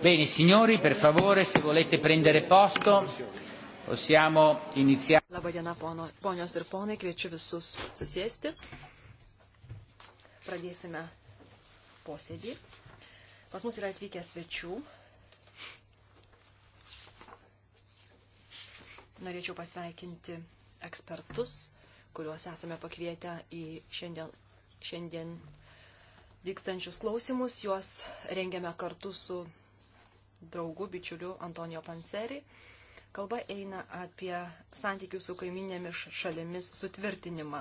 Bene, signori, per favore, se volete prendere posto, possiamo iniziare. Labadiena, pono, ponios ir ponai, kviečiu visus susėsti. Pradėsime posėdį. Pas mus yra atvykę svečių. Norėčiau pasveikinti ekspertus, kuriuos esame pakvietę į šiandien, šiandien vykstančius klausimus. Juos rengiame kartu su draugu, bičiuliu Antonijo Panseri. Kalba eina apie santykių su kaiminėmis šalimis sutvirtinimą.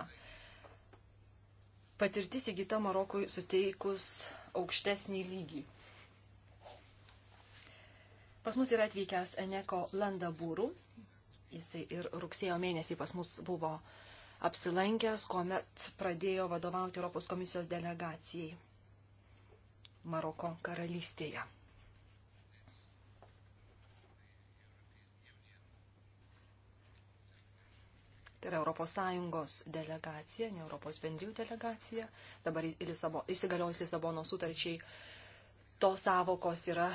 Patirtis įgyta Marokui suteikus aukštesnį lygį. Pas mus yra atvykęs Eneko Landabūrų. Jisai ir rugsėjo mėnesį pas mus buvo apsilankęs, kuomet pradėjo vadovauti Europos komisijos delegacijai Maroko karalystėje. tai yra ES delegacija, ne Europos bendrijų delegacija. Dabar Lisabo, įsigaliojus Lisabono sutarčiai tos savokos yra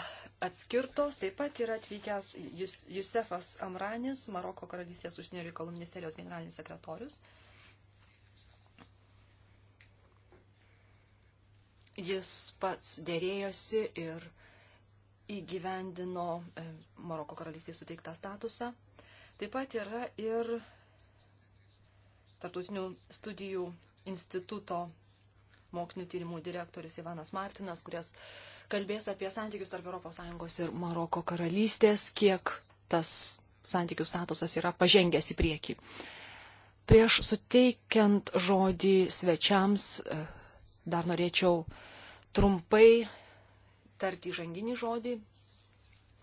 atskirtos. Taip pat yra atvykęs Jus, Jusefas Amranis, Maroko karalystės užsienio reikalų ministerijos generalinis sekretorius. Jis pats dėrėjosi ir įgyvendino e, Maroko karalystės suteiktą statusą. Taip pat yra ir Tartutinių studijų instituto mokslinių tyrimų direktorius Ivanas Martinas, kuris kalbės apie santykius tarp ES ir Maroko karalystės, kiek tas santykių statusas yra pažengęs į priekį. Prieš suteikiant žodį svečiams, e, dar norėčiau trumpai tarti žanginį žodį,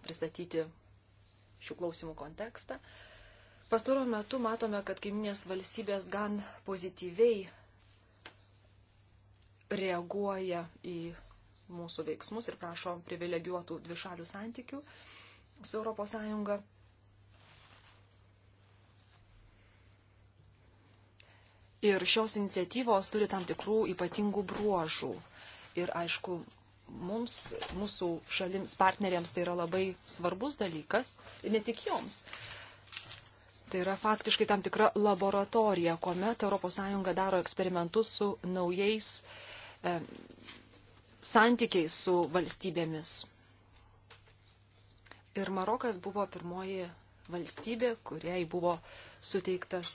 pristatyti šių klausimų kontekstą. Uh, Pastaruoju metu matome, kad kaiminės valstybės gan pozityviai reaguoja į mūsų veiksmus ir prašo privilegijuotų dvišalių santykių su ES. Ir šios iniciatyvos turi tam tikrų ypatingų bruožų. Ir aišku, mums, mūsų šalims partneriams tai yra labai svarbus dalykas, ir ne tik joms. Uh, Tai yra faktiškai tam tikra laboratorija, kuomet ES daro eksperimentus su naujais e, santykiais su valstybėmis. Ir Marokas buvo pirmoji valstybė, kuriai buvo suteiktas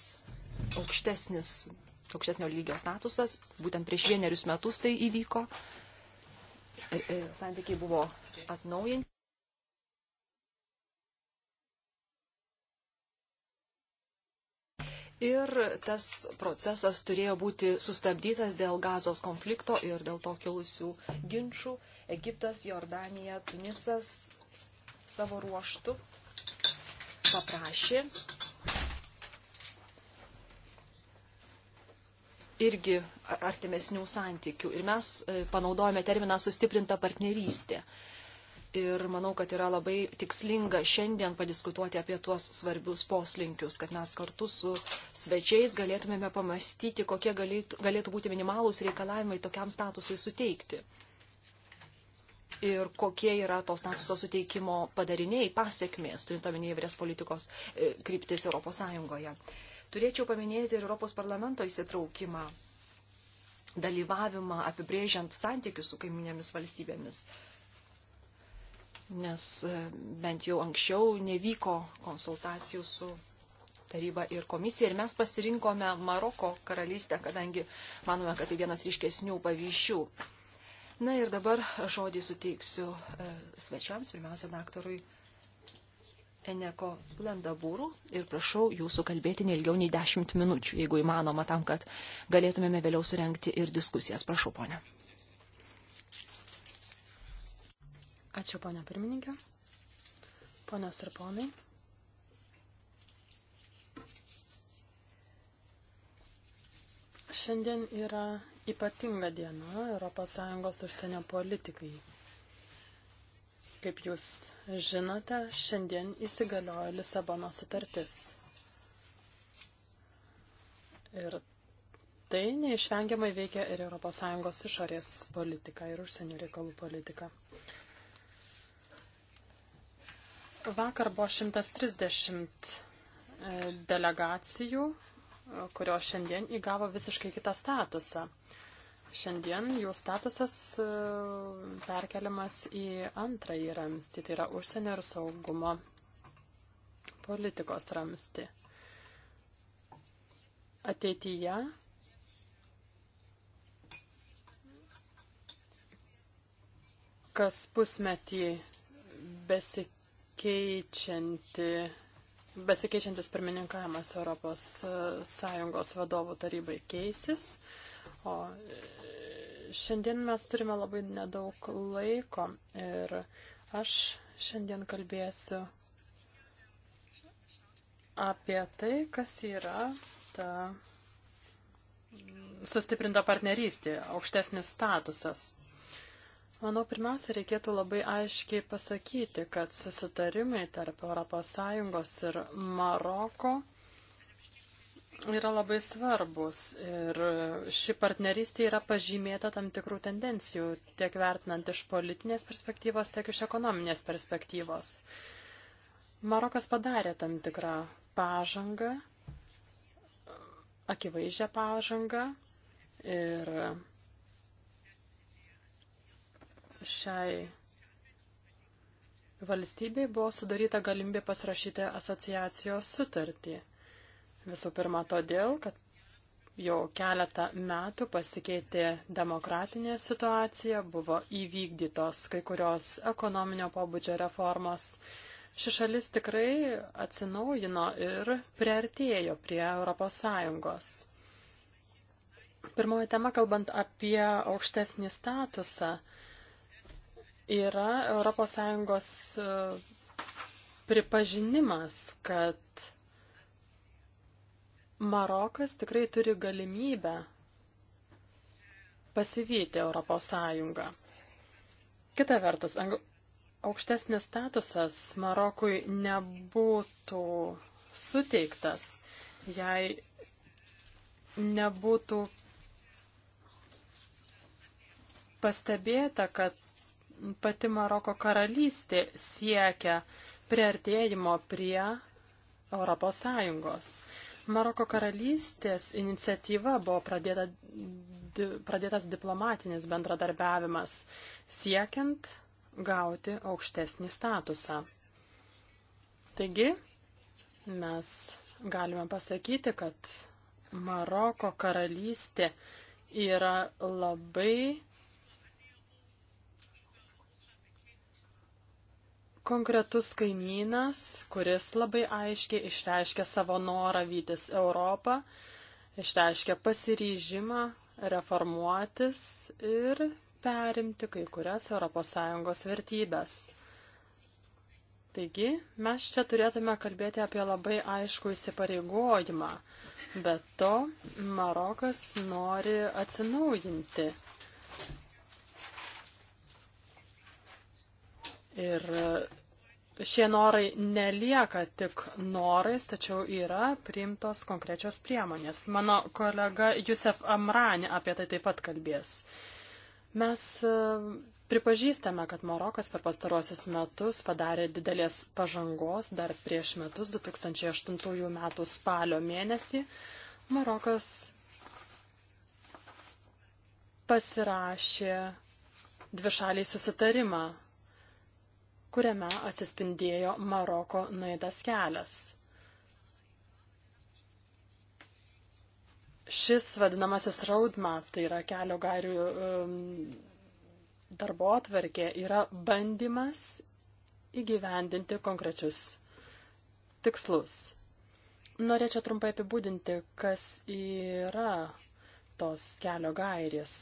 aukštesnis, aukštesnio lygio statusas. Būtent prieš vienerius metus tai įvyko. E, e, santykiai buvo atnaujinti. Ir tas procesas turėjo būti sustabdytas dėl gazos konflikto ir dėl to kilusių ginčių. Egiptas, Jordanija, Tunisas savo ruoštų paprašė irgi artimesnių santykių. Ir mes e, panaudojame terminą sustiprinta partnerystė. Uh, ir manau, kad yra labai tikslinga šiandien padiskutuoti apie tuos svarbius poslinkius, kad mes kartu su svečiais galėtumėme pamastyti, kokie galėtų, galėtų būti minimalūs reikalavimai tokiam statusui suteikti. Ir kokie yra to statuso suteikimo padariniai, pasiekmės, turint omenyje įvairias politikos e, kryptis Europos Sąjungoje. Turėčiau paminėti ir Europos parlamento įsitraukimą dalyvavimą apibrėžiant santykius su kaiminėmis valstybėmis nes e, bent jau anksčiau nevyko konsultacijų su taryba ir komisija ir mes pasirinkome Maroko karalystę, kadangi manome, kad tai vienas ryškesnių pavyzdžių. Na ir dabar žodį suteiksiu e, svečiams, pirmiausia, daktarui Eneko Landabūrų ir prašau jūsų kalbėti neilgiau nei 10 minučių, jeigu įmanoma, tam, kad galėtumėme vėliau surenkti ir diskusijas. Prašau, ponė. Ačiū, ponia pirmininkė. Ponios ir ponai. Šiandien yra ypatinga diena ES užsienio politikai. Kaip jūs žinote, šiandien įsigaliojo Lisabono sutartis. Ir tai neišvengiamai veikia ir ES išorės politiką, ir užsienio reikalų politiką. Vakar buvo 130 e, delegacijų, e, kurios šiandien įgavo visiškai kitą statusą. Šiandien jų statusas e, perkeliamas į antrąjį ramstį, tai yra užsienio ir saugumo politikos ramstį. Ateityje kas pusmetį besik keičianti, besikeičiantis pirmininkavimas Europos e, Sąjungos vadovų tarybai keisis. O e, šiandien mes turime labai nedaug laiko ir aš šiandien kalbėsiu apie tai, kas yra ta sustiprinta partnerystė, aukštesnis statusas. Manau, pirmiausia, reikėtų labai aiškiai pasakyti, kad susitarimai tarp ES ir Maroko yra labai svarbus ir ši partnerystė yra pažymėta tam tikrų tendencijų, tiek vertinant iš politinės perspektyvos, tiek iš ekonominės perspektyvos. Marokas padarė tam tikrą pažangą, akivaizdžią pažangą ir šiai valstybei buvo sudaryta galimybė pasirašyti asociacijos sutartį. Visų pirma, todėl, kad jau keletą metų pasikeitė demokratinė situacija, buvo įvykdytos kai kurios ekonominio pobūdžio reformos. Ši šalis tikrai atsinaujino ir priartėjo prie ES. Pirmoji tema, kalbant apie aukštesnį statusą, yra ES e, pripažinimas, kad Marokas tikrai turi galimybę pasivyti Europos Sąjungą. Kita vertus, aukštesnis statusas Marokui nebūtų suteiktas, jei nebūtų pastebėta, kad pati Maroko karalystė siekia priartėjimo prie Europos Sąjungos. Maroko karalystės iniciatyva buvo pradėta, di, pradėtas diplomatinis bendradarbiavimas, siekiant gauti aukštesnį statusą. Taigi, mes galime pasakyti, kad Maroko karalystė yra labai konkretus kaimynas, kuris labai aiškiai išreiškė savo norą vytis Europą, išreiškė pasiryžimą reformuotis ir perimti kai kurias ES vertybės. Taigi, mes čia turėtume kalbėti apie labai aišku įsipareigojimą, bet to Marokas nori atsinaujinti. Ir e, šie norai nelieka tik norais, tačiau yra priimtos konkrečios priemonės. Mano kolega Jusef Amrani apie tai taip pat kalbės. Mes e, pripažįstame, kad Marokas per pastarosius metus padarė didelės pažangos dar prieš metus, 2008 metų spalio mėnesį. Marokas pasirašė dvišaliai susitarimą kuriame atsispindėjo Maroko nuėdas kelias. Šis vadinamasis roadmap, tai yra kelio gairių um, darbo atverkė, yra bandymas įgyvendinti konkrečius tikslus. Norėčiau trumpai apibūdinti, kas yra tos kelio gairės,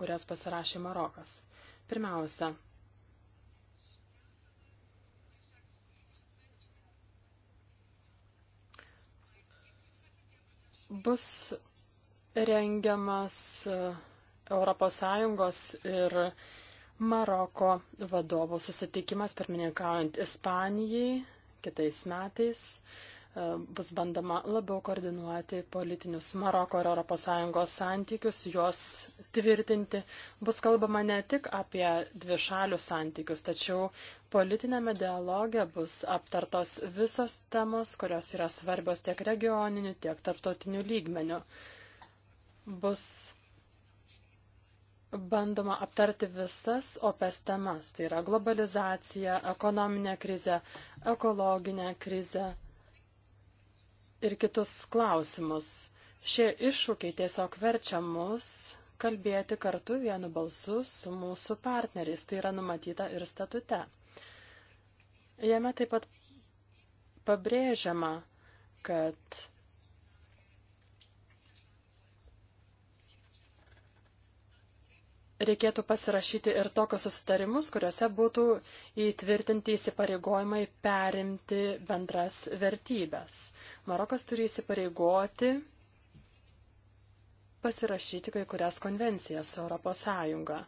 kurias pasirašė Marokas. Pirmiausia, bus rengiamas ES ir Maroko vadovų susitikimas pirmininkaujant Ispanijai kitais metais. E, bus bandoma labiau koordinuoti politinius Maroko ir ES santykius, juos tvirtinti. Bus kalbama ne tik apie dvišalius santykius, tačiau politinėme dialoge bus aptartos visas temos, kurios yra svarbios tiek regioniniu, tiek tarptautiniu lygmeniu. Bus bandoma aptarti visas opes temas, tai yra globalizacija, ekonominė krizė, ekologinė krizė ir kitus klausimus. Šie iššūkiai tiesiog verčia mus kalbėti kartu vienu balsu su mūsų partneriais. Tai yra numatyta ir statute. Jame taip pat pabrėžiama, kad reikėtų pasirašyti ir tokius susitarimus, kuriuose būtų įtvirtinti įsipareigojimai perimti bendras vertybės. Marokas turi įsipareigoti pasirašyti kai kurias konvencijas su Europos Sąjunga.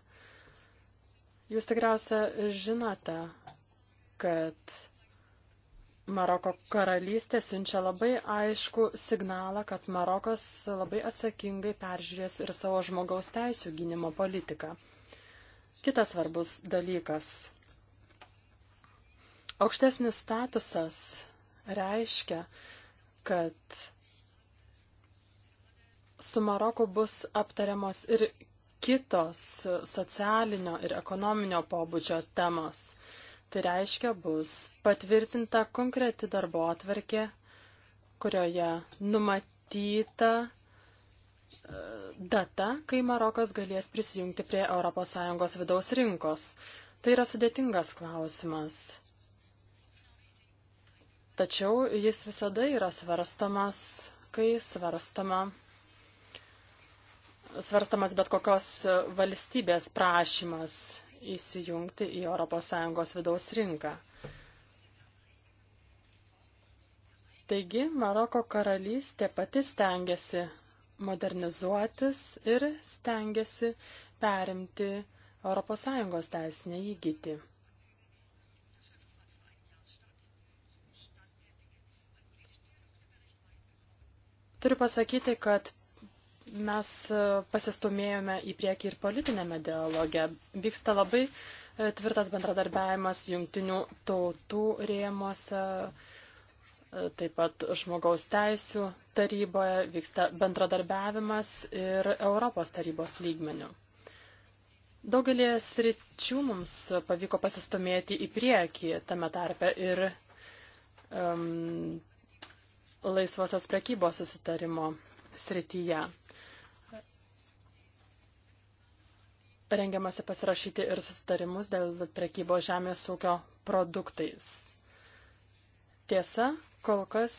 Jūs tikriausia žinote, kad Maroko karalystė siunčia labai aišku signalą, kad Marokas labai atsakingai peržiūrės ir savo žmogaus teisų gynimo politiką. Kitas svarbus dalykas. Aukštesnis statusas reiškia, kad su Maroku bus aptariamos ir kitos socialinio ir ekonominio pobūdžio temos. Tai reiškia, bus patvirtinta konkreti darbo atvarkė, kurioje numatyta e, data, kai Marokas galės prisijungti prie ES vidaus rinkos. Tai yra sudėtingas klausimas. Tačiau jis visada yra svarstamas, kai svarstama, svarstamas bet kokios valstybės prašymas įsijungti į ES vidaus rinką. Taigi Maroko karalystė pati stengiasi modernizuotis ir stengiasi perimti ES teisinę įgyti. Turiu pasakyti, kad mes e, pasistumėjome į priekį ir politinėme dialoge. Vyksta labai e, tvirtas bendradarbiavimas jungtinių tautų rėmuose, e, taip pat žmogaus teisų taryboje vyksta bendradarbiavimas ir Europos tarybos lygmenių. Daugelį sričių mums pavyko pasistumėti į priekį, tame tarpe ir um, laisvosios prekybos susitarimo srityje. rengiamasi pasirašyti ir susitarimus dėl prekybos žemės ūkio produktais. Tiesa, kol kas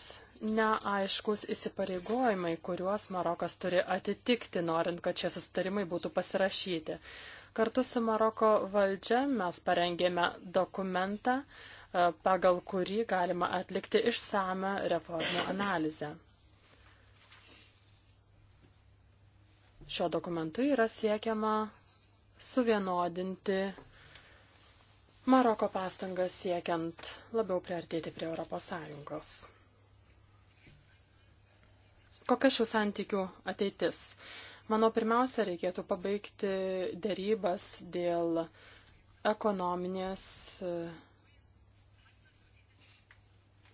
neaiškus įsipareigojimai, kuriuos Marokas turi atitikti, norint, kad šie susitarimai būtų pasirašyti. Kartu su Maroko valdžia mes parengėme dokumentą, e, pagal kurį galima atlikti išsame reformų analizę. Šio dokumentu yra siekiama suvienodinti Maroko pastangas siekiant labiau priartėti prie Europos Sąjungos. Kokia šių santykių ateitis? Manau, pirmiausia, reikėtų pabaigti dėrybas dėl ekonominės e,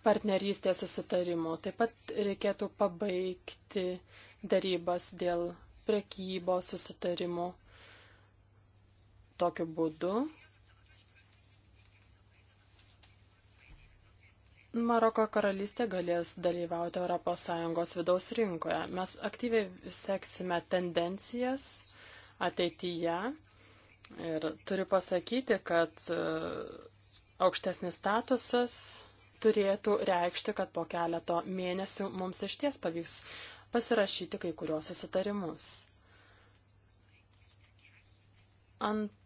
partnerystės susitarimų. Taip pat reikėtų pabaigti darybas dėl prekybos susitarimų Tokiu būdu Maroko karalystė galės dalyvauti ES vidaus rinkoje. Mes aktyviai seksime tendencijas ateityje ir turiu pasakyti, kad e, aukštesnis statusas turėtų reikšti, kad po keleto mėnesių mums iš ties pavyks pasirašyti kai kurios susitarimus. Ant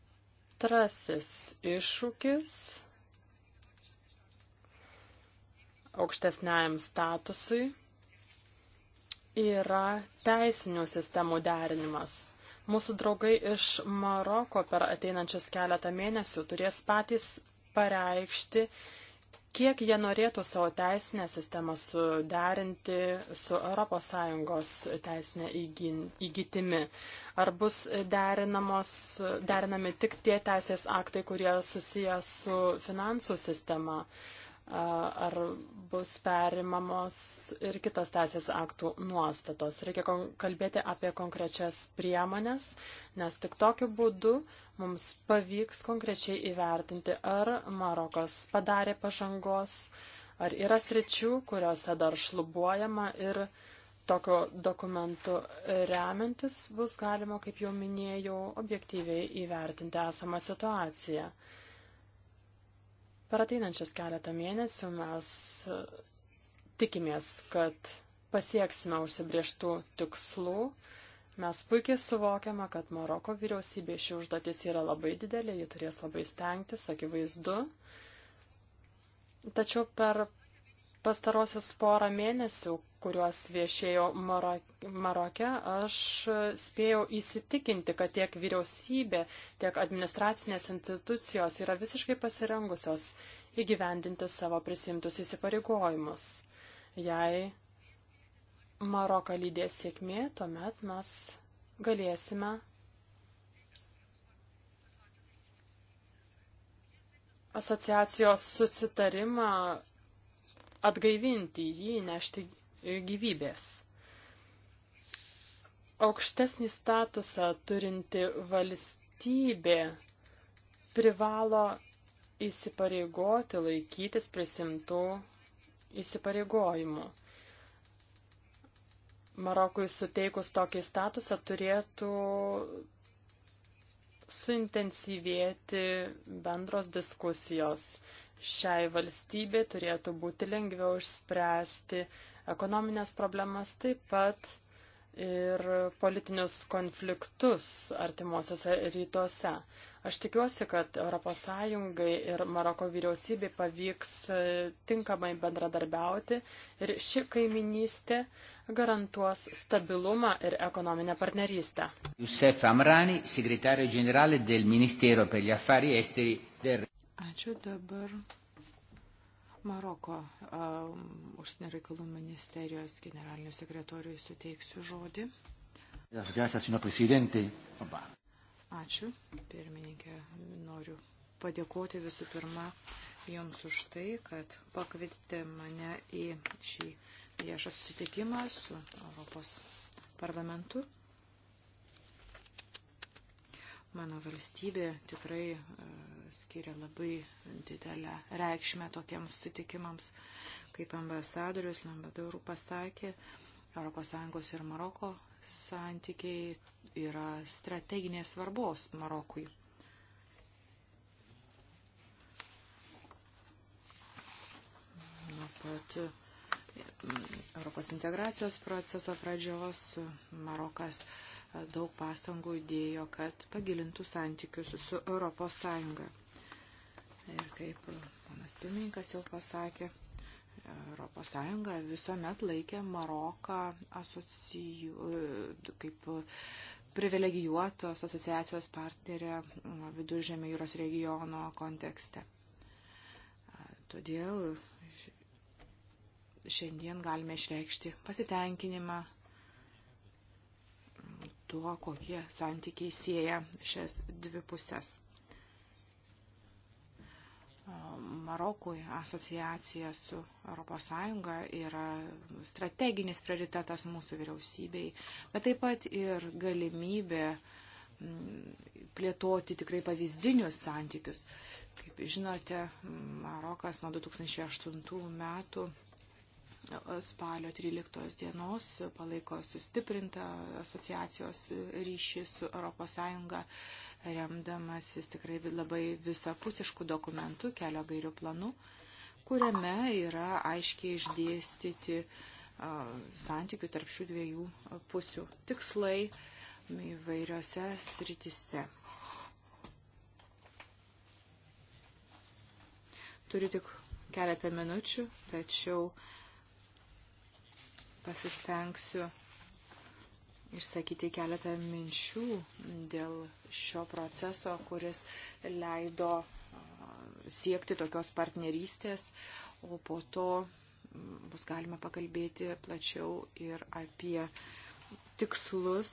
Antrasis iššūkis aukštesniajam statusui yra teisinių sistemų derinimas. Mūsų draugai iš Maroko per ateinančius keletą mėnesių turės patys pareikšti kiek jie norėtų savo teisinę sistemą suderinti su ES teisinė įgytimi. Ar bus derinami tik tie teisės aktai, kurie susiję su finansų sistema ar bus perimamos ir kitos teisės aktų nuostatos. Reikia kalbėti apie konkrečias priemonės, nes tik tokiu būdu mums pavyks konkrečiai įvertinti, ar Marokas padarė pažangos, ar yra sričių, kuriuose dar šlubuojama ir tokio dokumentu remiantis bus galima, kaip jau minėjau, objektyviai įvertinti esamą situaciją. Per ateinančias keletą mėnesių mes e, tikimės, kad pasieksime užsibrieštų tikslų. Mes puikiai suvokiame, kad Maroko vyriausybė ši užduotis yra labai didelė, ji turės labai stengtis, akivaizdu. Tačiau per pastarosius porą mėnesių kuriuos viešėjo Maroke, aš spėjau įsitikinti, kad tiek vyriausybė, tiek administracinės institucijos yra visiškai pasirengusios įgyvendinti savo prisimtus įsipareigojimus. Jei Maroką lydės sėkmė, tuomet mes galėsime asociacijos susitarimą atgaivinti jį, nešti gyvybės. Aukštesnį statusą turinti valstybė privalo įsipareigoti laikytis prisimtų įsipareigojimų. Marokui suteikus tokį statusą turėtų suintensyvėti bendros diskusijos. Šiai valstybė turėtų būti lengviau išspręsti ekonominės problemas, taip pat ir politinius konfliktus artimuosiuose rytuose. Aš tikiuosi, kad ES ir Maroko vyriausybei pavyks e, tinkamai bendradarbiauti ir ši kaiminystė garantuos stabilumą ir ekonominę partnerystę. Jusef Amrani, sekretario generalė del Ministero per gli affari esteri del. Ačiū dabar Maroko um, užsienio reikalų ministerijos generaliniu sekretoriui suteiksiu žodį. Ačiū, pirmininkė. Noriu padėkoti visų pirma Jums už tai, kad pakvietėte mane į šį viešą susitikimą su Europos parlamentu. Mano valstybė tikrai e, skiria labai didelę reikšmę tokiems sutikimams, kaip ambasadorius Lambadorų pasakė. ES ir Maroko santykiai yra strateginės svarbos Marokui. Nuo pat e, Europos integracijos proceso pradžios Marokas uh, daug pastangų įdėjo, kad pagilintų santykius su Europos Sąjunga. Ir kaip panas pirmininkas jau pasakė, Europos Sąjunga visuomet laikė Maroką asocijų, kaip privilegijuotos asociacijos partnerė Viduržėmio jūros regiono kontekste. Todėl šiandien galime išreikšti pasitenkinimą tuo, kokie santykiai sieja šias dvi pusės. Marokui asociacija su ES yra strateginis prioritetas mūsų vyriausybei, bet taip pat ir galimybė plėtoti tikrai pavyzdinius santykius. Kaip žinote, Marokas nuo 2008 metų spalio 13 dienos palaiko sustiprintą asociacijos ryšį su ES, remdamasis tikrai labai visapusiškų dokumentų, kelio gairių planų, kuriame yra aiškiai išdėstyti santykių tarp šių dviejų pusių tikslai įvairiose sritise. Turiu tik keletą minučių, tačiau uh, pasistengsiu išsakyti keletą minčių dėl šio proceso, kuris leido siekti tokios partnerystės, o po to bus galima pakalbėti plačiau ir apie tikslus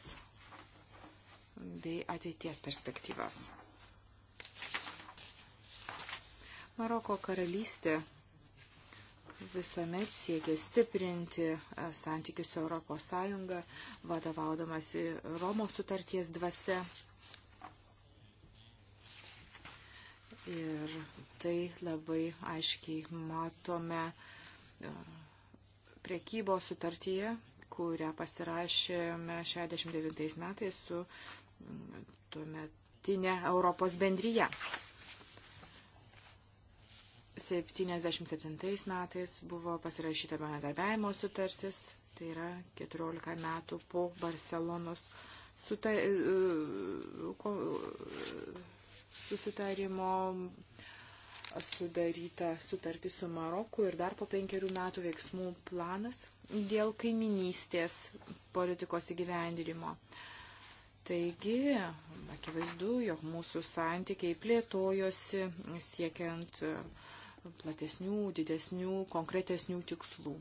bei ateities perspektyvas. Maroko karalystė visuomet siekė stiprinti e, santykius su Europos Sąjunga, vadovaudamas į Romos sutarties dvasę. Ir tai labai aiškiai matome e, priekybos sutartyje, kurią pasirašėme 69 metais su tuometinė Europos bendryje. 77 metais buvo pasirašyta bendradarbiavimo sutartis, tai yra 14 metų po Barcelonos suta, e, susitarimo sudaryta sutartis su Maroku ir dar po penkerių metų veiksmų planas dėl kaiminystės politikos įgyvendinimo. Taigi, akivaizdu, jog mūsų santykiai plėtojosi siekiant uh, platesnių, didesnių, konkretesnių tikslų.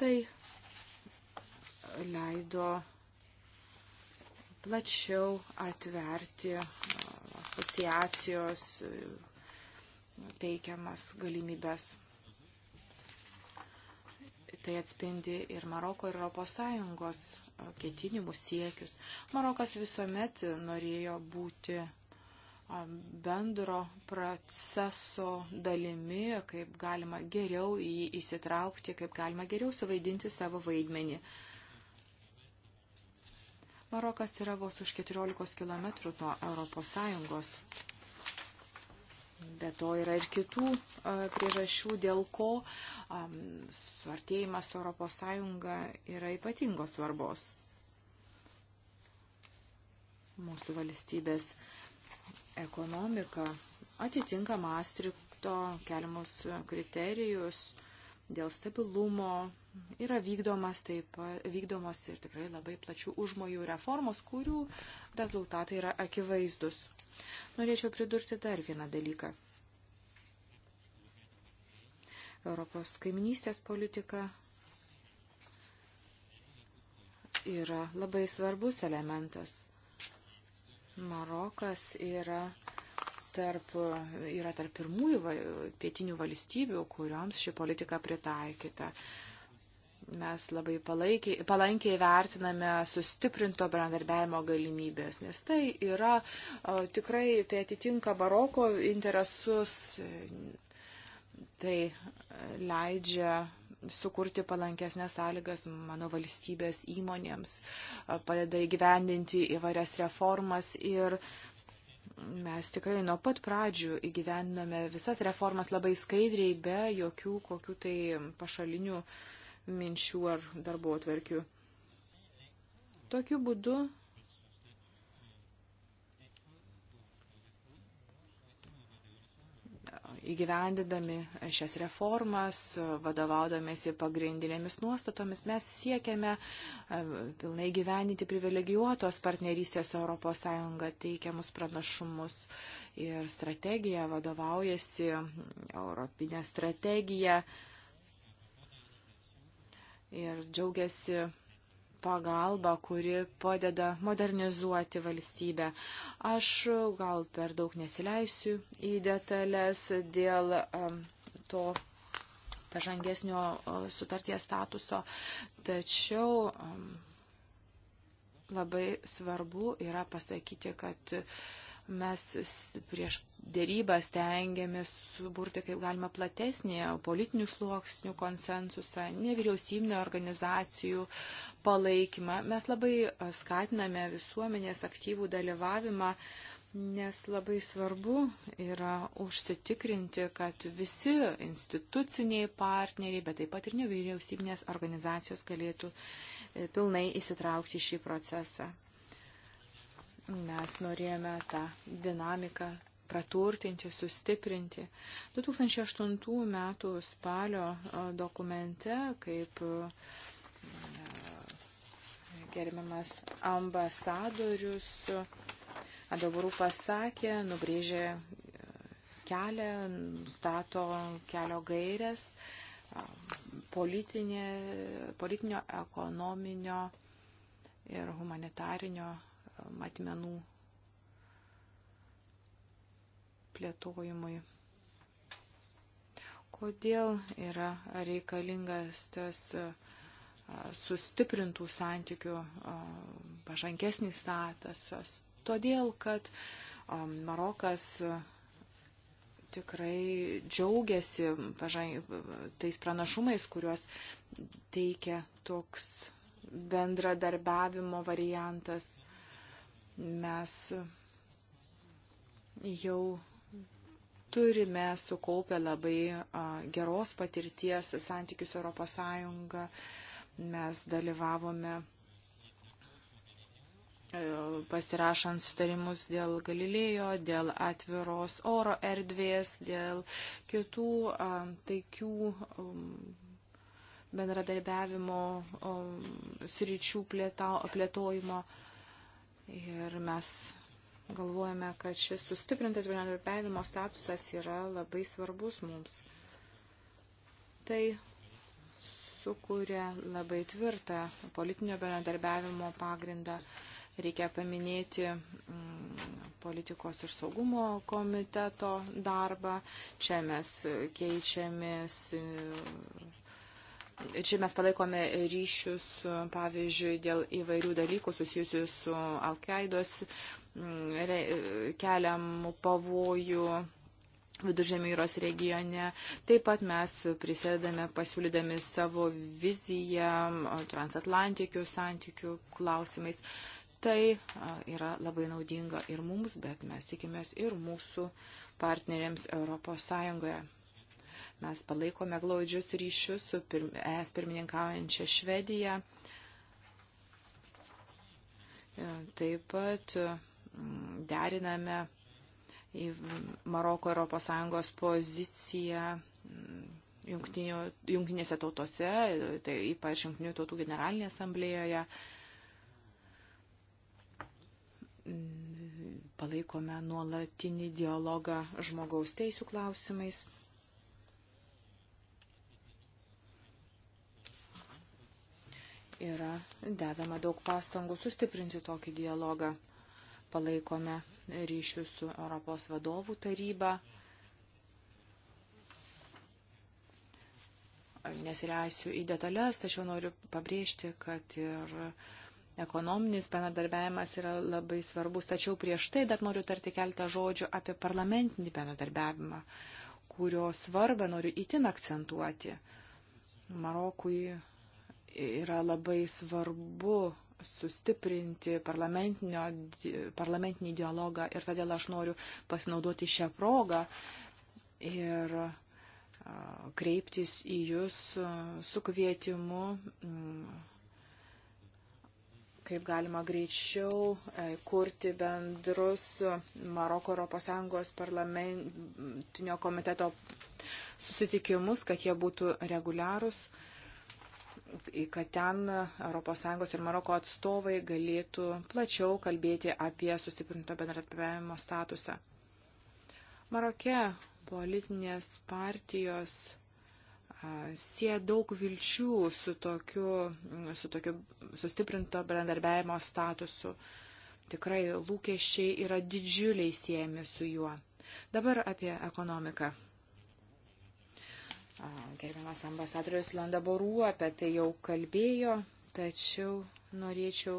Tai leido plačiau atverti asociacijos teikiamas galimybės. Tai atspindi ir Maroko, ir Europos Sąjungos ketinimus siekius. Marokas visuomet norėjo būti bendro proceso dalimi, kaip galima geriau į įsitraukti, kaip galima geriau suvaidinti savo vaidmenį. Marokas yra vos už 14 km nuo Europos Sąjungos. Be to yra ir kitų priežasčių, dėl ko um, suartėjimas su Europos Sąjunga yra ypatingos svarbos. Mūsų valstybės uh, ekonomika atitinka Maastrichto keliamus kriterijus dėl stabilumo, yra vykdomas taip, vykdomas ir tikrai labai plačių užmojų reformos, kurių rezultatai yra akivaizdus. Norėčiau pridurti dar vieną dalyką. Europos kaiminystės politika yra labai svarbus elementas. Marokas yra tarp, yra tarp pirmųjų pietinių valstybių, kurioms ši politika pritaikyta. Mes labai palaikiai, palankiai vertiname sustiprinto bendarbiavimo galimybės, nes tai yra o, tikrai, tai atitinka baroko interesus, tai leidžia sukurti palankesnės sąlygas mano valstybės įmonėms, padeda įgyvendinti įvairias reformas ir mes tikrai nuo pat pradžių įgyvendiname visas reformas labai skaidriai, be jokių kokių tai pašalinių minčių ar darbo atverkių. Tokiu būdu įgyvendydami šias reformas, vadovaudomėsi pagrindinėmis nuostatomis, mes siekiame e, pilnai gyveninti privilegijuotos partnerystės su ES teikiamus pranašumus. Ir strategija vadovaujasi Europinė strategija ir džiaugiasi pagalbą, kuri padeda modernizuoti valstybę. Aš gal per daug nesileisiu į detalės dėl to pažangesnio sutarties statuso, tačiau labai svarbu yra pasakyti, kad Mes prieš dėrybą stengiamės suburti kaip galima platesnį politinių sluoksnių konsensusą, nevyriausybinio organizacijų palaikymą. Mes labai skatiname visuomenės aktyvų dalyvavimą. Nes labai svarbu yra užsitikrinti, kad visi instituciniai partneriai, bet taip pat ir nevyriausybinės organizacijos galėtų e, pilnai įsitraukti į šį procesą. Mes norėjome tą dinamiką praturtinti, sustiprinti. 2008 metų spalio dokumente, kaip gerbiamas ambasadorius Adovarų pasakė, nubrėžė kelią, nustato kelio gairias politinė, politinio, ekonominio ir humanitarinio matmenų plėtojimui. Kodėl yra reikalingas tas sustiprintų santykių pažankesnis statusas? Todėl, kad Marokas tikrai džiaugiasi pažang, tais pranašumais, kuriuos teikia toks bendradarbiavimo variantas mes jau turime sukaupę labai geros patirties santykius Europos Sąjungą. Mes dalyvavome e, pasirašant sutarimus dėl Galilėjo, dėl atviros oro erdvės, dėl kitų taikių um, bendradarbiavimo um, sričių plėtojimo. Ir mes galvojame, kad šis sustiprintas bendradarbiavimo statusas yra labai svarbus mums. Tai sukūrė labai tvirtą politinio bendradarbiavimo pagrindą. Reikia paminėti mm, politikos ir saugumo komiteto darbą. Čia mes keičiamės Čia mes palaikome ryšius, pavyzdžiui, dėl įvairių dalykų susijusių su Alkaidos mm, keliamų pavojų. Viduržėmio jūros regione. Taip pat mes prisėdame pasiūlydami savo viziją transatlantikių santykių klausimais. Tai yra labai naudinga ir mums, bet mes tikimės ir mūsų partneriams Europos Sąjungoje. Mes palaikome glaudžius ryšius su pirm, es pirmininkaujančia Švedija. E, taip pat mm, deriname į Maroko ES poziciją mm, jungtinėse tautose, tai ypač jungtinių tautų generalinėje asamblėjoje. Mm, palaikome nuolatinį dialogą žmogaus teisų klausimais. yra dedama daug pastangų sustiprinti tokį dialogą. Palaikome ryšius su Europos vadovų taryba. Nesileisiu į detalės, tačiau noriu pabrėžti, kad ir ekonominis bendradarbiavimas yra labai svarbus. Tačiau prieš tai dar noriu tarti keltą žodžių apie parlamentinį bendradarbiavimą, kurio svarbą noriu itin akcentuoti. Marokui yra labai svarbu sustiprinti parlamentinį dialogą ir todėl aš noriu pasinaudoti šią progą ir kreiptis į Jūs su kvietimu mm, kaip galima greičiau e, kurti bendrus Maroko ES parlamentinio komiteto susitikimus, kad jie būtų reguliarūs kad ten ES ir Maroko atstovai galėtų plačiau kalbėti apie sustiprinto bendradarbiavimo statusą. Maroke politinės partijos sieja daug vilčių su tokiu, su tokiu sustiprinto bendradarbiavimo statusu. Tikrai lūkesčiai yra didžiuliai siejami su juo. Dabar apie ekonomiką. Gerbiamas ambasadorius Landa Boru apie tai jau kalbėjo, tačiau norėčiau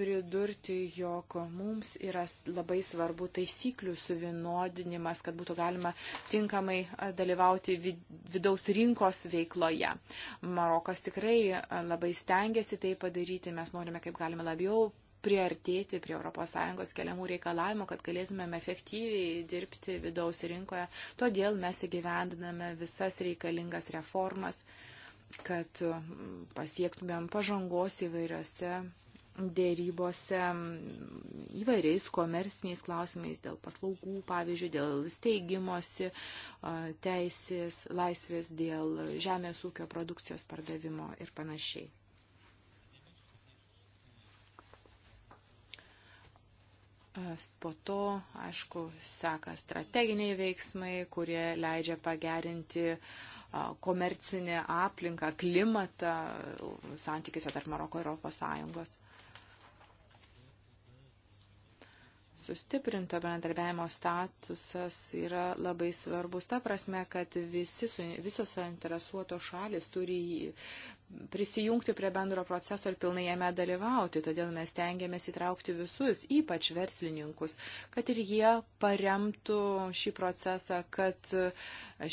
pridurti, jog mums yra labai svarbu taisyklių suvienodinimas, kad būtų galima tinkamai dalyvauti vidaus rinkos veikloje. Marokas tikrai labai stengiasi tai padaryti, mes norime kaip galima labiau priartėti prie ES keliamų reikalavimų, kad galėtumėm efektyviai dirbti vidaus rinkoje. Todėl mes įgyvendiname visas reikalingas reformas, kad mm, pasiektumėm pažangos įvairiose dėrybose mm, įvairiais komersiniais klausimais dėl paslaugų, pavyzdžiui, dėl steigimosi, teisės, laisvės, dėl žemės ūkio produkcijos pardavimo ir panašiai. Po to, aišku, seka strateginiai veiksmai, kurie leidžia pagerinti komercinę aplinką, klimatą santykiuose tarp Maroko ir Europos Sąjungos. Sustiprinto bendradarbiavimo statusas yra labai svarbus ta prasme, kad visi, visos suinteresuotos šalis turi prisijungti prie bendro proceso ir pilnai jame dalyvauti. Todėl mes tengiamės įtraukti visus, ypač verslininkus, kad ir jie paremtų šį procesą, kad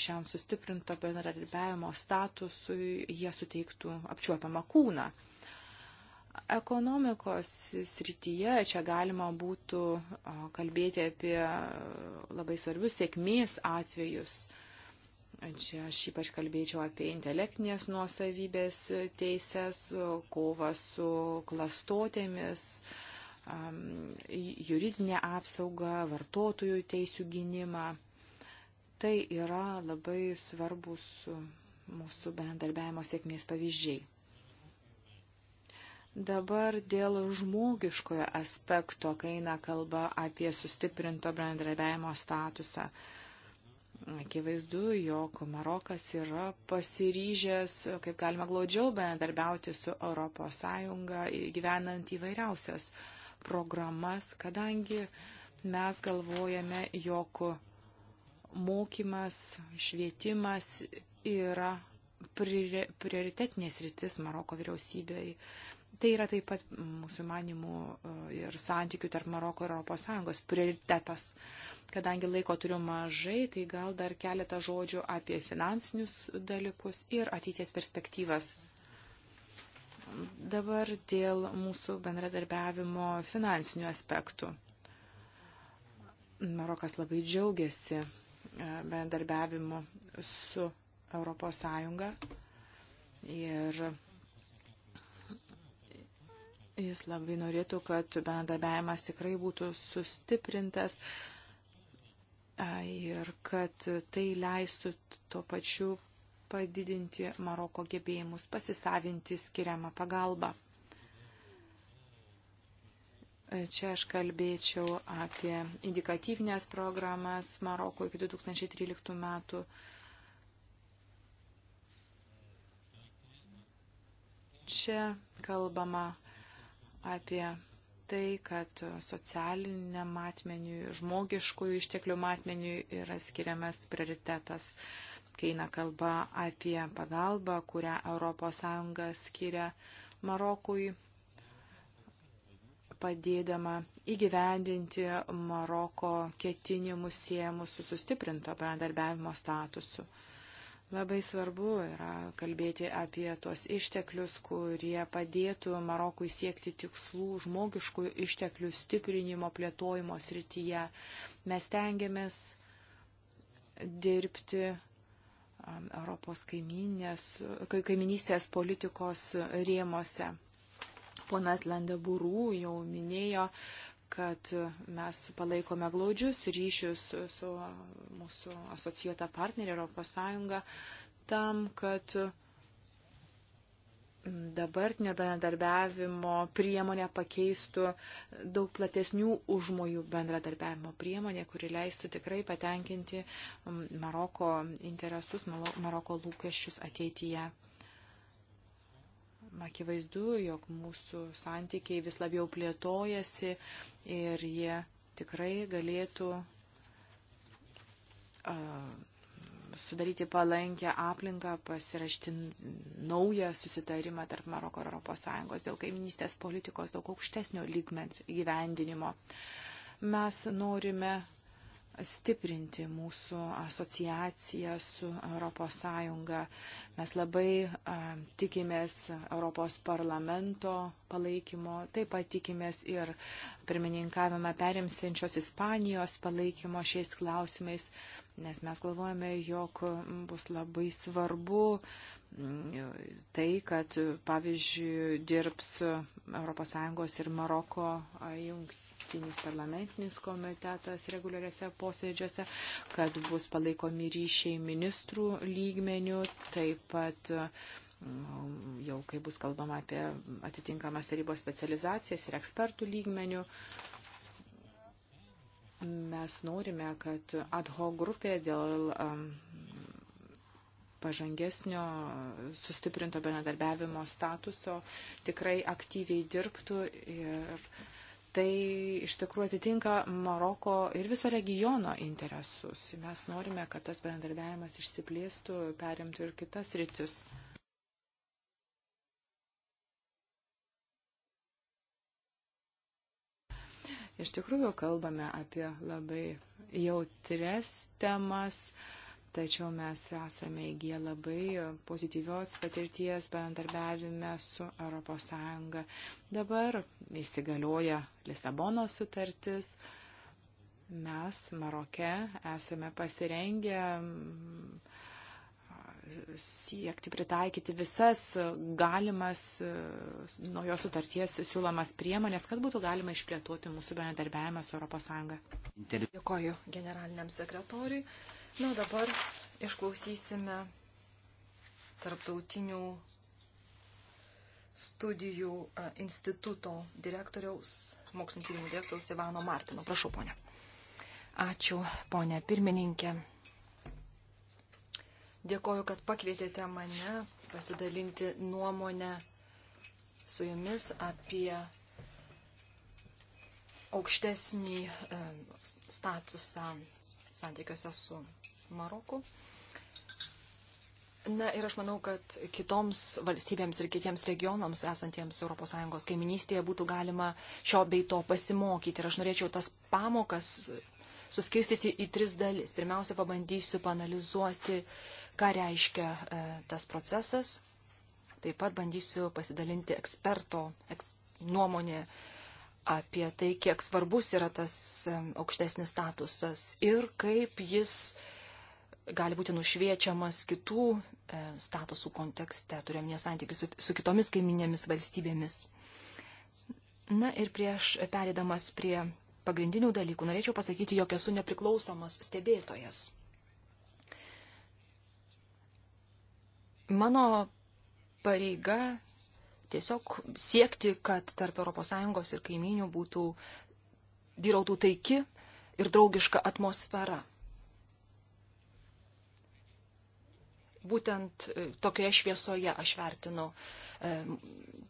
šiam sustiprinto bendradarbiavimo statusui jie suteiktų apčiuopiamą kūną. Ekonomikos srityje čia galima būtų kalbėti apie labai svarbius sėkmės atvejus. Čia aš ypač kalbėčiau apie intelektinės nuosavybės teises, kovą su klastotėmis, juridinę apsaugą, vartotojų teisų gynimą. Tai yra labai svarbus mūsų bendarbiavimo sėkmės pavyzdžiai. Dabar dėl žmogiškojo aspekto, kai eina kalba apie sustiprinto bendradarbiavimo statusą. Akivaizdu, jog Marokas yra pasiryžęs, kaip galima glaudžiau bendarbiauti su ES, gyvenant įvairiausias programas, kadangi mes galvojame, jog mokymas, švietimas yra prioritetinės rytis Maroko vyriausybei. Tai yra taip pat mūsų manimų e, ir santykių tarp Maroko ir ES prioritetas. Kadangi laiko turiu mažai, tai gal dar keletą žodžių apie finansinius dalykus ir ateities perspektyvas. Dabar dėl mūsų bendradarbiavimo finansinių aspektų. Marokas labai džiaugiasi e, bendradarbiavimu su ES ir Jis labai norėtų, kad bendradarbiavimas tikrai būtų sustiprintas ir kad tai leistų tuo pačiu padidinti Maroko gebėjimus pasisavinti skiriamą pagalbą. Čia aš kalbėčiau apie indikatyvinės programas Maroko iki 2013 metų. Čia kalbama apie tai, kad socialiniam matmeniui, žmogiškųjų išteklių matmeniui yra skiriamas prioritetas, kai eina kalba apie pagalbą, kurią ES skiria Marokui, padėdama įgyvendinti Maroko ketinimus siejamus su sustiprinto bendarbiavimo statusu. Labai svarbu yra kalbėti apie tuos išteklius, kurie padėtų Marokui siekti tikslų žmogiškų išteklių stiprinimo plėtojimo srityje. Mes tengiamės dirbti um, Europos kaiminystės politikos rėmose. Ponas Landeburų jau minėjo, kad mes palaikome glaudžius ryšius su mūsų asocijuota partnerė Europos Sąjunga tam, kad dabartinio bendradarbiavimo priemonė pakeistų daug platesnių užmojų bendradarbiavimo priemonė, kuri leistų tikrai patenkinti Maroko interesus, Maroko lūkesčius ateityje akivaizdu, jog mūsų santykiai vis labiau plėtojasi ir jie tikrai galėtų uh, sudaryti palankę aplinką, pasirašti naują susitarimą tarp Maroko ir ES dėl kaiminystės politikos daug aukštesnio lygmens gyvendinimo. Mes norime stiprinti mūsų asociaciją su ES. Mes labai a, tikimės Europos parlamento palaikymo, taip pat tikimės ir pirmininkavimą perimsinčios Ispanijos palaikymo šiais klausimais, nes mes galvojame, jog bus labai svarbu a, tai, kad pavyzdžiui dirbs ES ir Maroko jungtinis parlamentinis komitetas reguliariuose posėdžiuose, kad bus palaikomi ryšiai ministrų lygmenių, taip pat mm, jau kai bus kalbama apie atitinkamas tarybos specializacijas ir ekspertų lygmenių. Mes norime, kad ad hoc grupė dėl pažangesnio, sustiprinto bendradarbiavimo statuso tikrai aktyviai dirbtų ir tai iš tikrųjų atitinka Maroko ir viso regiono interesus. Mes norime, kad tas bendradarbiavimas išsiplėstų, perimtų ir kitas rytis. iš tikrųjų kalbame apie labai jautres temas, uh, Tačiau mes esame įgyję labai pozityvios patirties bendarbiavime su ES. Dabar įsigalioja Lisabono sutartis. Mes Maroke esame pasirengę mm, siekti pritaikyti visas galimas mm, naujos sutarties siūlomas priemonės, kad būtų galima išplėtoti mūsų bendradarbiavimą su ES. Dėkoju generaliniam sekretoriui. Na, dabar išklausysime tarptautinių studijų instituto direktoriaus, mokslinio tyrimų direktoriaus Ivano Martino. Prašau, ponė. Ačiū, ponė pirmininkė. Dėkoju, kad pakvietėte mane pasidalinti nuomonę su jumis apie aukštesnį e, statusą santykiuose su Maroku. Na ir aš manau, kad kitoms valstybėms ir kitiems regionams esantiems ES kaiminystėje būtų galima šio bei to pasimokyti. Ir aš norėčiau tas pamokas suskirstyti į tris dalis. Pirmiausia, pabandysiu panalizuoti, ką reiškia e, tas procesas. Taip pat bandysiu pasidalinti eksperto eks, nuomonė apie tai, kiek svarbus yra tas aukštesnis statusas ir kaip jis gali būti nušviečiamas kitų e, statusų kontekste, turiuomenės santykių su, su kitomis kaiminėmis valstybėmis. Na ir prieš perėdamas prie pagrindinių dalykų norėčiau pasakyti, jog esu nepriklausomas stebėtojas. Mano pareiga tiesiog siekti, kad tarp ES ir kaiminių būtų vyrautų taiki ir draugiška atmosfera. Būtent e, tokioje šviesoje aš vertinu e,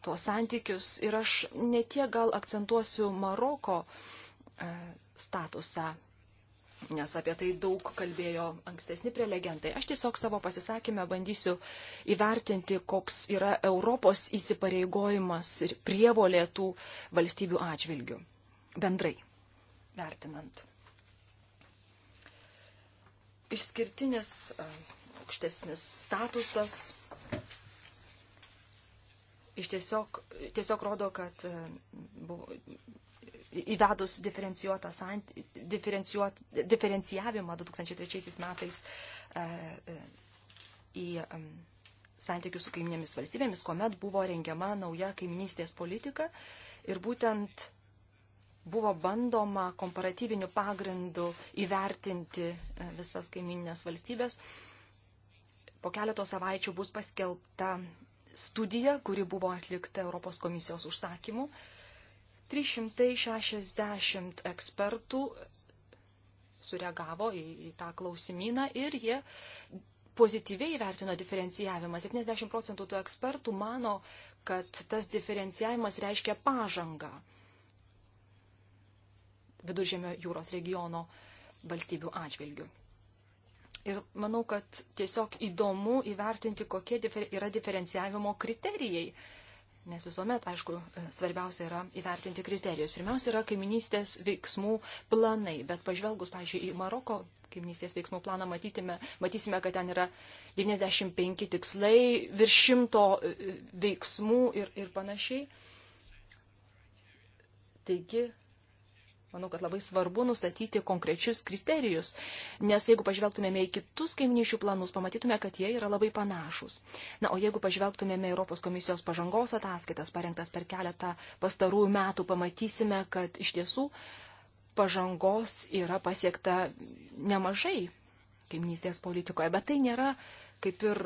tuos santykius ir aš netie gal akcentuosiu Maroko e, statusą nes apie tai daug kalbėjo ankstesni prelegentai. Aš tiesiog savo pasisakymę bandysiu įvertinti, koks yra Europos įsipareigojimas ir prievolė tų valstybių atžvilgių. Bendrai vertinant. Išskirtinis e, aukštesnis statusas iš tiesiog, tiesiog rodo, kad e, buvo, įvedus diferencijavimą 2003 metais e, e, į santykių su kaiminėmis valstybėmis, kuomet buvo rengiama nauja kaiminystės politika ir būtent buvo bandoma komparatyviniu pagrindu įvertinti e, visas kaiminės valstybės. Po keleto savaičių bus paskelbta studija, kuri buvo atlikta Europos komisijos užsakymu. Uh, 360 ekspertų sureagavo į, į tą klausimyną ir jie pozityviai vertino diferencijavimą. 70 procentų tų ekspertų mano, kad tas diferencijavimas reiškia pažangą viduržėmio jūros regiono valstybių atžvilgių. Ir manau, kad tiesiog įdomu įvertinti, kokie yra diferencijavimo kriterijai Nes visuomet, aišku, svarbiausia yra įvertinti kriterijus. Pirmiausia yra kaiminystės veiksmų planai, bet pažvelgus, pažiūrėjau, į Maroko kaiminystės veiksmų planą matytume, matysime, kad ten yra 95 tikslai, virš šimto e, e, veiksmų ir, ir panašiai. Taigi, Manau, kad labai svarbu nustatyti konkrečius kriterijus, nes jeigu pažvelgtumėme į kitus kaiminyšių planus, pamatytume, kad jie yra labai panašus. Na, o jeigu pažvelgtumėme Europos komisijos pažangos ataskaitas, parengtas per keletą pastarųjų metų, pamatysime, kad iš tiesų pažangos yra pasiekta nemažai kaiminystės politikoje, bet tai nėra kaip ir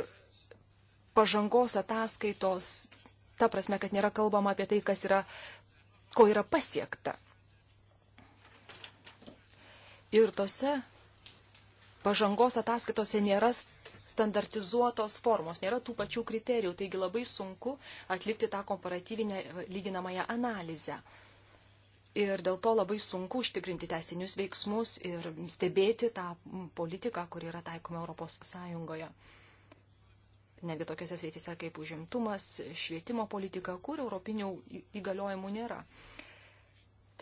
pažangos ataskaitos, ta prasme, kad nėra kalbama apie tai, kas yra, ko yra pasiekta. Ir tose pažangos ataskaitose nėra standartizuotos formos, nėra tų pačių kriterijų, taigi labai sunku atlikti tą komparatyvinę e, lyginamąją analizę. Ir dėl to labai sunku užtikrinti testinius veiksmus ir stebėti tą politiką, kuri yra taikoma Europos Sąjungoje. Netgi tokiuose srityse kaip užimtumas, švietimo politika, kur europinių įgaliojimų nėra.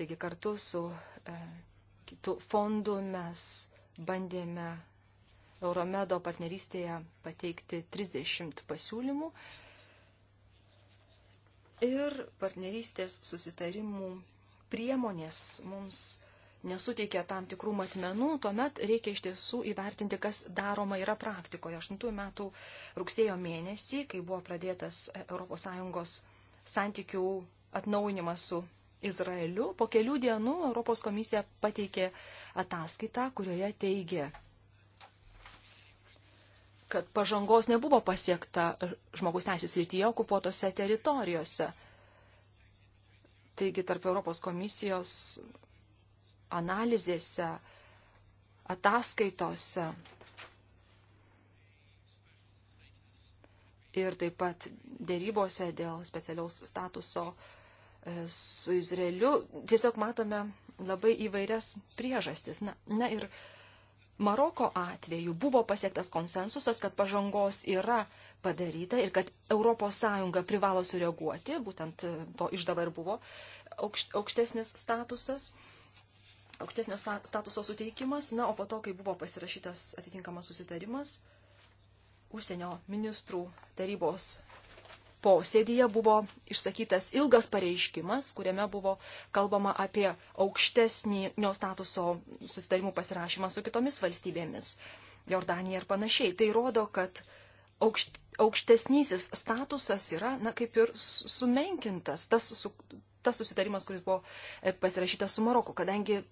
Taigi kartu su e, kitų fondų mes bandėme Euromedo partnerystėje pateikti 30 pasiūlymų ir partnerystės susitarimų priemonės mums nesuteikia tam tikrų matmenų, tuomet reikia iš tiesų įvertinti, kas daroma yra praktikoje. 8 metų rugsėjo mėnesį, kai buvo pradėtas ES santykių atnaujinimas su Izraeliu, po kelių dienų Europos komisija pateikė ataskaitą, kurioje teigė, kad pažangos nebuvo pasiekta žmogus teisės rytyje okupuotose teritorijose. Taigi tarp Europos komisijos analizėse, ataskaitose ir taip pat dėrybose dėl specialiaus statuso uh, E, su Izraeliu, tiesiog matome labai įvairias priežastis. Na, na ir Maroko atveju buvo pasiektas konsensusas, kad pažangos yra padaryta ir kad ES privalo sureaguoti, būtent e, to iš dabar buvo aukštesnis statusas, aukštesnio statuso suteikimas, na, o po to, kai buvo pasirašytas atitinkamas susitarimas, užsienio ministrų tarybos posėdėje buvo išsakytas ilgas pareiškimas, kuriame buvo kalbama apie aukštesnio statuso susitarimų pasirašymą su kitomis valstybėmis, Jordanija ir panašiai. Tai rodo, kad aukšt, aukštesnysis statusas yra, na, kaip ir sumenkintas tas, su, tas susitarimas, kuris buvo e, pasirašytas su Maroku, kadangi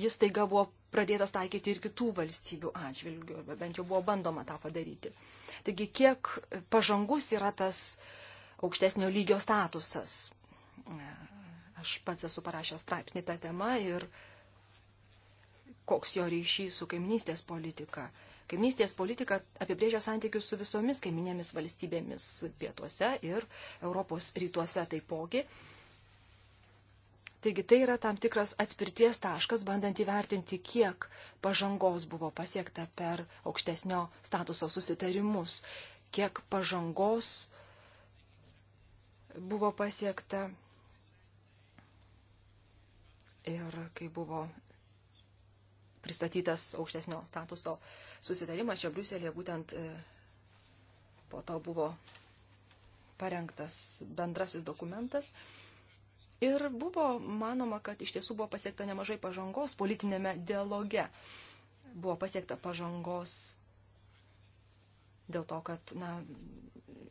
jis taiga buvo pradėtas taikyti ir kitų valstybių atžvilgių, arba bent jau buvo bandoma tą padaryti. Taigi, kiek pažangus yra tas aukštesnio lygio statusas. Aš pats esu parašęs straipsnį tą temą ir koks jo ryšys su kaiminystės politika. Kaiminystės politika apibrėžia santykius su visomis kaiminėmis valstybėmis pietuose ir Europos rytuose taipogi. Taigi tai yra tam tikras atspirties taškas, bandant įvertinti, kiek pažangos buvo pasiekta per aukštesnio statuso susitarimus, kiek pažangos buvo pasiekta ir kai buvo pristatytas aukštesnio statuso susitarimas čia Briuselėje, būtent e, po to buvo parengtas bendrasis dokumentas. Ir buvo manoma, kad iš tiesų buvo pasiekta nemažai pažangos politinėme dialoge. Buvo pasiekta pažangos dėl to, kad na,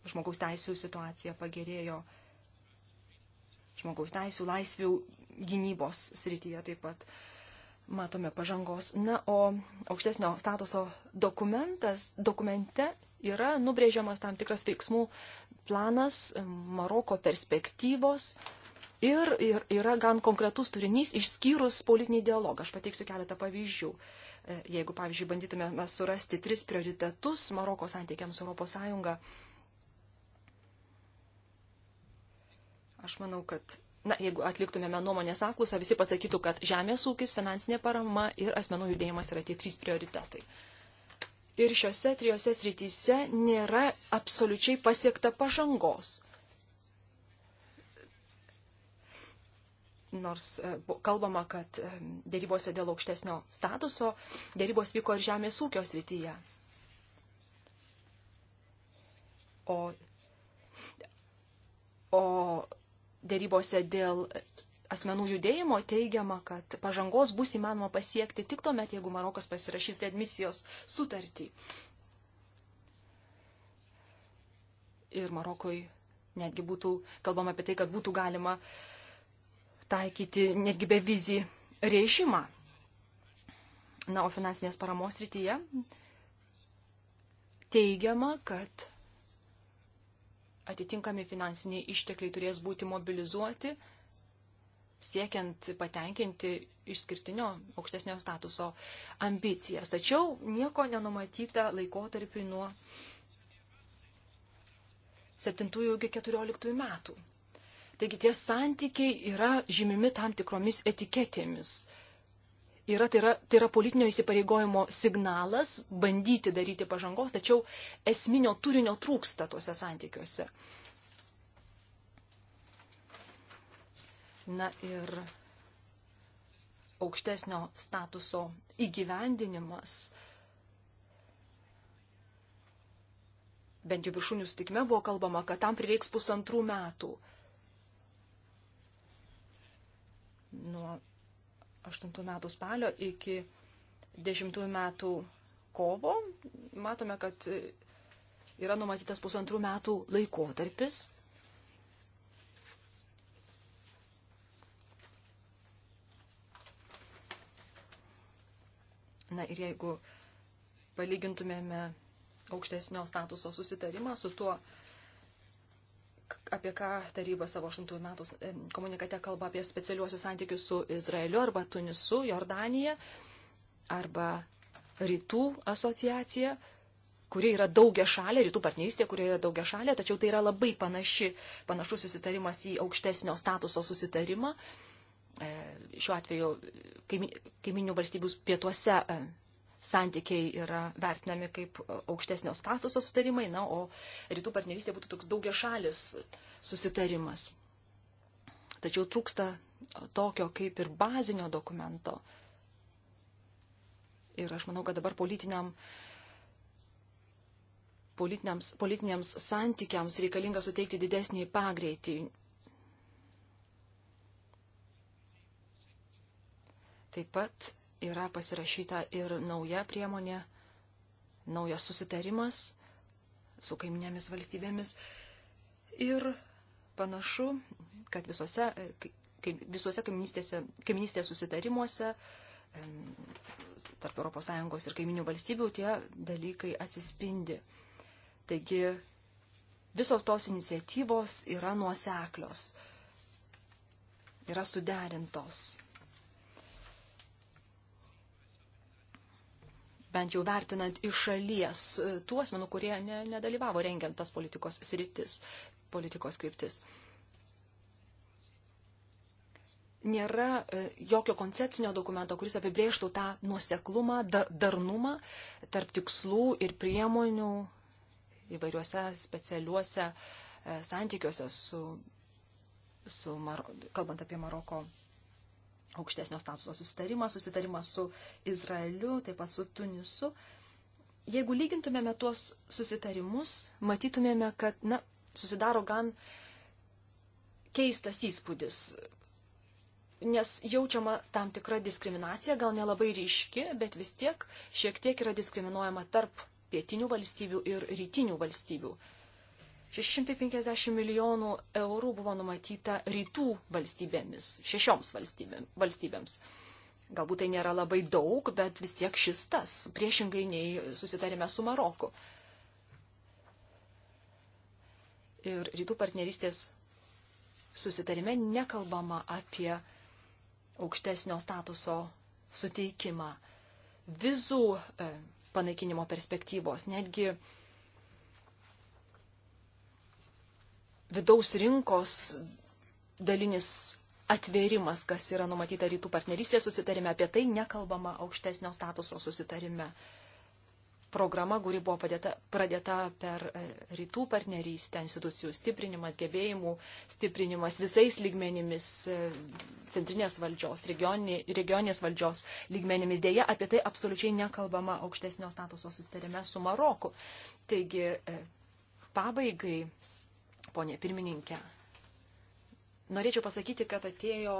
žmogaus teisų situacija pagerėjo, žmogaus teisų laisvių gynybos srityje taip pat matome pažangos. Na, o aukštesnio statuso dokumentas, dokumente yra nubrėžiamas tam tikras veiksmų planas Maroko perspektyvos ir, ir yra gan konkretus turinys išskyrus politinį dialogą. Aš pateiksiu keletą pavyzdžių. E, jeigu, pavyzdžiui, bandytume mes surasti tris prioritetus Maroko santykiams Europos Sąjunga, aš manau, kad, na, jeigu atliktumėme nuomonės apklausą, visi pasakytų, kad žemės ūkis, finansinė parama ir asmenų judėjimas yra tie trys prioritetai. Ir šiuose trijose srityse nėra absoliučiai pasiekta pažangos nors e, kalbama, kad e, dėrybose dėl aukštesnio statuso dėrybos vyko ir žemės ūkio srityje. O, o dėrybose dėl asmenų judėjimo teigiama, kad pažangos bus įmanoma pasiekti tik tuomet, jeigu Marokas pasirašys readmisijos sutartį. Ir Marokui netgi būtų kalbama apie tai, kad būtų galima uh, taikyti netgi be vizį režimą. Na, o finansinės paramos rytyje teigiama, kad atitinkami finansiniai ištekliai turės būti mobilizuoti, siekiant patenkinti išskirtinio aukštesnio statuso ambicijas. Tačiau nieko nenumatyta laikotarpiu nuo 7 iki 14 metų. Taigi tie santykiai yra žymimi tam tikromis etiketėmis. Yra, tai, yra, tai yra politinio įsipareigojimo signalas bandyti daryti pažangos, tačiau esminio turinio trūksta tuose santykiuose. Na ir aukštesnio statuso įgyvendinimas bent jau viršūnių sutikime buvo kalbama, kad tam prireiks pusantrų metų. nuo 8 metų spalio iki 10 metų kovo. Matome, kad yra numatytas pusantrų metų laikotarpis. Na ir jeigu palygintumėme aukštesnio statuso susitarimą su tuo apie ką taryba savo 8 metų komunikate kalba apie specialiuosius santykius su Izraeliu arba Tunisu, Jordanija arba rytų asociacija, kurie yra daugia šalė, rytų partnerystė, kurie yra daugia šalė, tačiau tai yra labai panaši, panašus susitarimas į aukštesnio statuso susitarimą. E, šiuo atveju kaiminių valstybių pietuose e, santykiai yra vertinami kaip aukštesnio statuso sutarimai, na, o rytų partnerystė būtų toks daugia šalis susitarimas. Tačiau trūksta tokio kaip ir bazinio dokumento. Ir aš manau, kad dabar politiniam, politiniams, politiniams santykiams reikalinga suteikti didesnį pagreitį. Taip pat yra pasirašyta ir nauja priemonė, naujas susitarimas su kaiminėmis valstybėmis. Ir panašu, kad visose, kaip, visose kaiminystės susitarimuose tarp ES ir kaiminių valstybių tie dalykai atsispindi. Taigi visos tos iniciatyvos yra nuoseklios, yra suderintos bent jau vertinant iš šalies e, tų asmenų, kurie ne, nedalyvavo rengiant tas politikos sritis, politikos kryptis. Nėra e, jokio koncepcinio dokumento, kuris apibrėžtų tą nuoseklumą, darnumą tarp tikslų ir priemonių įvairiuose specialiuose e, santykiuose su, su Mar kalbant apie Maroko aukštesnio statuso susitarimas, susitarimas su Izraeliu, taip pat su Tunisu. Jeigu lygintumėme tuos susitarimus, matytumėme, kad, na, susidaro gan keistas įspūdis, nes jaučiama tam tikra diskriminacija, gal nelabai ryški, bet vis tiek šiek tiek yra diskriminuojama tarp pietinių valstybių ir rytinių valstybių. 650 milijonų eurų buvo numatyta rytų valstybėmis, šešioms valstybėms. Galbūt tai nėra labai daug, bet vis tiek šis tas, priešingai nei susitarėme su Maroku. Ir rytų partnerystės susitarime nekalbama apie aukštesnio statuso suteikimą, vizų e, panaikinimo perspektyvos, netgi vidaus rinkos dalinis atvėrimas, kas yra numatyta rytų partnerystės susitarime, apie tai nekalbama aukštesnio statuso susitarime. Programa, kuri buvo padėta, pradėta per e, rytų partnerystę, institucijų stiprinimas, gebėjimų stiprinimas visais lygmenimis, e, centrinės valdžios, regioninės valdžios lygmenimis. Dėja, apie tai absoliučiai nekalbama aukštesnio statuso susitarime su Maroku. Taigi, e, pabaigai ponė pirmininkė. Norėčiau pasakyti, kad atėjo,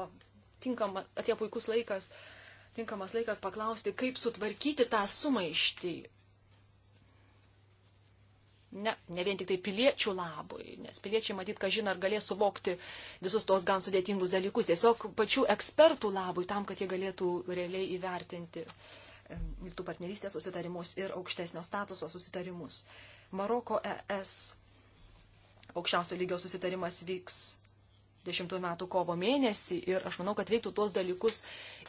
tinkama, atėjo puikus laikas, tinkamas laikas paklausti, kaip sutvarkyti tą sumaištį. Ne, ne vien tik tai piliečių labui, nes piliečiai matyt, ką žino, ar galės suvokti visus tos gan sudėtingus dalykus, tiesiog pačių ekspertų labui, tam, kad jie galėtų realiai įvertinti rytų partnerystės susitarimus ir aukštesnio statuso susitarimus. Maroko ES aukščiausio lygio susitarimas vyks 2010 metų kovo mėnesį ir aš manau, kad reiktų tuos dalykus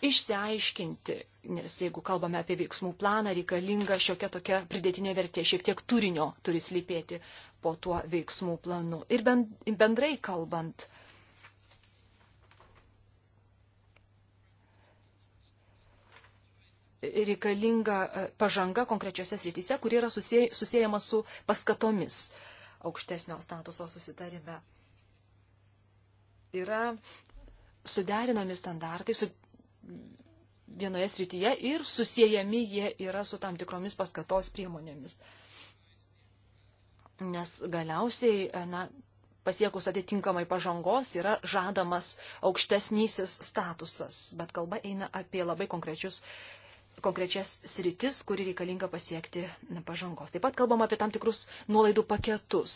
išsiaiškinti, nes jeigu kalbame apie veiksmų planą, reikalinga šiokia tokia pridėtinė vertė, šiek tiek turinio turi slypėti po tuo veiksmų planu. Ir bendrai kalbant, reikalinga e, pažanga konkrečiose srityse, kuri yra susiejama su paskatomis. Uh, aukštesnio statuso susitarime. Yra suderinami standartai su vienoje srityje ir susijęjami jie yra su tam tikromis paskatos priemonėmis. Nes galiausiai, na, pasiekus atitinkamai pažangos yra žadamas aukštesnysis statusas, bet kalba eina apie labai konkrečius konkrečias sritis, kuri reikalinga pasiekti pažangos. Taip pat kalbam apie tam tikrus nuolaidų paketus.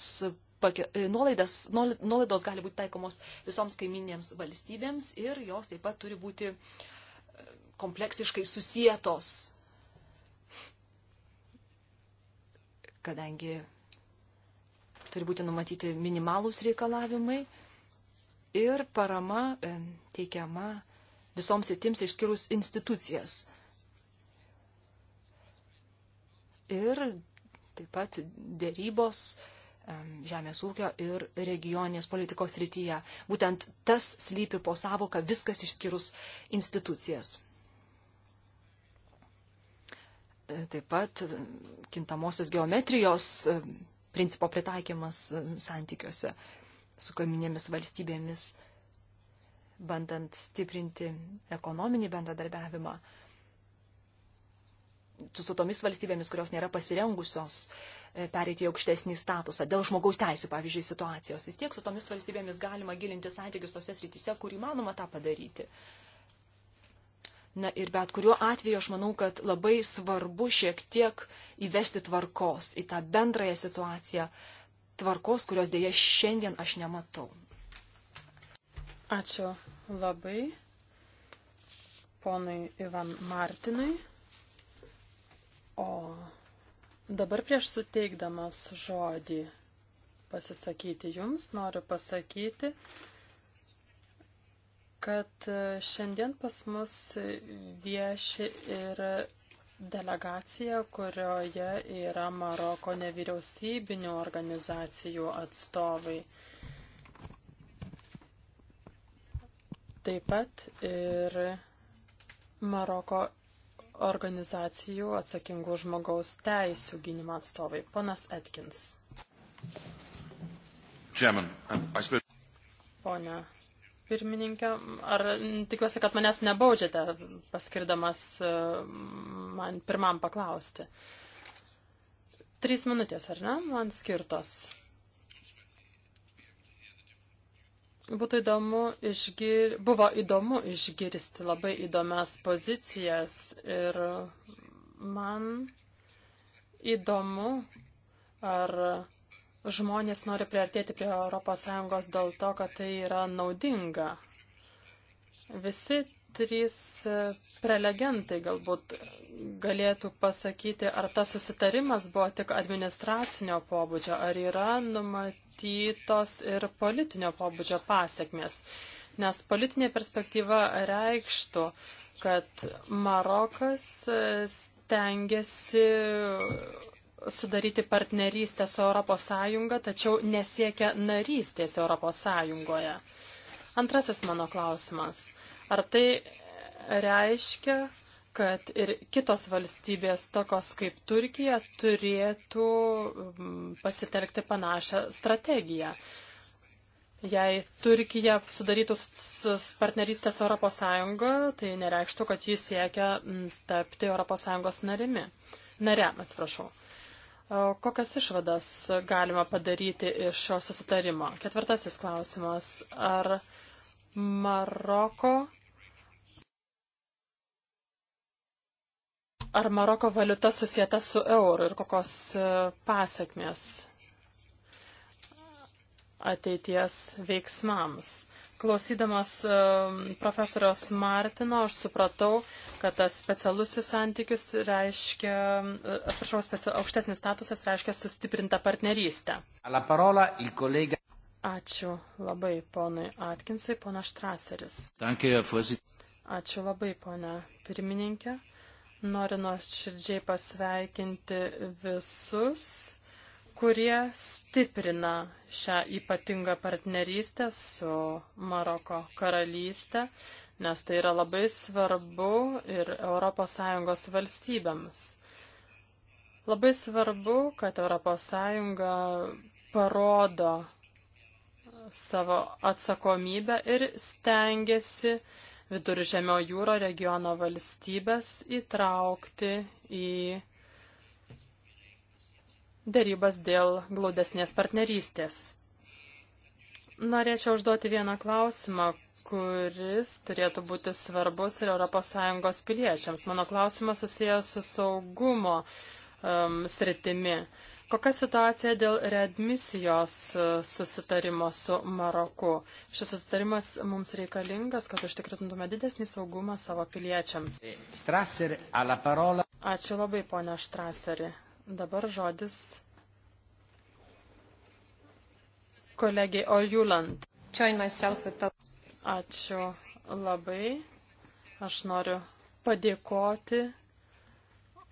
Pake, e, nuolaidas, nuolaidos gali būti taikomos visoms kaiminėms valstybėms ir jos taip pat turi būti e, kompleksiškai susijėtos, kadangi turi būti numatyti minimalūs reikalavimai ir parama e, teikiama visoms sritims išskyrus institucijas. ir taip pat dėrybos žemės ūkio ir regioninės politikos rytyje. Būtent tas slypi po savoka viskas išskyrus institucijas. E, taip pat kintamosios geometrijos e, principo pritaikymas e, santykiuose su kaiminėmis valstybėmis, bandant stiprinti ekonominį bendradarbiavimą su, su tomis valstybėmis, kurios nėra pasirengusios e, pereiti į aukštesnį statusą. Dėl žmogaus teisų, pavyzdžiui, situacijos. Vis tiek su tomis valstybėmis galima gilinti santykius tose srityse, kur įmanoma tą padaryti. Na ir bet kuriuo atveju aš manau, kad labai svarbu šiek tiek įvesti tvarkos į tą bendrąją situaciją, tvarkos, kurios dėja šiandien aš nematau. Ačiū labai ponai Ivan Martinui. O dabar prieš suteikdamas žodį pasisakyti jums, noriu pasakyti, kad šiandien pas mus vieši ir delegacija, kurioje yra Maroko nevyriausybinių organizacijų atstovai. Taip pat ir Maroko organizacijų atsakingų žmogaus teisų gynimo atstovai. Ponas Atkins. Um, Pone pirmininkė, ar tikiuosi, kad manęs nebaudžiate, paskirdamas e, man pirmam paklausti. Trys minutės, ar ne, man skirtos. Būtų įdomu išgir... Buvo įdomu išgirsti labai įdomias pozicijas ir man įdomu, ar žmonės nori priartėti prie ES dėl to, kad tai yra naudinga. Visi trys e, prelegentai galbūt galėtų pasakyti, ar tas susitarimas buvo tik administracinio pobūdžio, ar yra numatytos ir politinio pobūdžio pasiekmes. Nes politinė perspektyva reikštų, kad Marokas e, stengiasi sudaryti partnerystę su ES, tačiau nesiekia narystės ES. Antrasis mano klausimas. Ar tai reiškia, kad ir kitos valstybės, tokios kaip Turkija, turėtų mm, pasitelkti panašią strategiją? Jei Turkija sudarytų partnerystės Europos Sąjungą, tai nereikštų, kad jis siekia mm, tapti Europos Sąjungos narimi. Nare, atsiprašau. Kokias išvadas galima padaryti iš šio susitarimo? Ketvirtasis klausimas. Ar Maroko ar Maroko valiuta susijęta su euru ir kokios e, pasiekmės ateities veiksmams. Klausydamas e, profesoriaus Martino, aš supratau, kad tas specialusis santykis reiškia, e, atsiprašau, aukštesnis statusas reiškia sustiprintą partnerystę. Ačiū labai ponui Atkinsui, pona Štraseris. Ačiū labai, pona pirmininkė. Noriu nuoširdžiai pasveikinti visus, kurie stiprina šią ypatingą partnerystę su Maroko karalystė, nes tai yra labai svarbu ir ES valstybėms. Labai svarbu, kad ES parodo savo atsakomybę ir stengiasi Viduržemio jūro regiono valstybės įtraukti į dėrybas dėl glaudesnės partnerystės. Norėčiau užduoti vieną klausimą, kuris turėtų būti svarbus ir ES piliečiams. Mano klausimas susijęs su saugumo um, sritimi. Uh, Kokia situacija dėl readmisijos e, susitarimo su Maroku? Šis susitarimas mums reikalingas, kad užtikrintume didesnį saugumą savo piliečiams. Strasser, parola... Ačiū labai, ponia Štraseri. Dabar žodis kolegiai Ojuland. Ačiū labai. Aš noriu padėkoti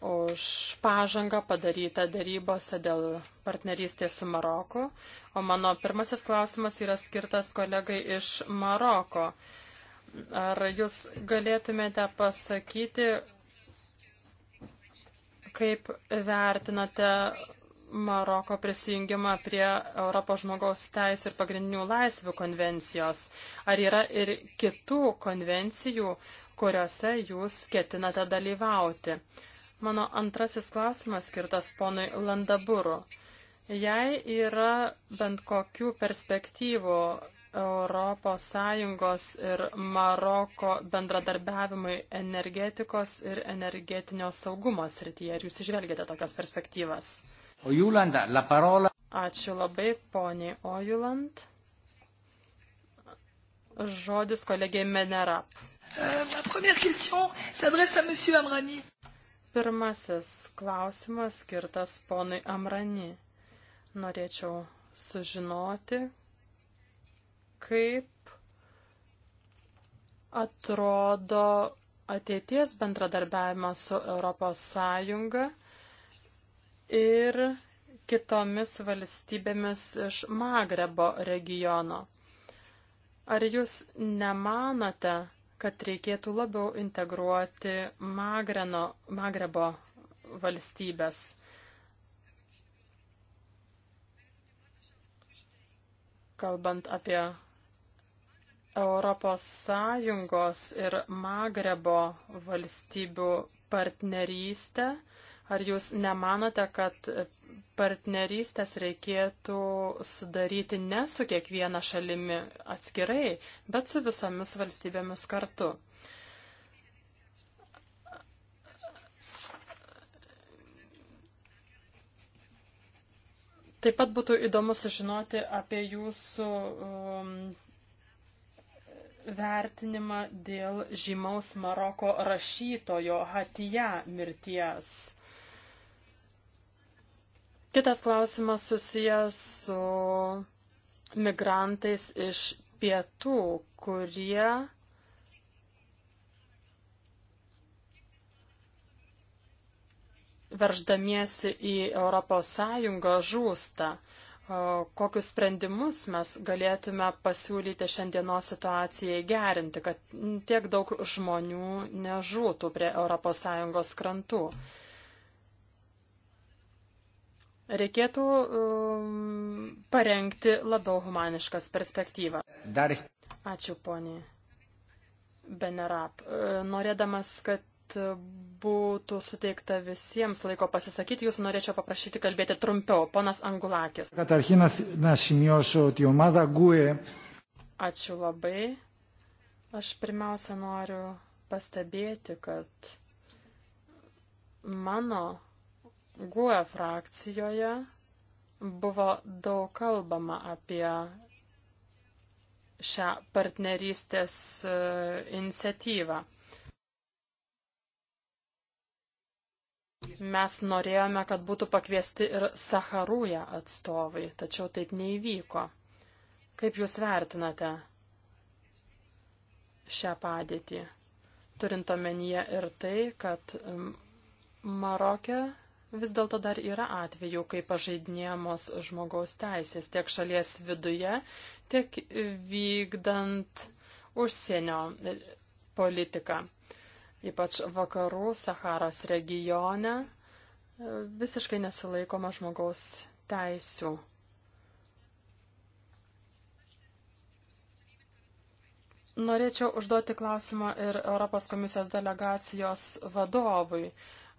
už pažangą padarytą darybose dėl partnerystės su Maroku. O mano pirmasis klausimas yra skirtas kolegai iš Maroko. Ar jūs galėtumėte pasakyti, kaip vertinate Maroko prisijungimą prie Europos žmogaus teisų ir pagrindinių laisvių konvencijos? Ar yra ir kitų konvencijų, kuriuose jūs ketinate dalyvauti? Mano antrasis klausimas skirtas ponui Landaburu. Jei yra bent kokių perspektyvų ES ir Maroko bendradarbiavimui energetikos ir energetinio saugumo srityje, ar jūs išvelgėte tokias perspektyvas? Ojulanda, la parola. Ačiū labai, poniai Ojuland. Žodis kolegijai Menerap. Uh, ma première question s'adresse à Monsieur Amrani. Pirmasis klausimas skirtas ponui Amrani. Norėčiau sužinoti, kaip atrodo ateities bendradarbiavimas su Europos Sąjunga ir kitomis valstybėmis iš Magrebo regiono. Ar jūs nemanote, kad reikėtų labiau integruoti Magreno, Magrebo valstybės. Kalbant apie Europos Sąjungos ir Magrebo valstybių partnerystę, Ar jūs nemanote, kad partnerystės reikėtų sudaryti ne su kiekviena šalimi atskirai, bet su visomis valstybėmis kartu? Taip pat būtų įdomu sužinoti apie jūsų um, vertinimą dėl žymaus Maroko rašytojo Hatija mirties. Kitas klausimas susijęs su migrantais iš pietų, kurie verždamiesi į Europos Sąjungą žūsta. Kokius sprendimus mes galėtume pasiūlyti šiandienos situacijai gerinti, kad tiek daug žmonių nežūtų prie Europos Sąjungos krantų. Reikėtų um, parengti labiau humaniškas perspektyvą. Daris. Ačiū, ponė Benerap. E, norėdamas, kad būtų suteikta visiems laiko pasisakyti, jūs norėčiau paprašyti kalbėti trumpiau. Ponas Angulakis. Ačiū labai. Aš pirmiausia noriu pastebėti, kad mano GUE frakcijoje buvo daug kalbama apie šią partnerystės e, iniciatyvą. Mes norėjome, kad būtų pakviesti ir Saharūja atstovai, tačiau taip neįvyko. Kaip Jūs vertinate šią padėtį, turint omenyje ir tai, kad Marokė Vis dėlto dar yra atvejų, kai pažeidinėjamos žmogaus teisės tiek šalies viduje, tiek vykdant užsienio politiką. Ypač vakarų Saharos regione e, visiškai nesilaikoma žmogaus teisų. Norėčiau užduoti klausimą ir Europos komisijos delegacijos vadovui.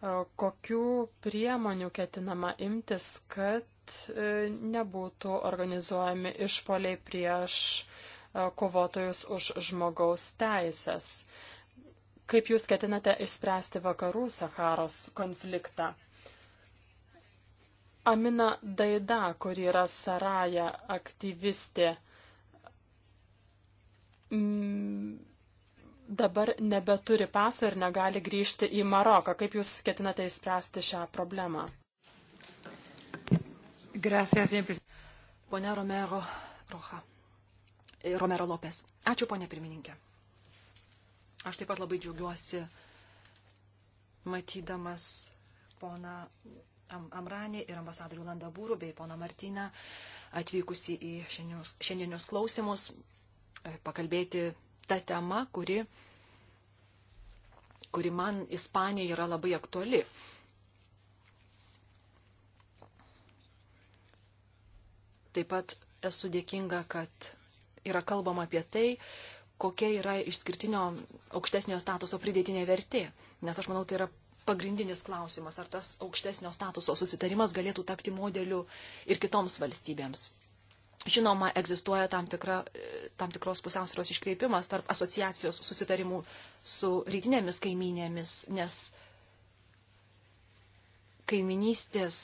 E, kokių priemonių ketinama imtis, kad e, nebūtų organizuojami išpoliai prieš e, kovotojus už žmogaus teisės. Kaip jūs ketinate išspręsti vakarų Saharos konfliktą? Amina Daida, kuri yra Saraja aktyvistė, mm dabar nebeturi paso ir negali grįžti į Maroką. Kaip Jūs ketinate įspręsti šią problemą? Gracias, Pone Romero Roja. E, Romero Lopes. Ačiū, ponė pirmininkė. Aš taip pat labai džiaugiuosi matydamas poną Amranį ir ambasadorių Landabūrų bei poną Martyną atvykusi į šiandienius, šiandienius klausimus, e, pakalbėti ta tema, kuri, kuri man Ispanija yra labai aktuali. Taip pat esu dėkinga, kad yra kalbama apie tai, kokia yra išskirtinio aukštesnio statuso pridėtinė vertė. Nes aš manau, tai yra pagrindinis klausimas, ar tas aukštesnio statuso susitarimas galėtų tapti modeliu ir kitoms valstybėms. Žinoma, egzistuoja tam, tikra, tam tikros pusiausvėros iškreipimas tarp asociacijos susitarimų su rytinėmis kaiminėmis, nes kaiminystės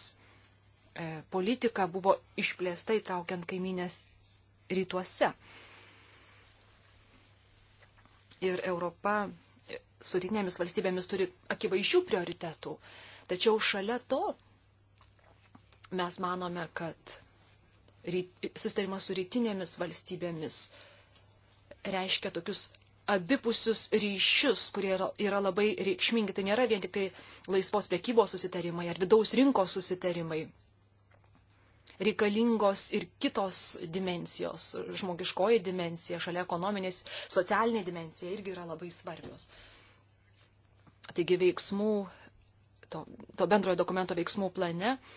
e, politika buvo išplėsta įtraukiant kaiminės rytuose. Ir Europa e, su rytinėmis valstybėmis turi akivaizdžių prioritetų. Tačiau šalia to mes manome, kad sustarimas su rytinėmis valstybėmis reiškia tokius abipusius ryšius, kurie yra, yra labai reikšmingi. Tai nėra vien tik tai laisvos priekybos susitarimai ar vidaus rinkos susitarimai. Reikalingos ir kitos dimensijos, žmogiškoji dimensija, šalia ekonominės, socialinė dimensija irgi yra labai svarbios. Taigi veiksmų, to, to bendrojo dokumento veiksmų plane uh,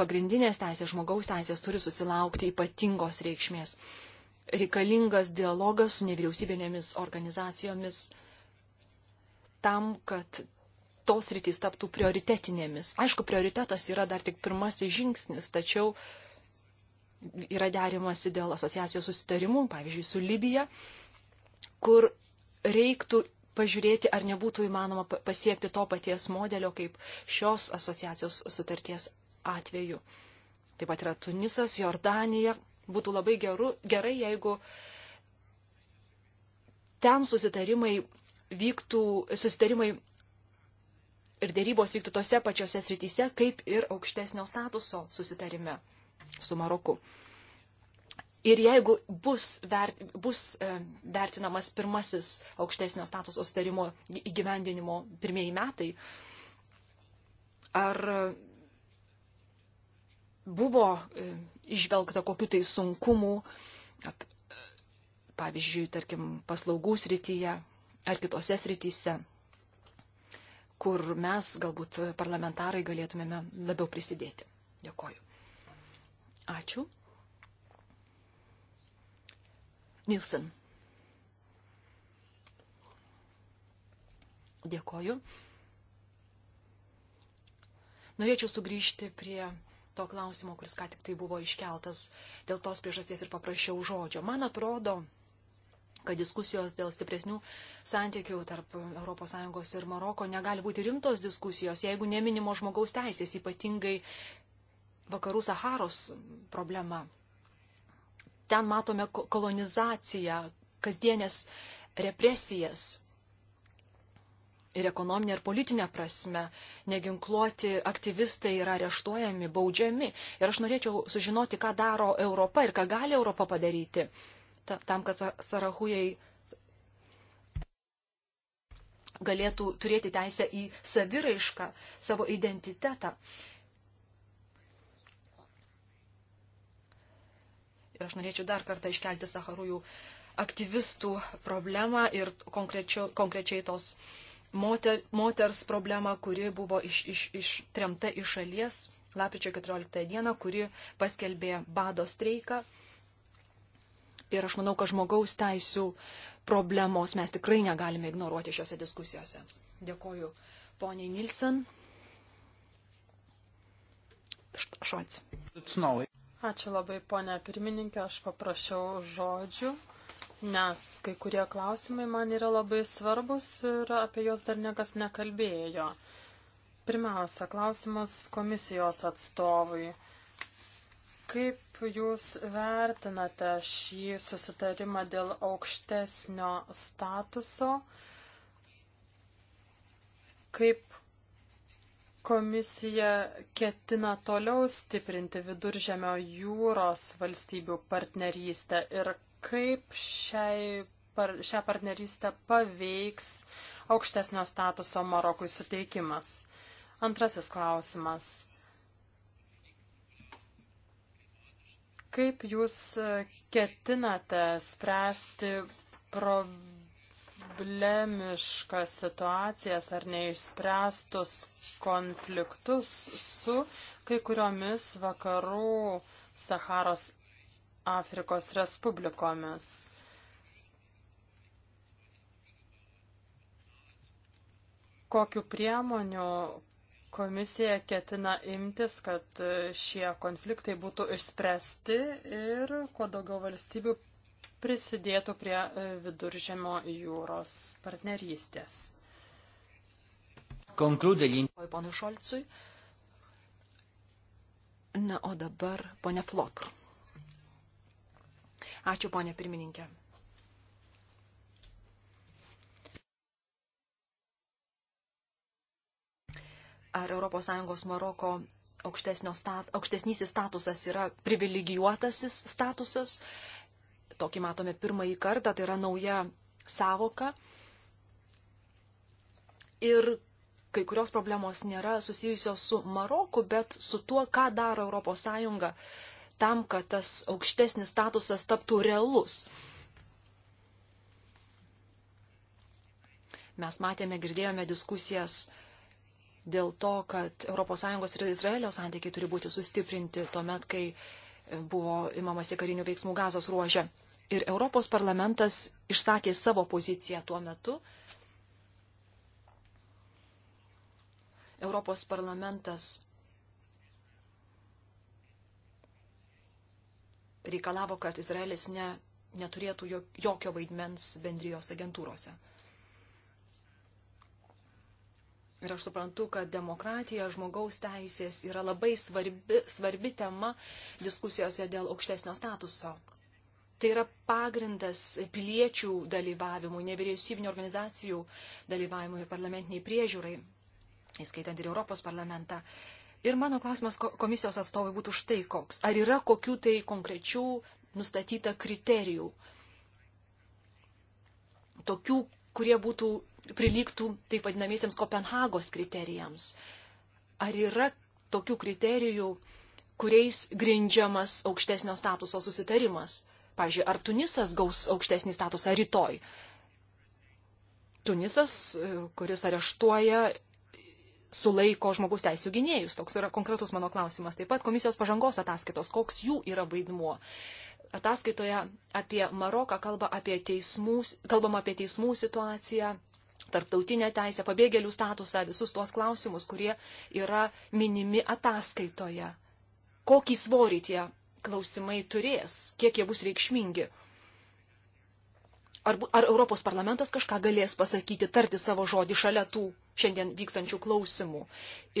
pagrindinės teisės, žmogaus teisės turi susilaukti ypatingos reikšmės. Reikalingas dialogas su nevyriausybinėmis organizacijomis tam, kad tos rytis taptų prioritetinėmis. Aišku, prioritetas yra dar tik pirmasis žingsnis, tačiau yra derimasi dėl asociacijos susitarimų, pavyzdžiui, su Libija, kur reiktų pažiūrėti, ar nebūtų įmanoma pasiekti to paties modelio kaip šios asociacijos sutarties atveju. Taip pat yra Tunisas, Jordanija. Būtų labai geru, gerai, jeigu ten susitarimai vyktų, susitarimai ir dėrybos vyktų tose pačiose srityse, kaip ir aukštesnio statuso susitarime su Maroku. Ir jeigu bus, vert, bus e, vertinamas pirmasis aukštesnio statuso sutarimo įgyvendinimo pirmieji metai, ar buvo e, išvelgta kokiu tai sunkumu, e, pavyzdžiui, tarkim, paslaugų srityje ar kitose srityse, kur mes galbūt parlamentarai galėtumėme labiau prisidėti. Dėkoju. Ačiū. Nilsen. Dėkoju. Norėčiau sugrįžti prie to klausimo, kuris ką tik tai buvo iškeltas, dėl tos priežasties ir paprašiau žodžio. Man atrodo, kad diskusijos dėl stipresnių santykių tarp ES ir Maroko negali būti rimtos diskusijos, jeigu neminimo žmogaus teisės, ypatingai vakarų Saharos problema. Ten matome kolonizaciją, kasdienės represijas, ir ekonominė, ir politinė prasme. Neginkluoti aktyvistai yra areštuojami, baudžiami. Ir aš norėčiau sužinoti, ką daro Europa ir ką gali Europa padaryti ta, tam, kad Sarahujai galėtų turėti teisę į saviraišką, savo identitetą. Ir aš norėčiau dar kartą iškelti Saharųjų aktyvistų problemą ir konkrečiai tos uh, moter, moters problemą, kuri buvo iš, iš, ištremta iš šalies lapkričio 14 dieną, kuri paskelbė bado streiką. Ir aš manau, kad žmogaus teisų problemos mes tikrai negalime ignoruoti šiuose diskusijose. Dėkoju poniai Nilsen. Šolts. Ačiū labai, ponia pirmininkė, aš paprašiau žodžių nes kai kurie klausimai man yra labai svarbus ir apie juos dar niekas nekalbėjo. Pirmiausia, klausimas komisijos atstovui. Kaip Jūs vertinate šį susitarimą dėl aukštesnio statuso? Kaip komisija ketina toliau stiprinti viduržemio jūros valstybių partnerystę ir kaip šiai, par, šią partnerystę paveiks aukštesnio statuso Marokui suteikimas. Antrasis klausimas. Kaip jūs ketinate spręsti problemišką situacijas ar neišspręstus konfliktus su kai kuriomis vakarų Saharos Afrikos Respublikomis. Kokiu priemoniu komisija ketina imtis, kad šie konfliktai būtų išspręsti ir kuo daugiau valstybių prisidėtų prie viduržėmo jūros partnerystės. Konkludė linkoj ponui Šolcui. Na, o dabar ponia Flotr. Ačiū, ponė pirmininkė. Ar ES Maroko stat, aukštesnysis statusas yra privilegijuotasis statusas? Tokį matome pirmąjį kartą, tai yra nauja savoka. Ir kai kurios problemos nėra susijusios su Maroku, bet su tuo, ką daro ES tam, kad tas aukštesnis statusas taptų realus. Mes matėme, girdėjome diskusijas dėl to, kad ES ir Izraelio santykiai turi būti sustiprinti tuomet, kai buvo imamasi karinių veiksmų gazos ruožė. Ir Europos parlamentas išsakė savo poziciją tuo metu. Europos parlamentas reikalavo, kad Izraelis ne, neturėtų jokio vaidmens bendrijos agentūrose. Ir aš suprantu, kad demokratija, žmogaus teisės yra labai svarbi, svarbi tema diskusijose dėl aukštesnio statuso. Tai yra pagrindas piliečių dalyvavimui, nevyriausybinio organizacijų dalyvavimui ir parlamentiniai priežiūrai, įskaitant ir Europos parlamentą. Uh, Ir mano klausimas komisijos atstovai būtų štai koks. Ar yra kokių tai konkrečių nustatyta kriterijų? Tokių, kurie būtų prilygtų taip vadinamiesiems Kopenhagos kriterijams. Ar yra tokių kriterijų, kuriais grindžiamas aukštesnio statuso susitarimas? Pavyzdžiui, ar Tunisas gaus aukštesnį statusą rytoj? Tunisas, e, kuris areštuoja sulaiko žmogus teisų gynėjus? Toks yra konkretus mano klausimas. Taip pat komisijos pažangos ataskaitos, koks jų yra vaidmuo. Ataskaitoje apie Maroką kalba apie teismų, kalbama apie teismų situaciją, tarptautinę teisę, pabėgėlių statusą, visus tuos klausimus, kurie yra minimi ataskaitoje. Kokį svorį tie klausimai turės, kiek jie bus reikšmingi ar, ar Europos parlamentas kažką galės pasakyti, tarti savo žodį šalia tų šiandien vykstančių klausimų.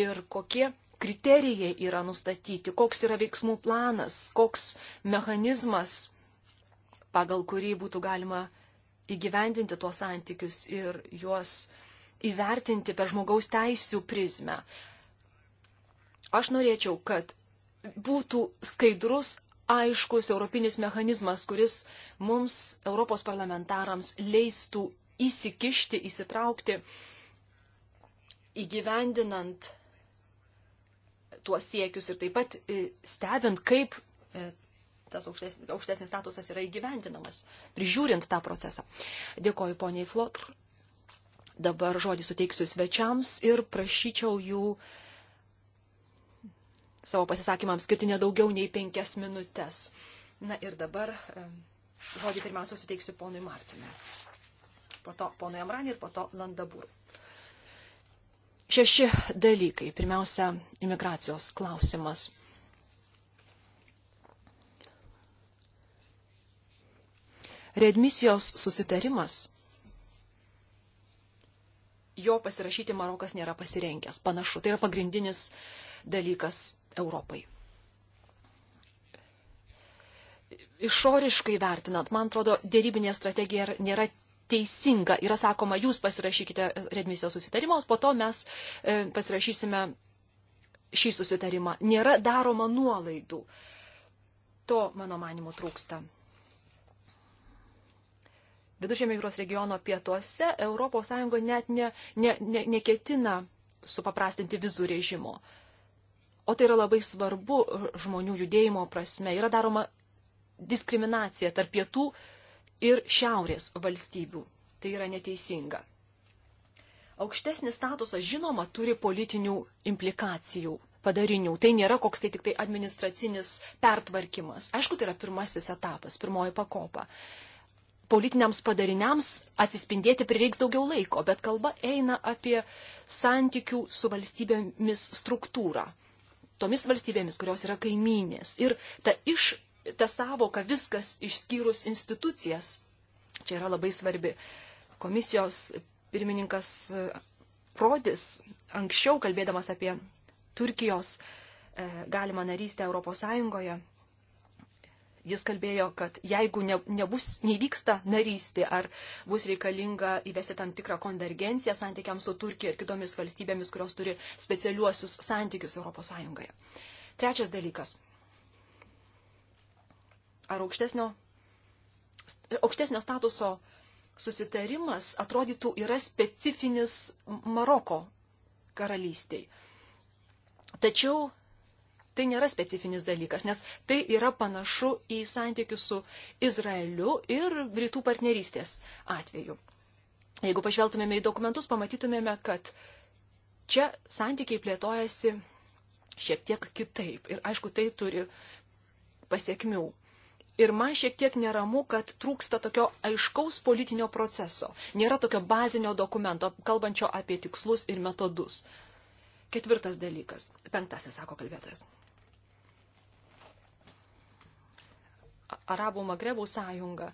Ir kokie kriterijai yra nustatyti, koks yra veiksmų planas, koks mechanizmas, pagal kurį būtų galima įgyvendinti tuos santykius ir juos įvertinti per žmogaus teisų prizmę. Aš norėčiau, kad būtų skaidrus, aiškus europinis mechanizmas, kuris mums, Europos parlamentarams, leistų įsikišti, įsitraukti, įgyvendinant tuos siekius ir taip pat e, stebint, kaip e, tas aukštesnis, aukštesnis statusas yra įgyvendinamas, prižiūrint tą procesą. Dėkoju poniai Flotr. Dabar žodį suteiksiu svečiams ir prašyčiau jų uh, savo pasisakymams skirti nedaugiau nei penkias minutės. Na ir dabar žodį pirmiausia suteiksiu ponui Martinui, po to ponui Amranį ir po to Landabūrui. Šeši dalykai. Pirmiausia, imigracijos klausimas. Readmisijos susitarimas jo pasirašyti Marokas nėra pasirenkęs. Panašu, tai yra pagrindinis uh, dalykas Europai. Išoriškai vertinant, man atrodo, dėrybinė strategija nėra teisinga. Yra sakoma, jūs pasirašykite redmisijos susitarimą, o po to mes e, pasirašysime šį susitarimą. Nėra daroma nuolaidų. To, mano manimu, trūksta. Viduržėmio jūros regiono pietuose ES net ne, ne, ne, neketina supaprastinti vizų režimo. Uh, O tai yra labai svarbu e, žmonių judėjimo prasme. Yra daroma diskriminacija tarp pietų ir šiaurės valstybių. Tai yra neteisinga. Aukštesnis statusas, žinoma, turi politinių implikacijų, padarinių. Tai nėra koks tai tik tai administracinis pertvarkymas. Aišku, tai yra pirmasis etapas, pirmoji pakopa. Politiniams padariniams atsispindėti prireiks daugiau laiko, bet kalba eina apie santykių su valstybėmis struktūrą tomis valstybėmis, kurios yra kaimynės. Ir ta, iš, ta savoka viskas išskyrus institucijas čia yra labai svarbi. Komisijos pirmininkas Prodis anksčiau kalbėdamas apie Turkijos e, galimą narystę Europos Sąjungoje Jis kalbėjo, kad jeigu ne, nebus, nevyksta narystė ar bus reikalinga įvesti tam tikrą konvergenciją santykiams su Turkija ir kitomis valstybėmis, kurios turi specialiuosius santykius ES. Trečias dalykas. Ar aukštesnio, aukštesnio statuso susitarimas atrodytų yra specifinis Maroko karalystiai. Tačiau tai nėra specifinis dalykas, nes tai yra panašu į santykius su Izraeliu ir rytų partnerystės atveju. Jeigu pažvelgtumėme į dokumentus, pamatytumėme, kad čia santykiai plėtojasi šiek tiek kitaip ir aišku, tai turi pasiekmių. Ir man šiek tiek neramu, kad trūksta tokio aiškaus politinio proceso. Nėra tokio bazinio dokumento, kalbančio apie tikslus ir metodus. Ketvirtas dalykas. Penktasis, sako kalbėtojas. Arabų Magrebų sąjungą.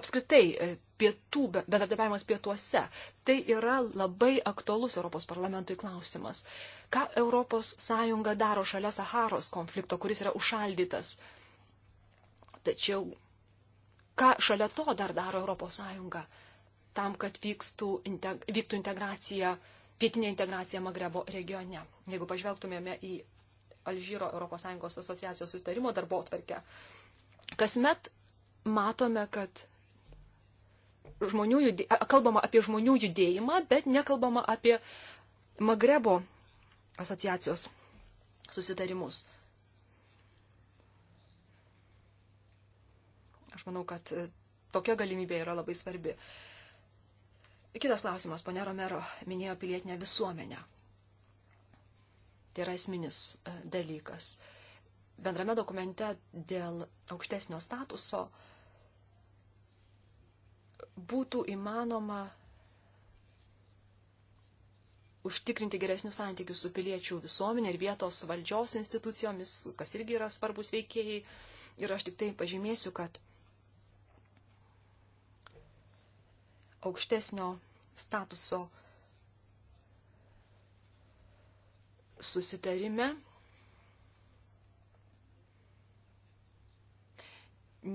Apskritai, e, pietų, bendradarbiavimas pietuose, tai yra labai aktualus Europos parlamentui klausimas. Ką ES daro šalia Saharos konflikto, kuris yra užšaldytas? Tačiau, ką šalia to dar daro ES? tam, kad vykstų, integ, vyktų integracija, pietinė integracija Magrebo regione. Jeigu pažvelgtumėme į Alžyro ES asociacijos sustarimo darbo atvarkę. Kasmet matome, kad žmonių judė... kalbama apie žmonių judėjimą, bet nekalbama apie Magrebo asociacijos susitarimus. Aš manau, kad e, tokia galimybė yra labai svarbi. Kitas klausimas, ponė Romero minėjo pilietinę visuomenę. Tai yra esminis e, dalykas. Bendrame dokumente dėl aukštesnio statuso būtų įmanoma užtikrinti geresnius santykius su piliečių visuomenė ir vietos valdžios institucijomis, kas irgi yra svarbus veikėjai. Ir aš tik tai pažymėsiu, kad aukštesnio statuso susitarime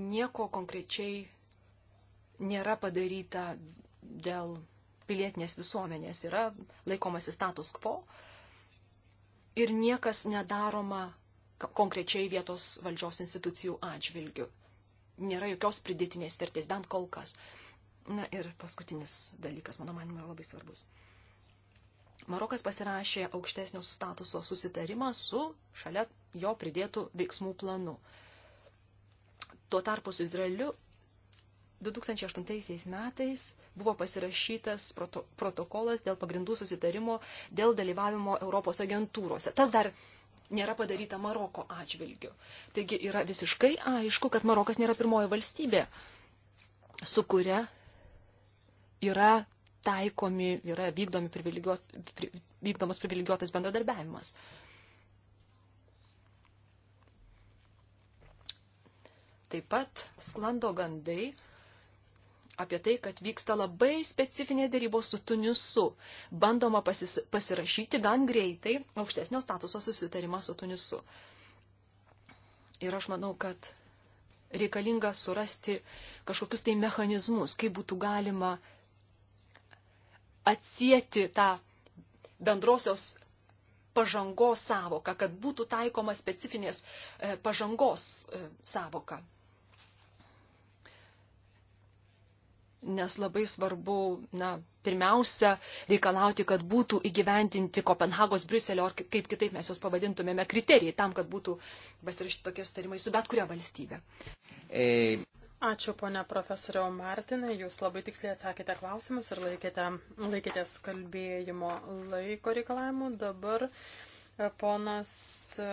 nieko konkrečiai nėra padaryta dėl pilietinės visuomenės, yra laikomasi status quo ir niekas nedaroma konkrečiai vietos valdžios institucijų atžvilgių. Nėra jokios pridėtinės vertės, bent kol kas. Na ir paskutinis dalykas, mano manimo, yra labai svarbus. Marokas pasirašė aukštesnio statuso susitarimą su šalia jo pridėtų veiksmų planu. Tuo tarpu su Izraeliu 2008 metais buvo pasirašytas proto, protokolas dėl pagrindų susitarimo dėl dalyvavimo Europos agentūrose. Tas dar nėra padaryta Maroko atžvilgiu. Taigi yra visiškai aišku, kad Marokas nėra pirmoji valstybė, su kuria yra taikomi, yra vykdomi privilegiuot, pri, vykdomas privilegiuotas bendradarbiavimas. Taip pat sklando gandai apie tai, kad vyksta labai specifinės dėrybos su Tunisu. Bandoma pasis, pasirašyti gan greitai aukštesnio statuso susitarimą su Tunisu. Ir aš manau, kad reikalinga surasti kažkokius tai mechanizmus, kaip būtų galima atsijėti tą bendrosios pažangos savoką, kad būtų taikoma specifinės e, pažangos e, savoka. Nes labai svarbu, na, pirmiausia, reikalauti, kad būtų įgyventinti Kopenhagos, Briuselio, ar kaip kitaip mes juos pavadintumėme, kriterijai tam, kad būtų pasirašyti tokie sutarimai su bet kuria valstybė. E... Ačiū, ponia profesoriau Martinai, jūs labai tiksliai atsakėte klausimus ir laikėte, laikėtės kalbėjimo laiko reikalavimų. Dabar e, ponas e,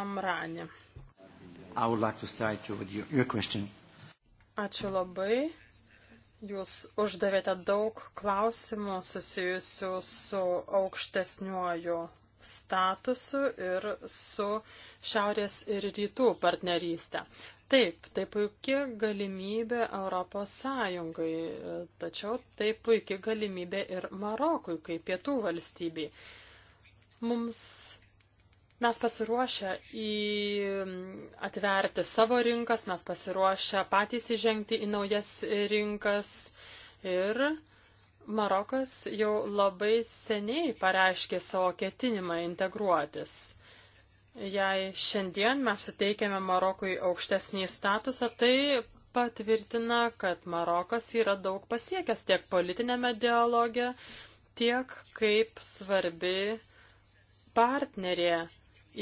Amrani. Like to your, your question. Ačiū labai. Jūs uždavėte daug klausimų susijusių su aukštesniuoju statusu ir su šiaurės ir rytų partnerystę. Taip, tai puikia galimybė Europos Sąjungai, tačiau tai puikia galimybė ir Marokui, kaip pietų valstybei. Mums mes pasiruošę į atverti savo rinkas, mes pasiruošę patys įžengti į naujas rinkas ir Marokas jau labai seniai pareiškė savo ketinimą integruotis. Jei šiandien mes suteikėme Marokui aukštesnį statusą, tai patvirtina, kad Marokas yra daug pasiekęs tiek politinėme dialoge, tiek kaip svarbi partnerė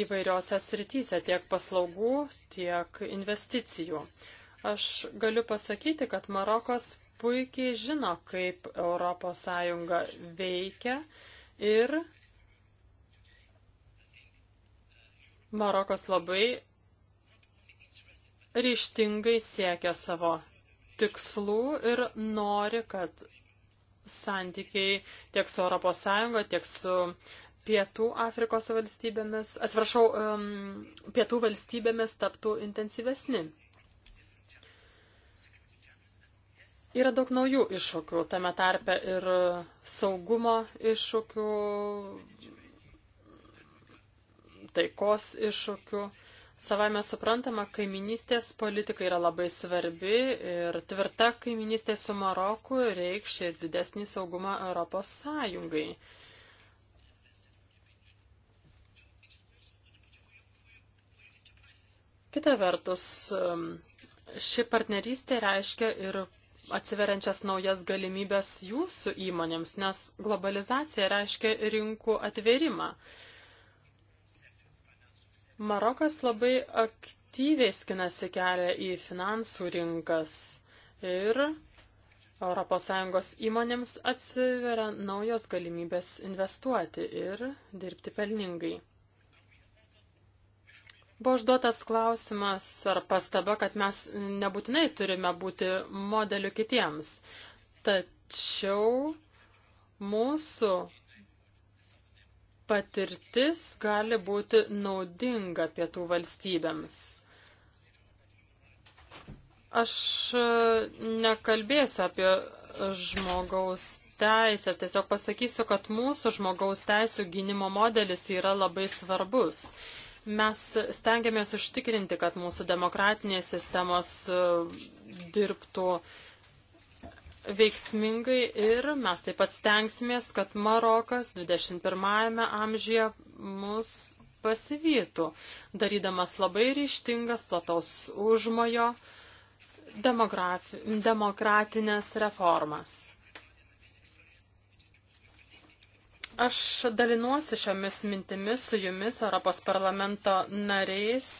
įvairiose srityse, tiek paslaugų, tiek investicijų. Aš galiu pasakyti, kad Marokas puikiai žino, kaip ES veikia ir Marokas labai ryštingai siekia savo tikslų ir nori, kad santykiai tiek su ES, tiek su Pietų Afrikos valstybėmis, atsiprašau, Pietų valstybėmis taptų intensyvesni. Yra daug naujų iššūkių, tame tarpe ir saugumo iššūkių, taikos iššūkių. Savame suprantama, kaiminystės politika yra labai svarbi ir tvirta kaiminystė su Maroku reikš ir didesnį saugumą Europos Sąjungai. Kita vertus, um, ši partnerystė reiškia ir atsiveriančias naujas galimybės jūsų įmonėms, nes globalizacija reiškia rinkų atverimą. Marokas labai aktyviai skinasi kelią į finansų rinkas ir ES įmonėms atsiveria naujos galimybės investuoti ir dirbti pelningai. Buvo užduotas klausimas ar pastaba, kad mes nebūtinai turime būti modeliu kitiems. Tačiau mūsų patirtis gali būti naudinga pietų valstybėms. Aš e, nekalbėsiu apie žmogaus teisės, tiesiog pasakysiu, kad mūsų žmogaus teisų gynimo modelis yra labai svarbus. Mes stengiamės užtikrinti, kad mūsų demokratinės sistemos e, dirbtų uh, veiksmingai ir mes taip pat stengsimės, kad Marokas 21-ame amžyje mus pasivytų, darydamas labai ryštingas plataus užmojo demokratinės reformas. Aš dalinuosi šiomis mintimis su jumis Europos parlamento nariais,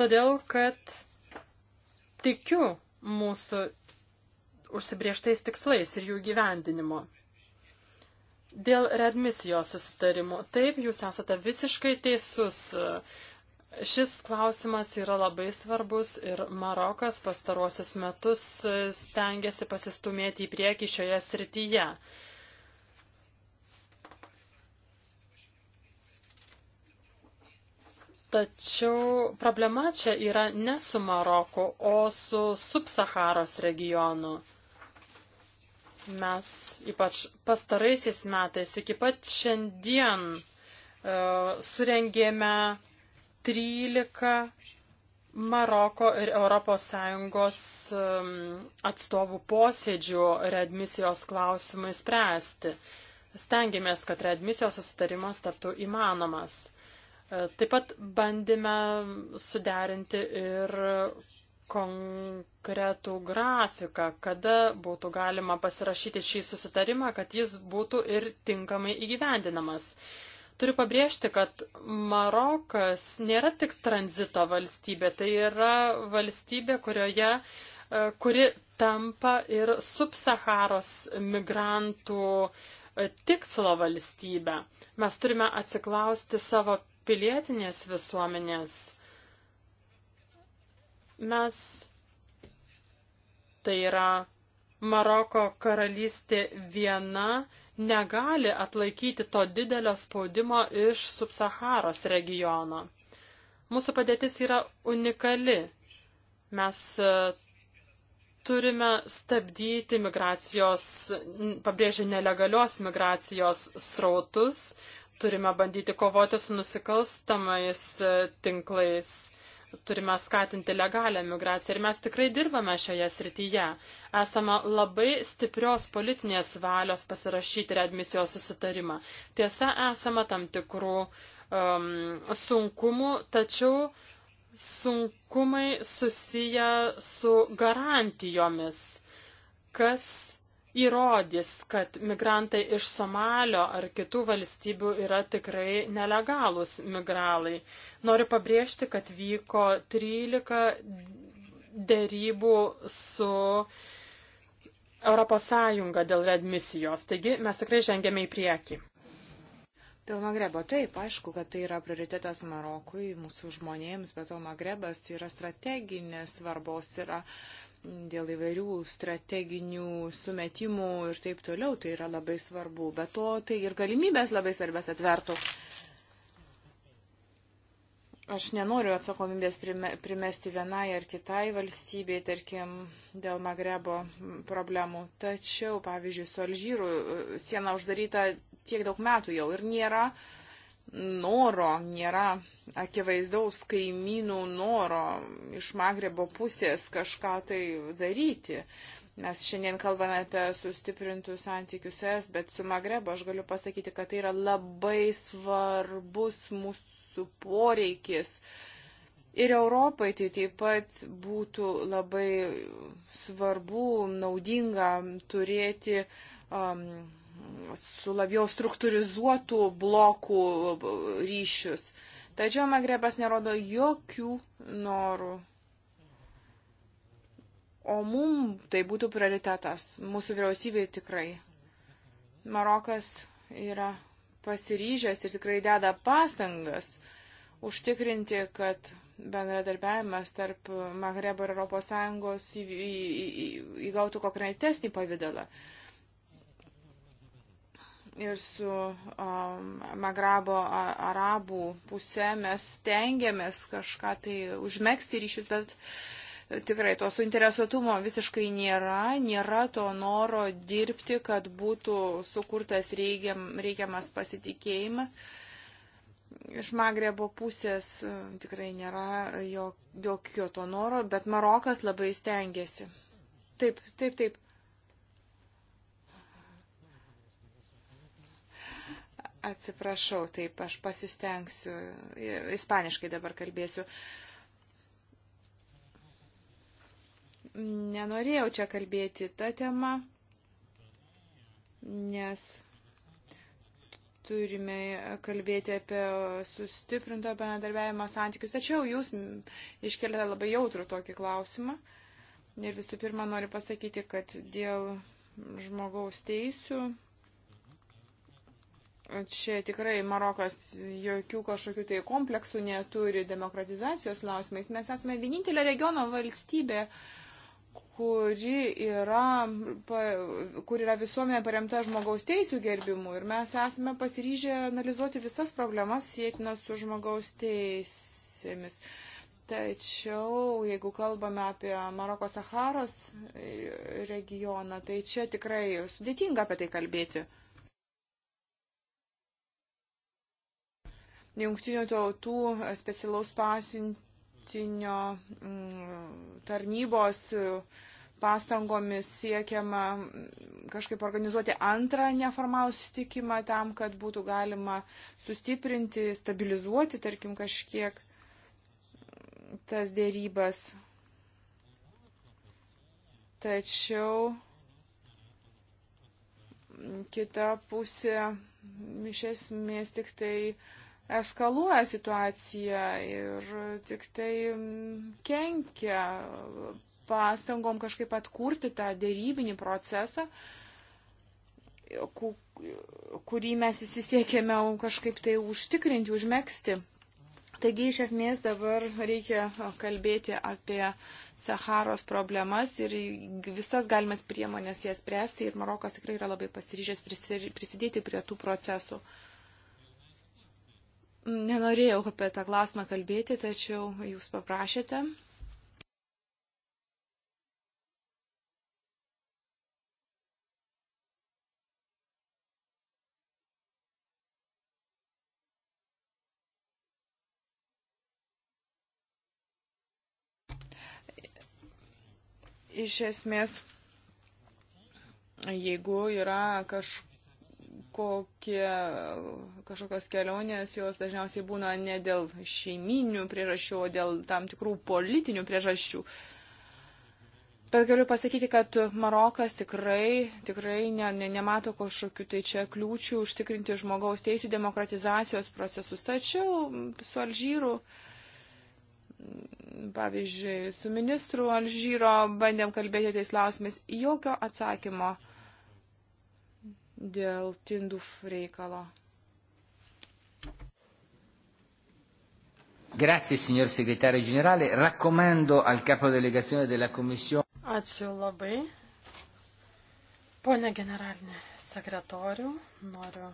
todėl kad tikiu mūsų užsibrieštais tikslais ir jų gyvendinimo. Dėl readmisijos susitarimų. Taip, jūs esate visiškai teisus. Šis klausimas yra labai svarbus ir Marokas pastaruosius metus stengiasi pasistumėti į priekį šioje srityje. Tačiau problema čia yra ne su Maroku, o su subsaharos regionu. Mes ypač pastaraisiais metais iki pat šiandien uh, surengėme 13 Maroko ir ES atstovų posėdžių readmisijos klausimai spręsti. Stengiamės, kad readmisijos susitarimas taptų įmanomas. E, taip pat bandėme suderinti ir konkretų grafiką, kada būtų galima pasirašyti šį susitarimą, kad jis būtų ir tinkamai įgyvendinamas. Turiu pabrėžti, kad Marokas nėra tik tranzito valstybė, tai yra valstybė, kurioje, e, kuri tampa ir subsaharos migrantų e, tikslo valstybę. Mes turime atsiklausti savo pilietinės visuomenės Mes, tai yra Maroko karalystė viena, negali atlaikyti to didelio spaudimo iš subsaharos regiono. Mūsų padėtis yra unikali. Mes e, turime stabdyti migracijos, pabrėžiu, nelegalios migracijos srautus, turime bandyti kovoti su nusikalstamais e, tinklais turime skatinti legalią migraciją ir mes tikrai dirbame šioje srityje. Esama labai stiprios politinės valios pasirašyti readmisijos susitarimą. Tiesa, esama tam tikrų um, sunkumų, tačiau sunkumai susiję su garantijomis, kas įrodys, kad migrantai iš Somalio ar kitų valstybių yra tikrai nelegalūs migralai. Noriu pabrėžti, kad vyko 13 dėrybų su ES dėl redmisijos. Taigi mes tikrai žengėme į priekį. Dėl Magrebo, taip, aišku, kad tai yra prioritetas Marokui, mūsų žmonėms, bet to Magrebas yra strateginės svarbos, yra dėl įvairių strateginių sumetimų ir taip toliau, tai yra labai svarbu. Be to, tai ir galimybės labai svarbės atvertų. Aš nenoriu atsakomybės primesti vienai ar kitai valstybei, tarkim, dėl Magrebo problemų. Tačiau, pavyzdžiui, su Alžyru e, siena uždaryta tiek daug metų jau ir nėra uh, noro, nėra akivaizdaus kaimynų noro iš Magrebo pusės kažką tai daryti. Mes šiandien kalbame apie sustiprintus santykius es, bet su Magrebo aš galiu pasakyti, kad tai yra labai svarbus mūsų poreikis. Ir Europai tai taip pat būtų labai svarbu, naudinga turėti um, su labiau struktūrizuotų blokų ryšius. Tačiau Magrebas nerodo jokių norų. O mum tai būtų prioritetas, mūsų vyriausybė tikrai. Marokas yra pasiryžęs ir tikrai deda pastangas užtikrinti, kad bendradarbiavimas tarp Magrebo ir ES įgautų kokį retesnį pavydalą ir su um, Magrabo arabų pusė mes tengiamės kažką tai užmėgsti ryšius, bet tikrai to suinteresuotumo visiškai nėra, nėra to noro dirbti, kad būtų sukurtas reikiam, reikiamas pasitikėjimas. Iš Magrebo pusės um, tikrai nėra jokio to noro, bet Marokas labai stengiasi. Taip, taip, taip. Atsiprašau, taip, aš pasistengsiu, ispaniškai dabar kalbėsiu. Nenorėjau čia kalbėti tą temą, nes turime kalbėti apie sustiprinto bendradarbiavimo santykius. Tačiau jūs iškelėte labai jautrų tokį klausimą. Ir visų pirma, noriu pasakyti, kad dėl žmogaus teisų Čia tikrai Marokas jokių kažkokių tai kompleksų neturi demokratizacijos klausimais. Mes esame vienintelė regiono valstybė, kuri yra, kur yra visuomenė paremta žmogaus teisų gerbimu. Ir mes esame pasiryžę analizuoti visas problemas sėtinas su žmogaus teisėmis. Tačiau, jeigu kalbame apie Maroko Saharos regioną, tai čia tikrai sudėtinga apie tai kalbėti. jungtinių tautų e, specialaus pasiuntinio mm, tarnybos e, pastangomis siekiama mm, kažkaip organizuoti antrą neformalų susitikimą tam, kad būtų galima sustiprinti, stabilizuoti, tarkim, kažkiek mm, tas dėrybas. Tačiau kita pusė iš esmės tik tai uh, eskaluoja situaciją ir tik tai mm, kenkia pastangom kažkaip atkurti tą dėrybinį procesą, kurį mes įsisiekėme kažkaip tai užtikrinti, užmėgsti. Taigi iš esmės dabar reikia kalbėti apie Saharos problemas ir visas galimas priemonės jas spręsti ir Marokas tikrai yra labai pasiryžęs prisidėti prie tų procesų. Nenorėjau apie tą klausimą kalbėti, tačiau jūs paprašėte. iš esmės, jeigu yra kaž, kokie kažkokios kelionės, jos dažniausiai būna ne dėl šeiminių priežasčių, o dėl tam tikrų politinių priežasčių. Bet galiu pasakyti, kad Marokas tikrai, tikrai ne, ne, nemato kažkokių tai čia kliūčių užtikrinti žmogaus teisų demokratizacijos procesus. Tačiau su Alžyru, pavyzdžiui, su ministru Alžyro bandėm kalbėti tais klausimais, jokio atsakymo. Uh, dėl Tinduf reikalo. Grazie signor segretario generale, raccomando al capo delegazione della Commissione. Ačiū labai. Pone generalinė sekretorių, noriu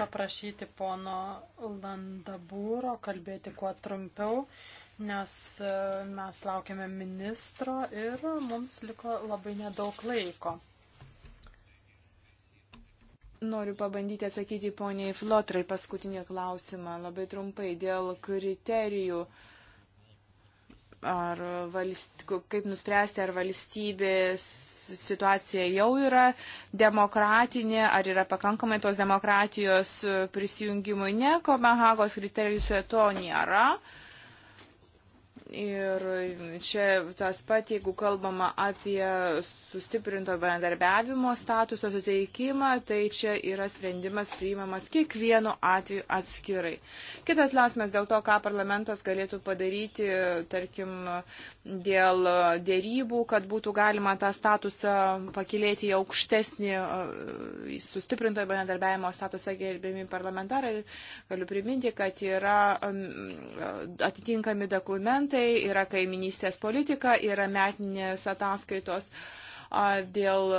paprašyti pono Landabūro kalbėti kuo trumpiau, nes e, mes laukiame ministro ir mums liko labai nedaug laiko. Noriu pabandyti atsakyti poniai Flotrai paskutinį klausimą labai trumpai dėl kriterijų. Ar valst, kaip nuspręsti, ar valstybės situacija jau yra demokratinė, ar yra pakankamai tos demokratijos prisijungimui. Ne, Kopenhagos kriterijų to nėra. Ir čia tas pat, jeigu kalbama apie sustiprinto bendarbiavimo statuso suteikimą, tai čia yra sprendimas priimamas kiekvienu atveju atskirai. Kitas klausimas dėl to, ką parlamentas galėtų padaryti, tarkim, dėl dėrybų, kad būtų galima tą statusą pakilėti į aukštesnį sustiprinto bendarbiavimo statusą gerbėmi parlamentarai. Galiu priminti, kad yra um, atitinkami dokumentai, yra kaiminystės politika, yra metinės ataskaitos. Uh, dėl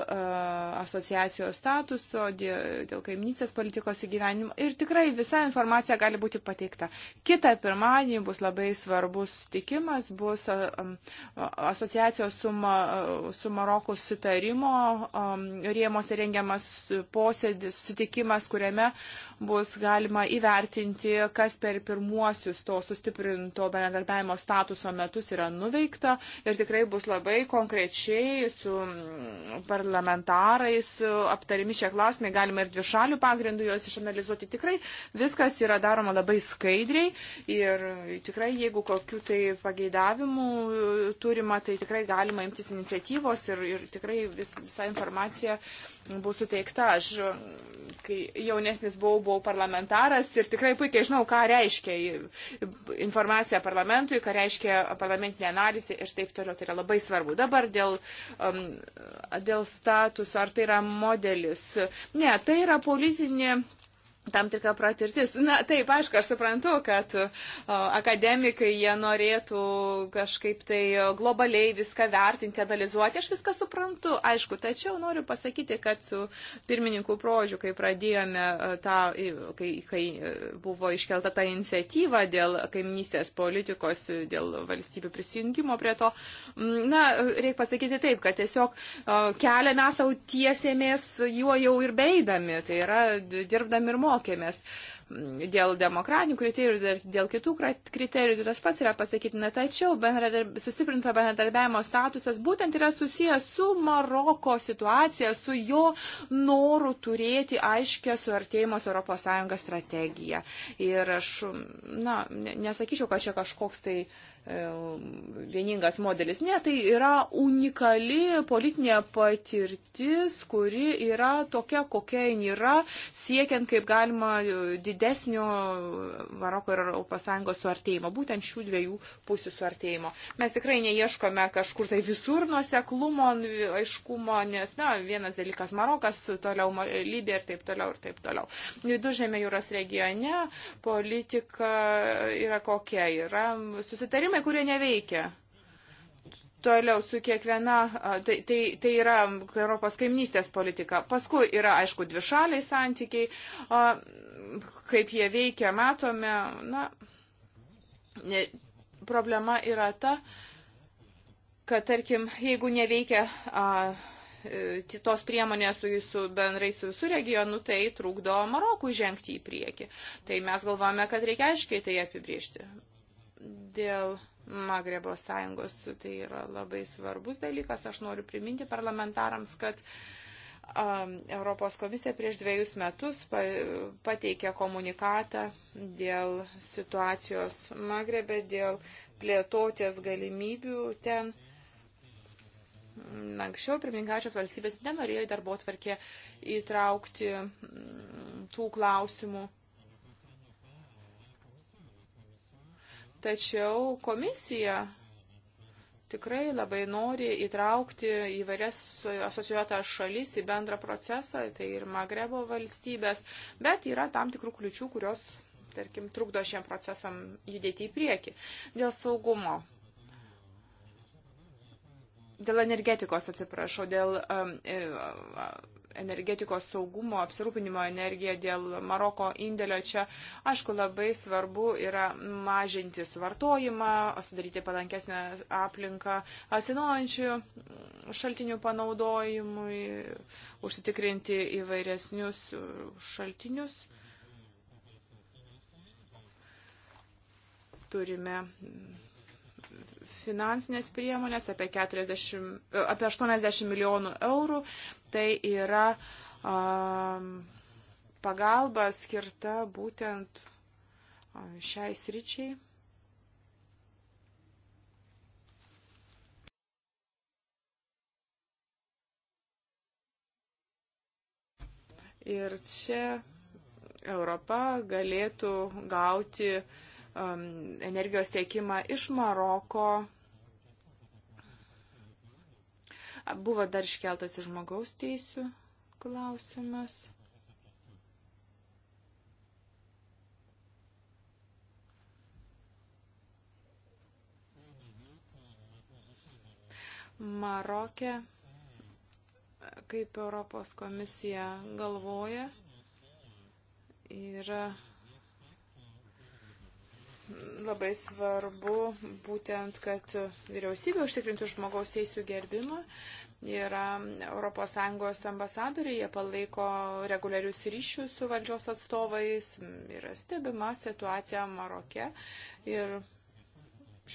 asociacijos statuso, dėl kaimynystės politikos įgyvenimo. Ir tikrai visa informacija gali būti pateikta. Kita pirmadienį bus labai svarbus sutikimas, bus asociacijos su, su Maroku sutarimo rėmose rengiamas posėdis, sutikimas, kuriame bus galima įvertinti, kas per pirmuosius to sustiprinto bendradarbiavimo statuso metus yra nuveikta. Ir tikrai bus labai konkrečiai su parlamentarais aptarimi šie klausimai, galima ir dvišalių pagrindų juos išanalizuoti. Tikrai viskas yra daroma labai skaidriai ir tikrai jeigu kokiu tai pageidavimu turima, tai tikrai galima imtis iniciatyvos ir, ir tikrai vis, visa informacija bus suteikta. Aš, kai jaunesnis buvau, buvau parlamentaras ir tikrai puikiai žinau, ką reiškia informacija parlamentui, ką reiškia parlamentinė analizė ir taip toliau. Tai yra labai svarbu. Dabar dėl um, dėl statuso, ar tai yra modelis. Ne, tai yra politinė tam tikra pratirtis. Na taip, aišku, aš suprantu, kad o, akademikai jie norėtų kažkaip tai globaliai viską vertinti, analizuoti, aš viską suprantu, aišku, tačiau noriu pasakyti, kad su pirmininku prožiu, kai pradėjome e, tą, kai, kai e, buvo iškelta ta iniciatyva dėl kaimynystės politikos, e, dėl valstybių prisijungimo prie to, na, reikia pasakyti taip, kad tiesiog kelią mes savo tiesėmės juo jau ir beidami, tai yra dirbdami ir mokydami mokėmės dėl demokratinių kriterijų ir dėl kitų kriterijų, tai tas pats yra pasakytina. Tačiau bendradarb... sustiprinto bendradarbiavimo statusas būtent yra susijęs su Maroko situacija, su jo noru turėti aiškę suartėjimo su ES strategiją. Ir aš, na, nesakyčiau, kad čia kažkoks tai uh, E, vieningas modelis. Ne, tai yra unikali politinė patirtis, kuri yra tokia, kokia jin yra, siekiant kaip galima didesnio Maroko ir ES suartėjimo, būtent šių dviejų pusių suartėjimo. Mes tikrai neieškome kažkur tai visur nuoseklumo, aiškumo, nes, na, vienas dalykas Marokas, toliau Libija ir taip toliau ir taip toliau. Vidužėmė jūros regione politika yra kokia yra. Susitarimas sprendimai, kurie neveikia. Toliau su kiekviena, tai, tai, tai yra Europos kaimnystės politika. Paskui yra, aišku, dvišaliai santykiai, kaip jie veikia, matome. Na, ne, problema yra ta, kad, tarkim, jeigu neveikia. A, e, tos priemonės su jūsų bendrai su visų regionu, tai trukdo Marokui žengti į priekį. Tai mes galvojame, kad reikia aiškiai tai apibriežti dėl Magrebo sąjungos. Tai yra labai svarbus dalykas. Aš noriu priminti parlamentarams, kad um, Europos komisija prieš dviejus metus pateikė komunikatą dėl situacijos Magrebe, dėl plėtotės galimybių ten. Anksčiau pirmininkačios valstybės nenorėjo į darbo tvarkę įtraukti mm, tų klausimų Tačiau komisija tikrai labai nori įtraukti įvairias asociuotas šalis į bendrą procesą, tai ir Magrebo valstybės, bet yra tam tikrų kliučių, kurios, tarkim, trukdo šiem procesam judėti į priekį. Dėl saugumo. Dėl energetikos, atsiprašau, dėl um, e, energetikos saugumo, apsirūpinimo energiją, dėl Maroko indėlio čia, aišku, labai svarbu yra mažinti suvartojimą, sudaryti palankesnę aplinką atsinaujančių šaltinių panaudojimui, užsitikrinti įvairesnius šaltinius. Turime finansinės priemonės apie, 40, e, apie 80 milijonų eurų. Tai yra um, pagalba skirta būtent šiai sričiai. Ir čia Europa galėtų gauti uh, Um, energijos tiekimą iš Maroko. Buvo dar iškeltas ir žmogaus teisų klausimas. Marokė, kaip Europos komisija galvoja, yra labai svarbu būtent, kad vyriausybė užtikrintų žmogaus teisų gerbimą. Yra ES ambasadoriai, jie palaiko reguliarius ryšius su valdžios atstovais, yra stebima situacija Maroke ir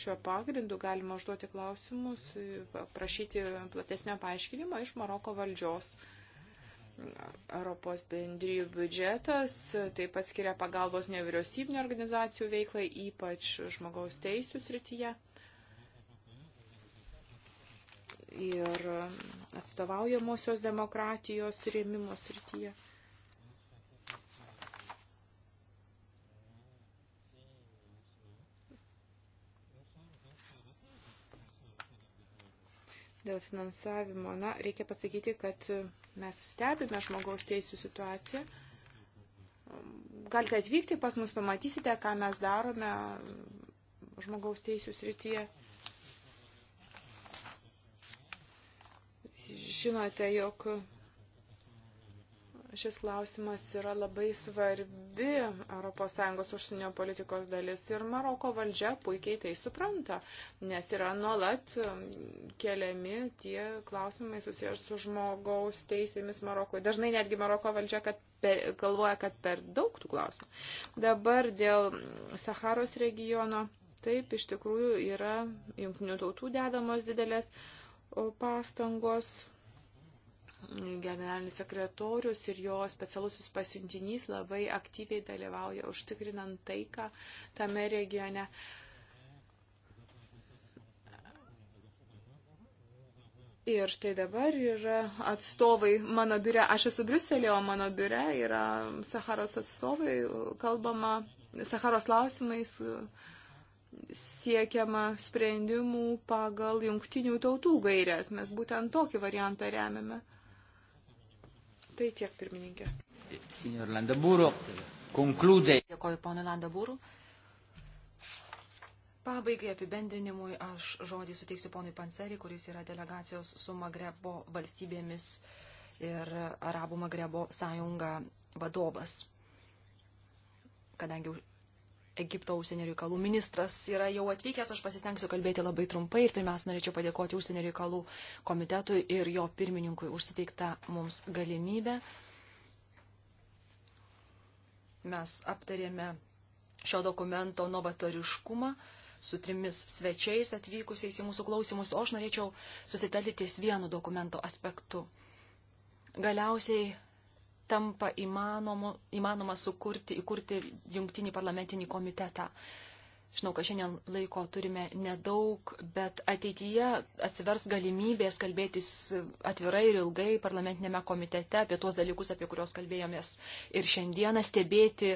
šiuo pagrindu galima užduoti klausimus, prašyti platesnio paaiškinimo iš Maroko valdžios. Europos bendrijų biudžetas taip pat skiria pagalbos nevyriausybinio organizacijų veiklai, ypač žmogaus teisų srityje. Ir atstovaujamosios demokratijos rėmimo srityje. dėl finansavimo. Na, reikia pasakyti, kad mes stebime žmogaus teisų situaciją. Galite atvykti pas mus, pamatysite, ką mes darome žmogaus teisų srityje. Žinote, jog šis klausimas yra labai svarbi ES užsienio politikos dalis ir Maroko valdžia puikiai tai supranta, nes yra nuolat um, keliami tie klausimai susijęs su žmogaus teisėmis Marokoje. Dažnai netgi Maroko valdžia kad per, galvoja, kad per daug tų klausimų. Dabar dėl Saharos regiono. Taip, iš tikrųjų yra jungtinių tautų dedamos didelės pastangos generalinis sekretorius ir jo specialusis pasiuntinys labai aktyviai dalyvauja užtikrinant taiką tame regione. Ir štai dabar yra atstovai mano biure, aš esu Briuselėje, o mano biure yra Saharos atstovai, kalbama Saharos klausimais siekiama sprendimų pagal jungtinių tautų gairias. Mes būtent tokį variantą remiame. Tai tiek, pirmininkė. Signor Landabūro, konkludė. Dėkoju, ponui Landabūru. Pabaigai apibendrinimui aš žodį suteiksiu ponui Panseri, kuris yra delegacijos su Magrebo valstybėmis ir Arabų Magrebo sąjunga vadovas. Kadangi Egipto užsienio reikalų ministras yra jau atvykęs, aš pasistengsiu kalbėti labai trumpai ir pirmiausia norėčiau padėkoti užsienio reikalų komitetui ir jo pirmininkui užsiteiktą mums galimybę. Mes aptarėme šio dokumento novatoriškumą su trimis svečiais atvykusiais į mūsų klausimus, o aš norėčiau susitelti ties vienu dokumento aspektu. Galiausiai tampa įmanomu, įmanoma sukurti, įkurti jungtinį parlamentinį komitetą. Žinau, kad šiandien laiko turime nedaug, bet ateityje atsivers galimybės kalbėtis atvirai ir ilgai parlamentinėme komitete apie tuos dalykus, apie kuriuos kalbėjomės ir šiandieną stebėti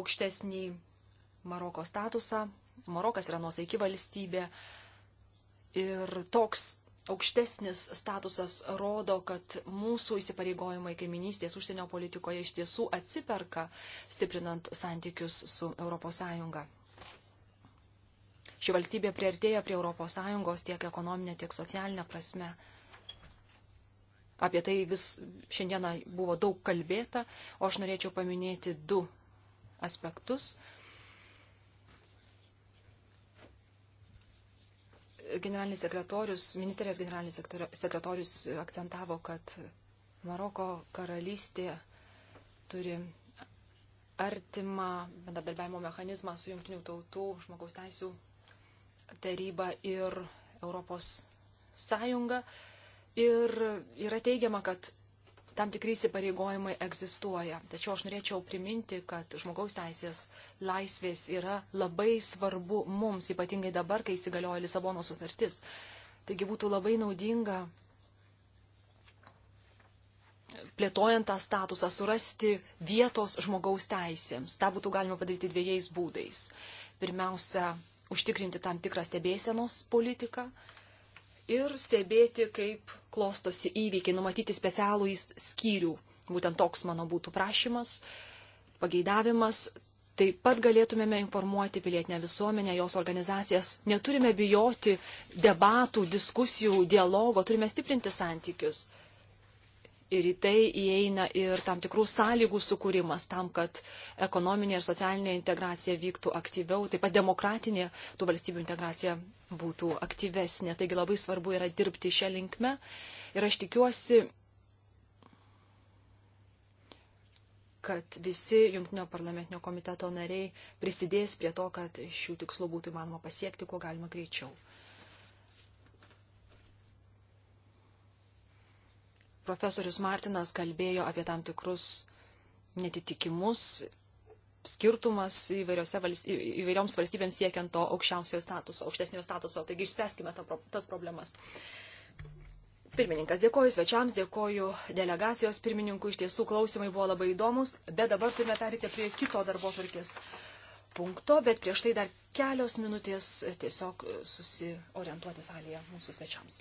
aukštesnį Maroko statusą. Marokas yra nuosaiki valstybė ir toks aukštesnis statusas rodo, kad mūsų įsipareigojimai kaiminystės užsienio politikoje iš tiesų atsiperka, stiprinant santykius su ES. Ši valstybė priartėja prie ES tiek ekonominė, tiek socialinė prasme. Apie tai vis šiandieną buvo daug kalbėta, o aš norėčiau paminėti du aspektus, generalinis sekretorius, ministerijos generalinis sekretorius akcentavo, kad Maroko karalystė turi artimą bendradarbiavimo mechanizmą su Junktinių tautų žmogaus teisų taryba ir Europos sąjunga. Ir yra teigiama, kad tam tikrai įsipareigojimai egzistuoja. Tačiau aš norėčiau priminti, kad žmogaus teisės laisvės yra labai svarbu mums, ypatingai dabar, kai įsigalioja Lisabono sutartis. Taigi būtų labai naudinga plėtojant tą statusą, surasti vietos žmogaus teisėms. Ta būtų galima padaryti dviejais būdais. Pirmiausia, užtikrinti tam tikrą stebėsenos politiką ir stebėti, kaip klostosi įvykiai, numatyti specialų skyrių. Būtent toks mano būtų prašymas, pageidavimas. Taip pat galėtumėme informuoti pilietinę visuomenę, jos organizacijas. Neturime bijoti debatų, diskusijų, dialogo, turime stiprinti santykius. Ir į tai įeina ir tam tikrų sąlygų sukūrimas tam, kad ekonominė ir socialinė integracija vyktų aktyviau, taip pat demokratinė tų valstybių integracija būtų aktyvesnė. Taigi labai svarbu yra dirbti šią linkmę. Ir aš tikiuosi, kad visi Junktinio parlamentinio komiteto nariai prisidės prie to, kad šių tikslų būtų įmanoma pasiekti kuo galima greičiau. profesorius Martinas kalbėjo apie tam tikrus netitikimus, skirtumas valst... įvairioms valstybėms siekiant to aukščiausiojo statuso, aukštesnio statuso. Taigi išspręskime ta, tas problemas. Pirmininkas, dėkoju svečiams, dėkoju delegacijos pirmininkui, iš tiesų klausimai buvo labai įdomus, bet dabar turime perėti prie kito darbo tvarkės punkto, bet prieš tai dar kelios minutės tiesiog susiorientuoti salėje mūsų svečiams.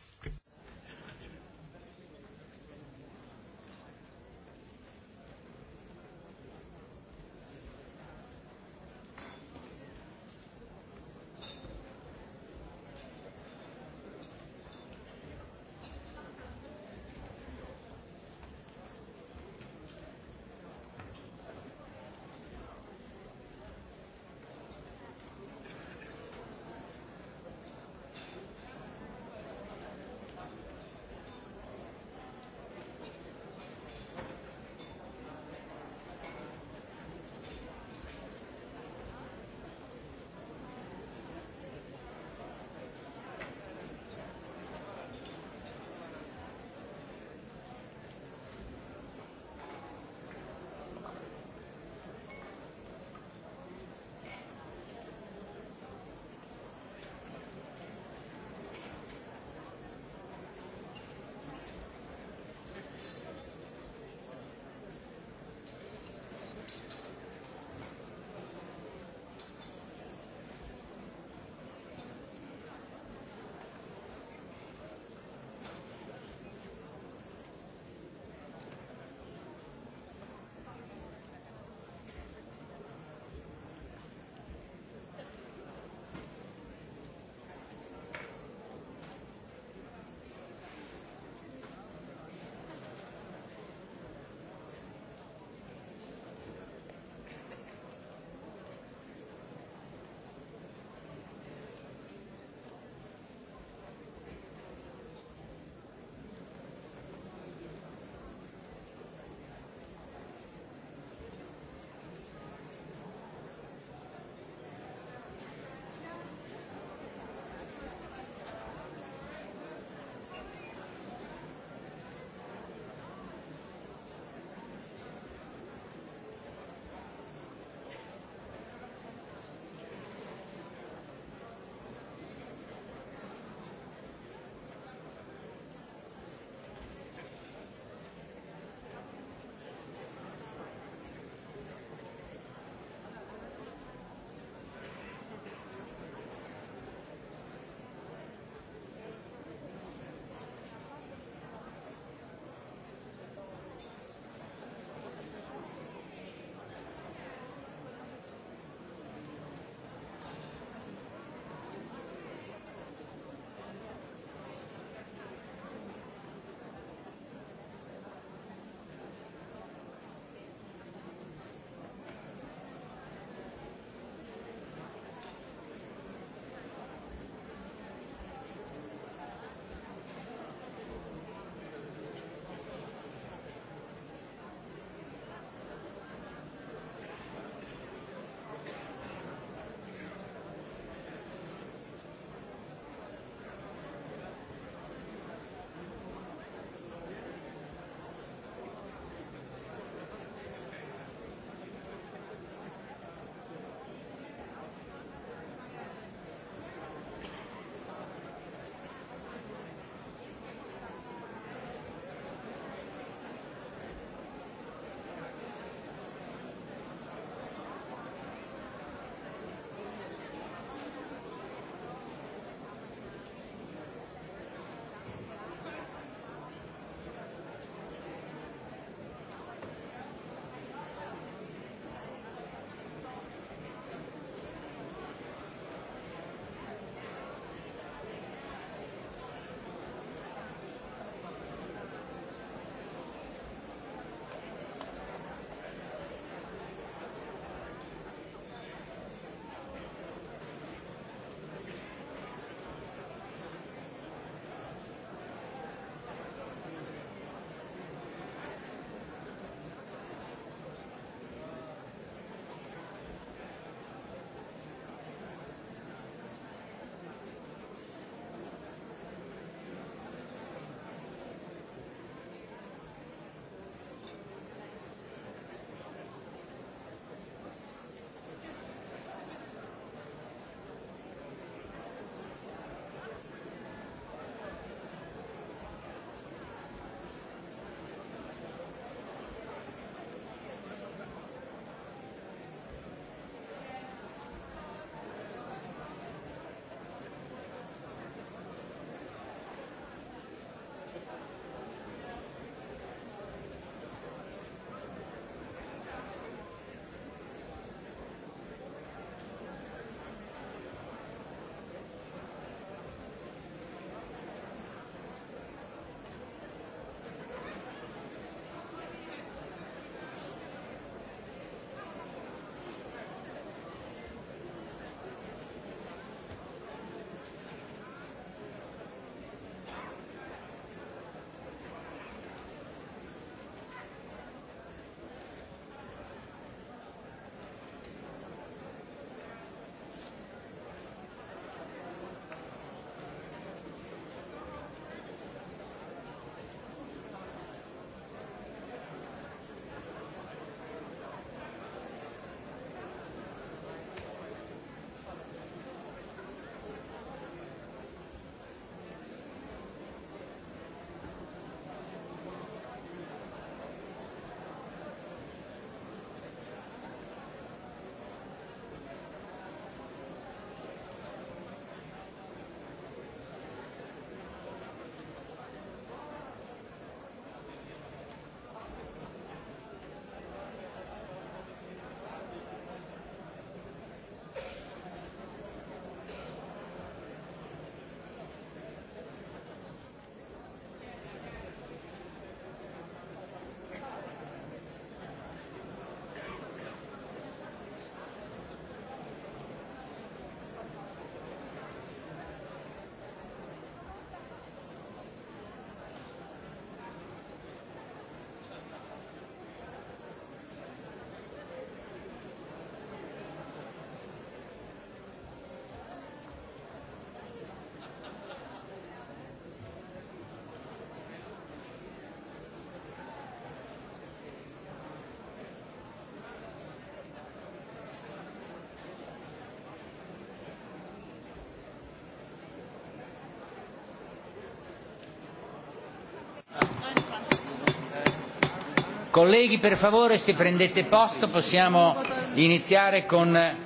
Colleghi, per favore, se prendete posto, possiamo iniziare con. Eh,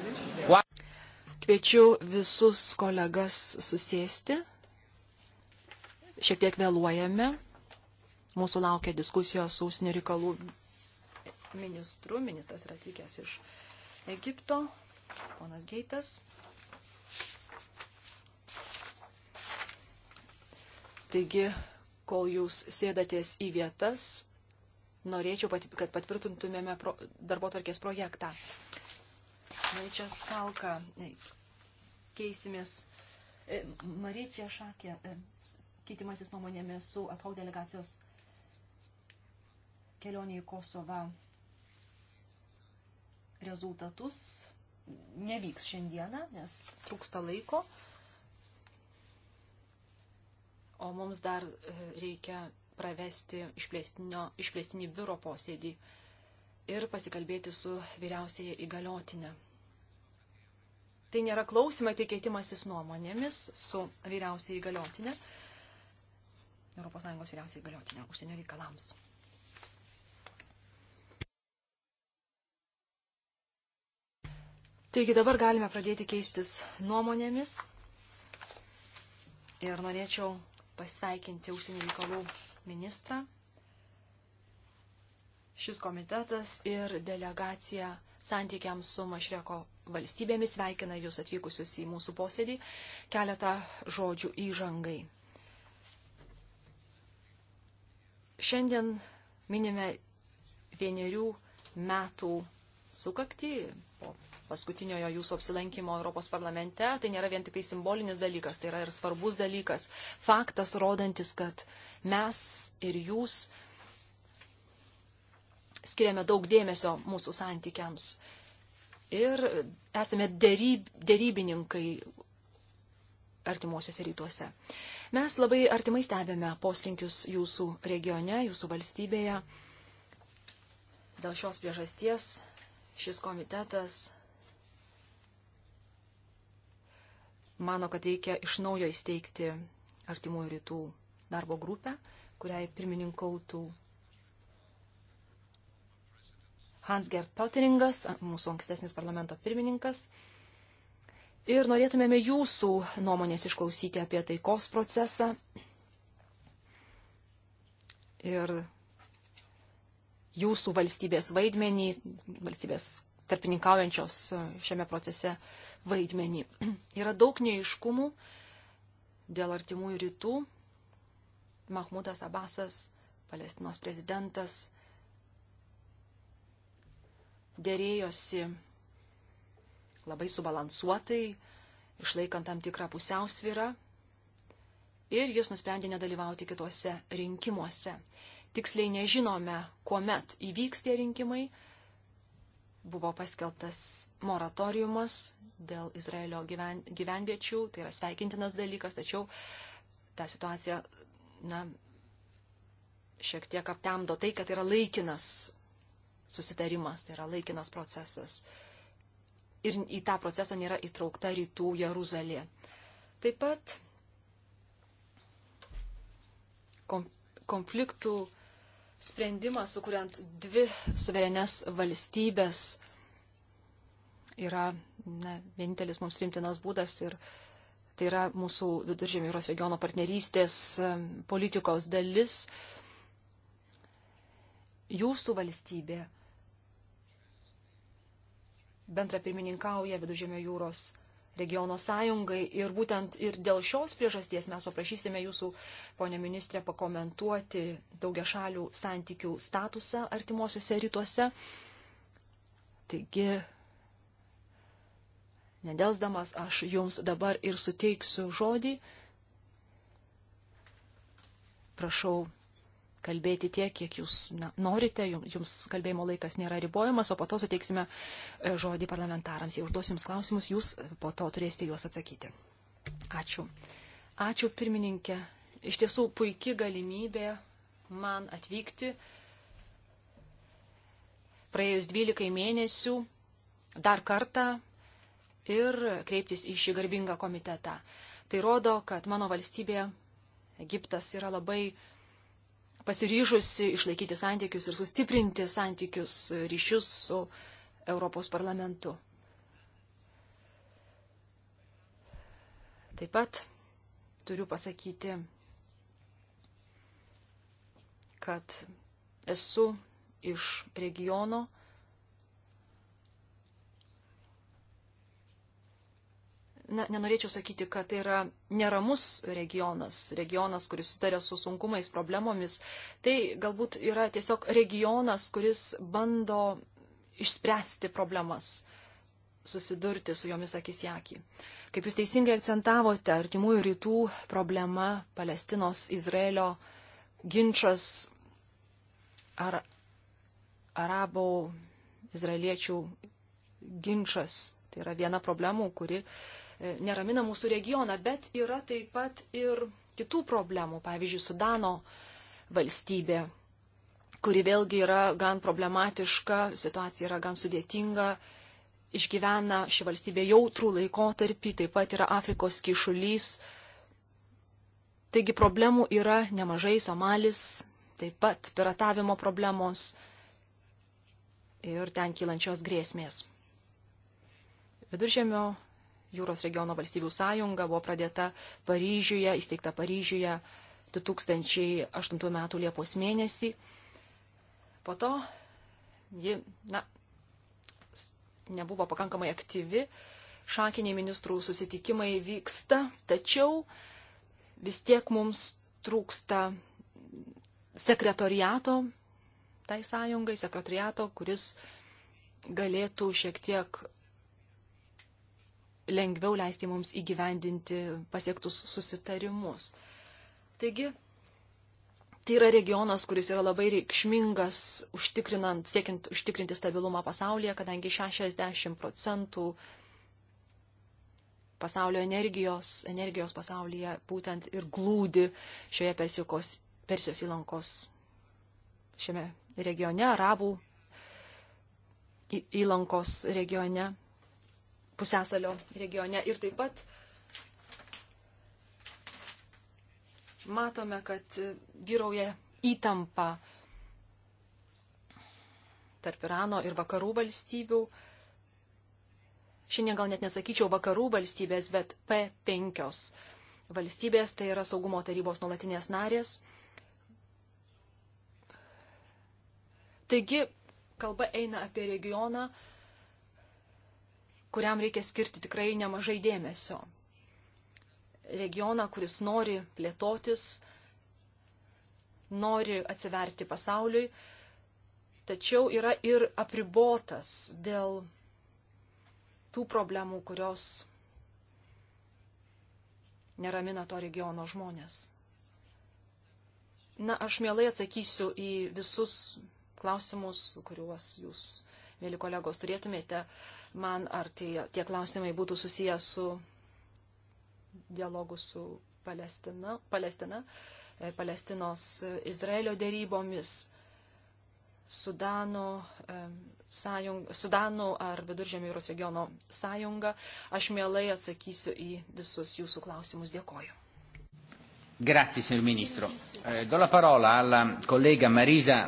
Kviečiu visus kolegas susėsti. Šiek tiek vėluojame. Mūsų laukia diskusijos su užsienio reikalų ministru. Ministras yra atvykęs iš Egipto, ponas Geitas. Taigi, kol jūs sėdatės į vietas, norėčiau, kad patvirtintumėme pro, darbo tvarkės projektą. Maryčia Skalka, e, keisimės, e, Maryčia Šakė, e, keitimasis nuomonėmis su atkauk delegacijos kelionė į Kosovą rezultatus nevyks šiandieną, nes trūksta laiko. O mums dar reikia pravesti išplėstinį biuro posėdį ir pasikalbėti su vyriausiaje įgaliotinė. Tai nėra klausimai, tai keitimasis nuomonėmis su vyriausiaje įgaliotinė, ES vyriausiaje įgaliotinė užsienio reikalams. Taigi dabar galime pradėti keistis nuomonėmis ir norėčiau pasveikinti užsienio reikalų ministrą. Šis komitetas ir delegacija santykiams su Mašreko valstybėmis sveikina jūs atvykusius į mūsų posėdį. Keletą žodžių įžangai. Šiandien minime vienerių metų sukakti po paskutiniojo jūsų apsilankimo Europos parlamente, tai nėra vien tik tai simbolinis dalykas, tai yra ir svarbus dalykas. Faktas rodantis, kad mes ir jūs skiriame daug dėmesio mūsų santykiams ir esame dėryb, dėrybininkai artimuosiuose rytuose. Mes labai artimai stebėme poslinkius jūsų regione, jūsų valstybėje. Dėl šios priežasties šis komitetas mano, kad reikia iš naujo įsteigti artimųjų rytų darbo grupę, kuriai pirmininkautų Hans-Gert Potteringas, mūsų ankstesnis parlamento pirmininkas. Ir norėtumėme jūsų nuomonės išklausyti apie taikos procesą. Ir jūsų valstybės vaidmenį, valstybės tarpininkaujančios e, šiame procese vaidmenį. Yra daug neiškumų dėl artimųjų rytų. Mahmudas Abbasas, Palestinos prezidentas, dėrėjosi labai subalansuotai, išlaikant tam tikrą pusiausvyrą ir jis nusprendė nedalyvauti kitose rinkimuose. Tiksliai nežinome, kuomet įvyks tie rinkimai, buvo paskelbtas moratoriumas dėl Izraelio gyven, gyvenviečių, tai yra sveikintinas dalykas, tačiau ta situacija, na, šiek tiek aptemdo tai, kad yra laikinas susitarimas, tai yra laikinas procesas. Ir į tą procesą nėra įtraukta rytų Jeruzalė. Taip pat konfliktų sprendimą, sukuriant dvi suverenės valstybės, yra na, vienintelis mums rimtinas būdas ir tai yra mūsų viduržėmio jūros regiono partnerystės politikos dalis. Jūsų valstybė bendra pirmininkauja viduržėmio jūros regiono sąjungai. Ir būtent ir dėl šios priežasties mes paprašysime jūsų, ponė ministrė, pakomentuoti daugia šalių santykių statusą artimuosiuose rytuose. Taigi, nedelsdamas, aš jums dabar ir suteiksiu žodį. Prašau kalbėti tiek, kiek jūs na, norite, jums kalbėjimo laikas nėra ribojamas, o po to suteiksime e, žodį parlamentarams. Jei užduosiu jums klausimus, jūs e, po to turėsite juos atsakyti. Ačiū. Ačiū pirmininkė. Iš tiesų puikia galimybė man atvykti praėjus 12 mėnesių dar kartą ir kreiptis į šį garbingą komitetą. Tai rodo, kad mano valstybė Egiptas yra labai pasiryžusi išlaikyti santykius ir sustiprinti santykius ryšius su Europos parlamentu. Taip pat turiu pasakyti, kad esu iš regiono, na, nenorėčiau sakyti, kad tai yra neramus regionas, regionas, kuris sutarė su sunkumais, problemomis. Tai galbūt yra tiesiog regionas, kuris bando išspręsti problemas, susidurti su jomis akis į akį. Kaip jūs teisingai akcentavote, artimųjų rytų problema, Palestinos, Izraelio ginčas ar arabų, izraeliečių ginčas Tai yra viena problemų, kuri E, neramina mūsų regioną, bet yra taip pat ir kitų problemų, pavyzdžiui, Sudano valstybė, kuri vėlgi yra gan problematiška, situacija yra gan sudėtinga, išgyvena ši valstybė jautrų laikotarpį, taip pat yra Afrikos kišulys. Taigi problemų yra nemažai, Somalis, taip pat piratavimo problemos ir ten kylančios grėsmės. Viduržėmio jūros regiono valstybių sąjunga buvo pradėta Paryžiuje, įsteigta Paryžiuje 2008 m. Liepos mėnesį. Po to ji, na, nebuvo pakankamai aktyvi, šakiniai ministrų susitikimai vyksta, tačiau vis tiek mums trūksta sekretoriato tai sąjungai, sekretoriato, kuris galėtų šiek tiek lengviau leisti mums įgyvendinti pasiektus susitarimus. Taigi, tai yra regionas, kuris yra labai reikšmingas, užtikrinant, siekiant užtikrinti stabilumą pasaulyje, kadangi 60 procentų pasaulio energijos, energijos pasaulyje būtent ir glūdi šioje Persijos, Persijos įlankos šiame regione, arabų įlankos regione pusęsalio regione. Ir taip pat matome, kad vyrauja įtampa tarp Irano ir vakarų valstybių. Šiandien gal net nesakyčiau vakarų valstybės, bet P5 valstybės, tai yra saugumo tarybos nuolatinės narės. Taigi, kalba eina apie regioną, kuriam reikia skirti tikrai nemažai dėmesio. Regioną, kuris nori plėtotis, nori atsiverti pasauliui, tačiau yra ir apribotas dėl tų problemų, kurios neramina to regiono žmonės. Na, aš mielai atsakysiu į visus klausimus, kuriuos jūs, mėly kolegos, turėtumėte. Uh, man, ar tie, tie klausimai būtų susiję su dialogu su Palestina, Palestina e, Palestinos e, Izraelio dėrybomis, Sudano, e, sąjung, Sudano ar Viduržėmio jūros regiono sąjunga. Aš mielai atsakysiu į visus jūsų klausimus. Dėkoju. Grazie, signor Ministro. Eh, do la parola alla collega Marisa.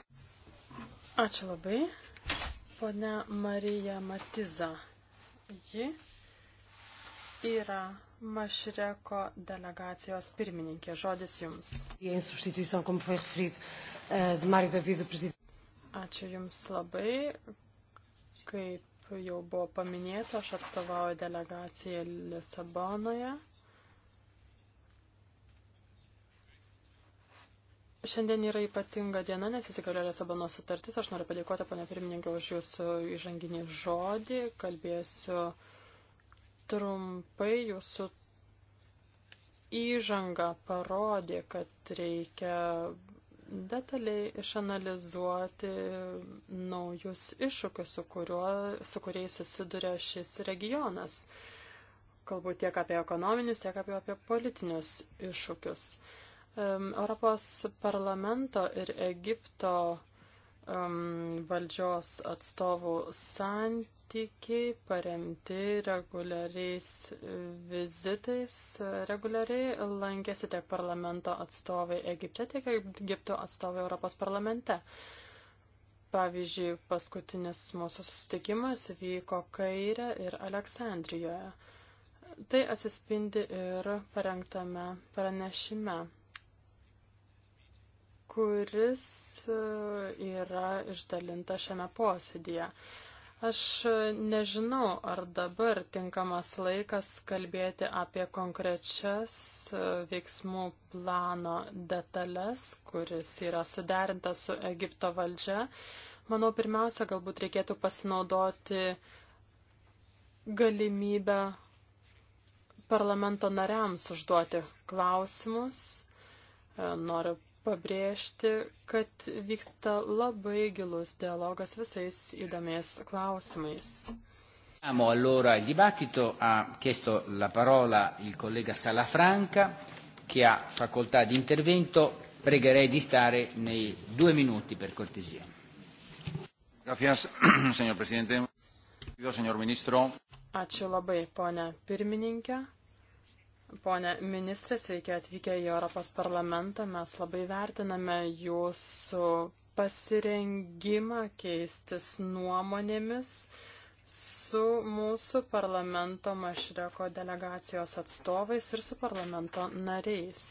Ačiū labai. Pone Marija Matiza. Ji yra Mašreko delegacijos pirmininkė. Žodis Jums. E eh, Ačiū Jums labai. Kaip jau buvo paminėta, aš atstovauju delegaciją Lisabonoje. Šiandien yra ypatinga diena, nes įsigalioja Lisabono sutartis. Aš noriu padėkoti, ponė pirmininkė, už jūsų įžanginį žodį. Kalbėsiu trumpai. Jūsų įžanga parodė, kad reikia detaliai išanalizuoti naujus iššūkius, su, kuriuo, su kuriais susiduria šis regionas. Kalbu tiek apie ekonominius, tiek apie, apie politinius iššūkius. Uh, Europos parlamento ir Egipto valdžios atstovų santykiai paremti reguliariais e, vizitais. Reguliariai lankėsi tiek parlamento atstovai Egipte, tiek Egipto atstovai Europos parlamente. Pavyzdžiui, paskutinis mūsų susitikimas vyko Kairė ir Aleksandrijoje. Tai atsispindi ir parengtame pranešime kuris e, yra išdalinta šiame posėdėje. Aš nežinau, ar dabar tinkamas laikas kalbėti apie konkrečias e, veiksmų plano detalės, kuris yra suderintas su Egipto valdžia. Manau, pirmiausia, galbūt reikėtų pasinaudoti galimybę parlamento nariams užduoti klausimus. E, noriu pabrėžti, kad vyksta labai gilus dialogas visais įdomiais klausimais. Siamo allora il dibattito, ha chiesto la parola il collega Salafranca che ha facoltà di intervento, pregherei di stare nei due minuti per cortesia. Gracias, señor presidente. Señor ministro. Ačiū labai, ponia pirmininkė. Pone ministrė, sveiki atvykę į Europos parlamentą. Mes labai vertiname jūsų pasirengimą keistis nuomonėmis su mūsų parlamento Mašreko delegacijos atstovais ir su parlamento nariais.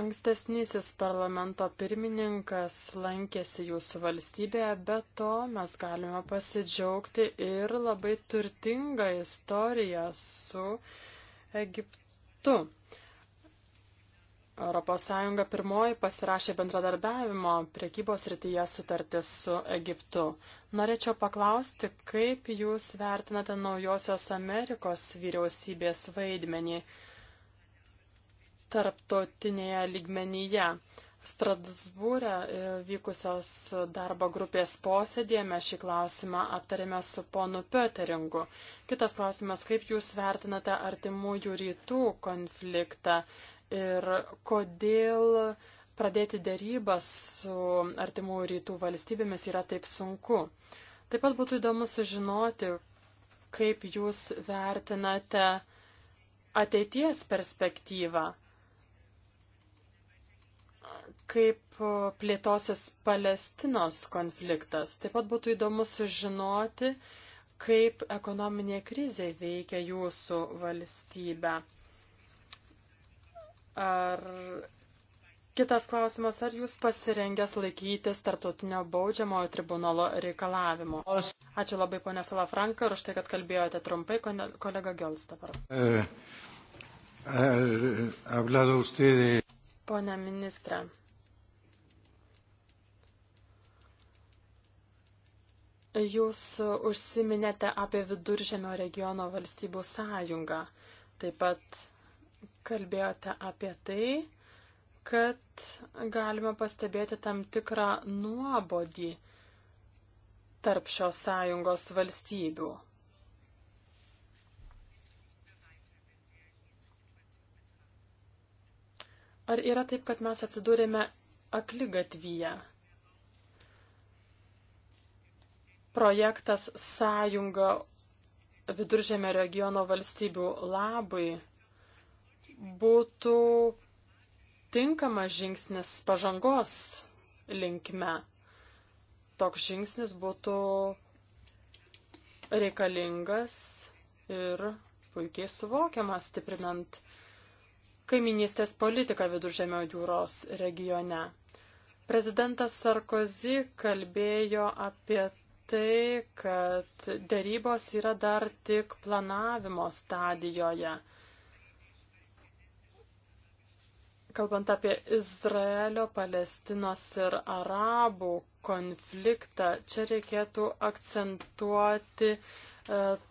Ankstesnysis parlamento pirmininkas lankėsi jūsų valstybėje, bet to mes galime pasidžiaugti ir labai turtingą istoriją su uh, Egiptu. ES pirmoji pasirašė bendradarbiavimo priekybos rytyje sutartis su Egiptu. Norėčiau paklausti, kaip Jūs vertinate naujosios Amerikos vyriausybės vaidmenį tarptautinėje lygmenyje? Strasbūrė e, vykusios darbo grupės posėdėje mes šį klausimą aptarėme su ponu Pöteringu. Kitas klausimas, kaip jūs vertinate artimųjų rytų konfliktą ir kodėl pradėti dėrybas su artimųjų rytų valstybėmis yra taip sunku. Taip pat būtų įdomu sužinoti, kaip jūs vertinate ateities perspektyvą kaip plėtosis Palestinos konfliktas. Taip pat būtų įdomu sužinoti, kaip ekonominė krizė veikia jūsų valstybę. Ar kitas klausimas, ar jūs pasirengęs laikytis tarptautinio baudžiamojo tribunolo reikalavimo? Ačiū labai, ponė Salafranka, ir už tai, kad kalbėjote trumpai, kolega Gelstavar. Eh, eh, Pone ministre, Jūs užsiminėte apie viduržėmio regiono valstybių sąjungą. Taip pat kalbėjote apie tai, kad galime pastebėti tam tikrą nuobodį tarp šios sąjungos valstybių. Ar yra taip, kad mes atsidūrėme akligatvyje? projektas Sąjunga viduržėmio regiono valstybių labui būtų tinkamas žingsnis pažangos linkme. Toks žingsnis būtų reikalingas ir puikiai suvokiamas stiprinant kaiminystės politiką viduržėmio jūros regione. Prezidentas Sarkozy kalbėjo apie tai, kad dėrybos yra dar tik planavimo stadijoje. Kalbant apie Izraelio, Palestinos ir Arabų konfliktą, čia reikėtų akcentuoti e,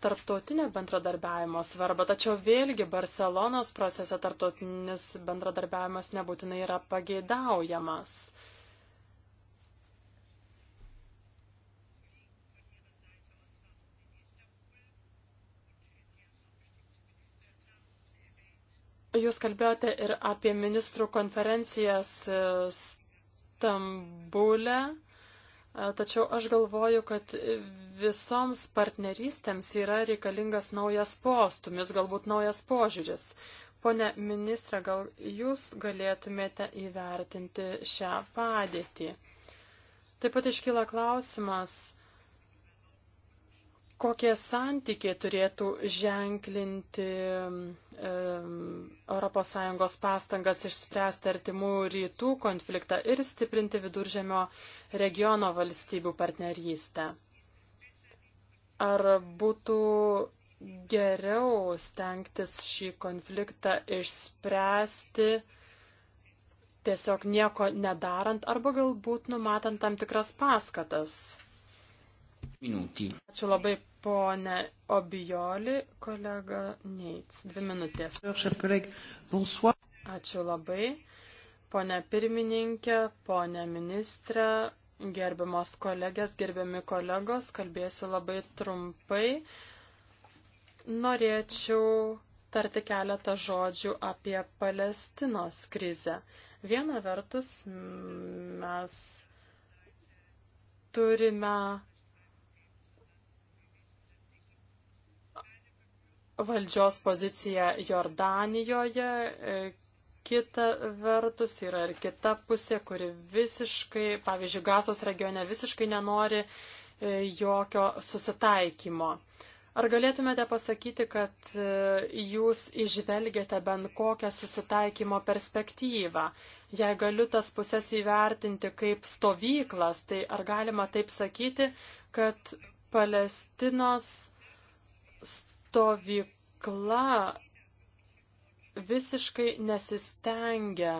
tarptautinio bendradarbiavimo svarbą. Tačiau vėlgi Barcelonos procese tarptautinis bendradarbiavimas nebūtinai yra pageidaujamas. Jūs kalbėjote ir apie ministrų konferencijas e, Stambulę, e, tačiau aš galvoju, kad visoms partnerystėms yra reikalingas naujas postumis, galbūt naujas požiūris. Pone ministra, gal jūs galėtumėte įvertinti šią padėtį? Taip pat iškyla klausimas, kokie santykiai turėtų ženklinti ES pastangas išspręsti artimų rytų konfliktą ir stiprinti viduržemio regiono valstybių partnerystę. Ar būtų geriau stengtis šį konfliktą išspręsti tiesiog nieko nedarant arba galbūt numatant tam tikras paskatas? Minutį. Ačiū labai, ponė Obijoli, kolega Neits. Dvi minutės. Ačiū labai, ponė pirmininkė, ponė ministrė, gerbiamos kolegės, gerbiami kolegos, kalbėsiu labai trumpai. Norėčiau tarti keletą žodžių apie Palestinos krizę. Viena vertus mes turime valdžios poziciją Jordanijoje, e, kita vertus yra ir kita pusė, kuri visiškai, pavyzdžiui, Gazos regione visiškai nenori e, jokio susitaikymo. Ar galėtumėte pasakyti, kad e, jūs išvelgėte bent kokią susitaikymo perspektyvą? Jei galiu tas pusės įvertinti kaip stovyklas, tai ar galima taip sakyti, kad Palestinos stovykla visiškai nesistengia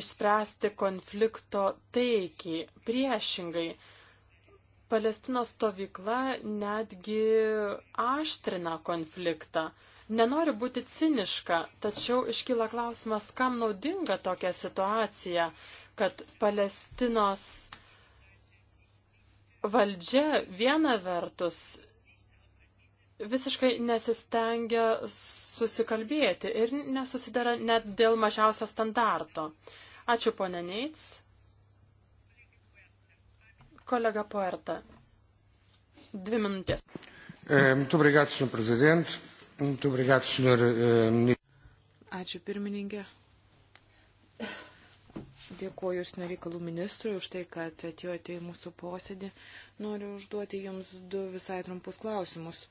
išspręsti konflikto taikiai. Priešingai, Palestinos stovykla netgi aštrina konfliktą. Nenoriu būti ciniška, tačiau iškyla klausimas, kam naudinga tokia situacija, kad Palestinos valdžia viena vertus visiškai nesistengia susikalbėti ir nesusidara net dėl mažiausio standarto. Ačiū, ponė Neits. Kolega Poerta. Dvi minutės. E, muito obrigado, senhor presidente. Muito obrigado, senhor e, ministro. Ačiū, pirmininkė. Dėkuoju užsienio reikalų ministrui už tai, kad atėjote į mūsų posėdį. Noriu užduoti jums du visai trumpus klausimus.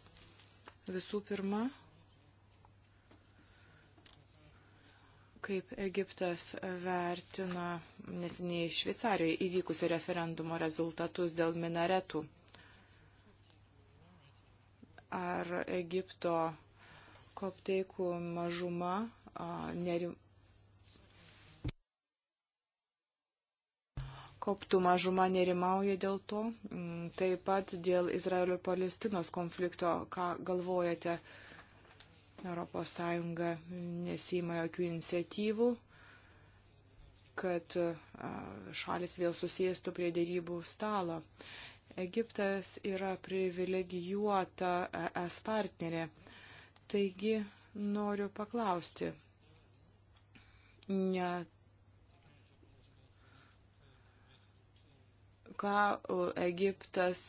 Visų pirma, kaip Egiptas vertina nesiniai Šveicarijoje įvykusio referendumo rezultatus dėl minaretų. Ar Egipto kopteikų mažuma nerim, Koptų mažuma nerimauja dėl to, mm, taip pat dėl Izraelio ir Palestinos konflikto, ką galvojate, ES nesima jokių iniciatyvų, kad šalis vėl susijęstų prie dėrybų stalo. Egiptas yra privilegijuota es partnerė. Taigi noriu paklausti, ne ką Egiptas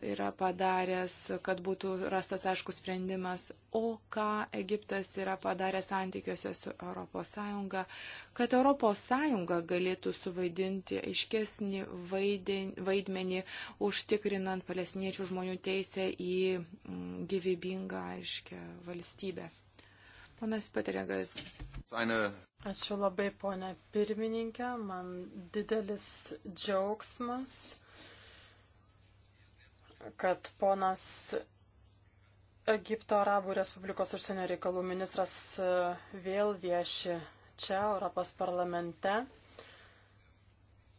yra padaręs, kad būtų rastas aiškus sprendimas, o ką Egiptas yra padaręs santykiuose su ES, kad ES galėtų suvaidinti aiškesnį vaidmenį, užtikrinant palestiniečių žmonių teisę į gyvybingą, aiškę valstybę. Ponas Patrigas. Eine... Ačiū labai, ponė pirmininkė. Man didelis džiaugsmas, kad ponas Egipto Arabų Respublikos užsienio reikalų ministras e, vėl vieši čia, Europos parlamente.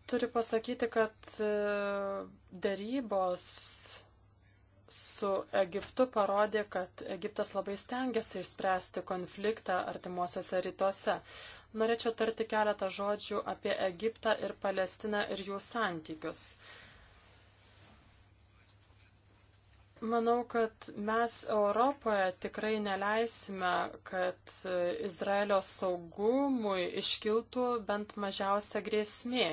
Turiu pasakyti, kad e, dėrybos su Egiptu parodė, kad Egiptas labai stengiasi išspręsti konfliktą artimuosiuose rytuose. Norėčiau tarti keletą žodžių apie Egiptą ir Palestiną ir jų santykius. Manau, kad mes Europoje tikrai neleisime, kad Izraelio saugumui iškiltų bent mažiausia grėsmė.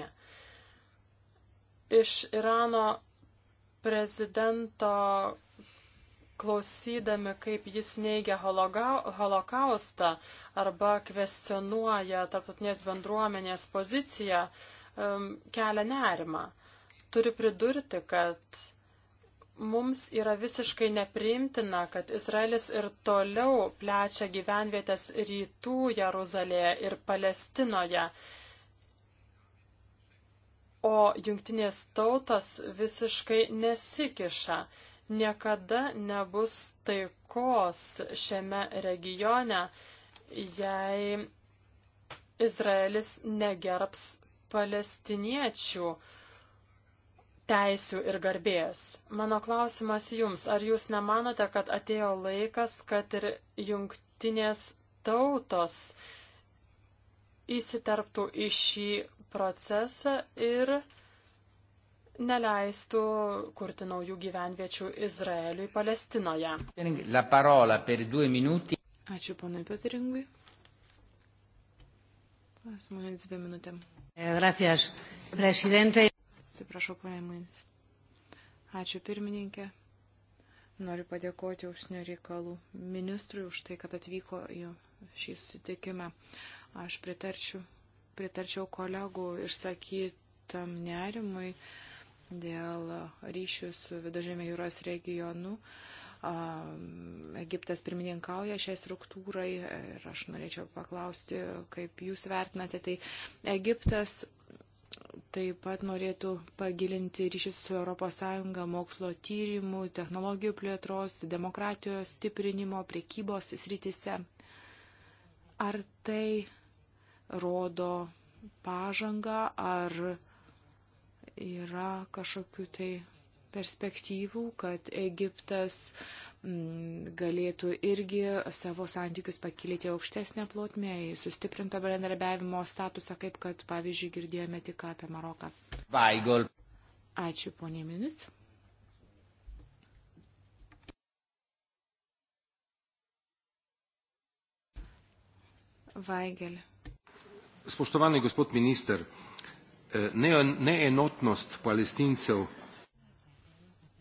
Iš Irano prezidento klausydami, kaip jis neigia holokaustą arba kvestionuoja tarptautinės bendruomenės poziciją, kelia nerimą. Turiu pridurti, kad mums yra visiškai nepriimtina, kad Izraelis ir toliau plečia gyvenvietės rytų Jeruzalėje ir Palestinoje o jungtinės tautos visiškai nesikiša. Niekada nebus taikos šiame regione, jei Izraelis negerbs palestiniečių teisių ir garbės. Mano klausimas jums, ar jūs nemanote, kad atėjo laikas, kad ir jungtinės tautos įsiterptų į šį procesą ir neleistų kurti naujų gyvenviečių Izraeliui Palestinoje. Ačiū ponui Peteringui. Pasmuins dvi minutėm. Eh, gracias, prezidente. Atsiprašau, ponia Muins. Ačiū pirmininkė. Noriu padėkoti užsienio reikalų ministrui už tai, kad atvyko į šį susitikimą. Aš pritarčiau pritarčiau kolegų išsakytam nerimui dėl ryšių su Viduržėmė jūros regionu. Egiptas pirmininkauja šiai struktūrai ir aš norėčiau paklausti, kaip jūs vertinate. Tai Egiptas taip pat norėtų pagilinti ryšius su ES mokslo tyrimų, technologijų plėtros, demokratijos stiprinimo, priekybos sritise. Ar tai rodo pažangą, ar yra kažkokiu tai perspektyvų, kad Egiptas mm, galėtų irgi savo santykius pakilyti aukštesnę plotmę, į sustiprintą bendradarbiavimo statusą, kaip kad, pavyzdžiui, girdėjome tik apie Maroką. Vaigol. Ačiū, ponė Minis. Vaigel. Spoštovani gospod minister, eh, neenotnost palestincev.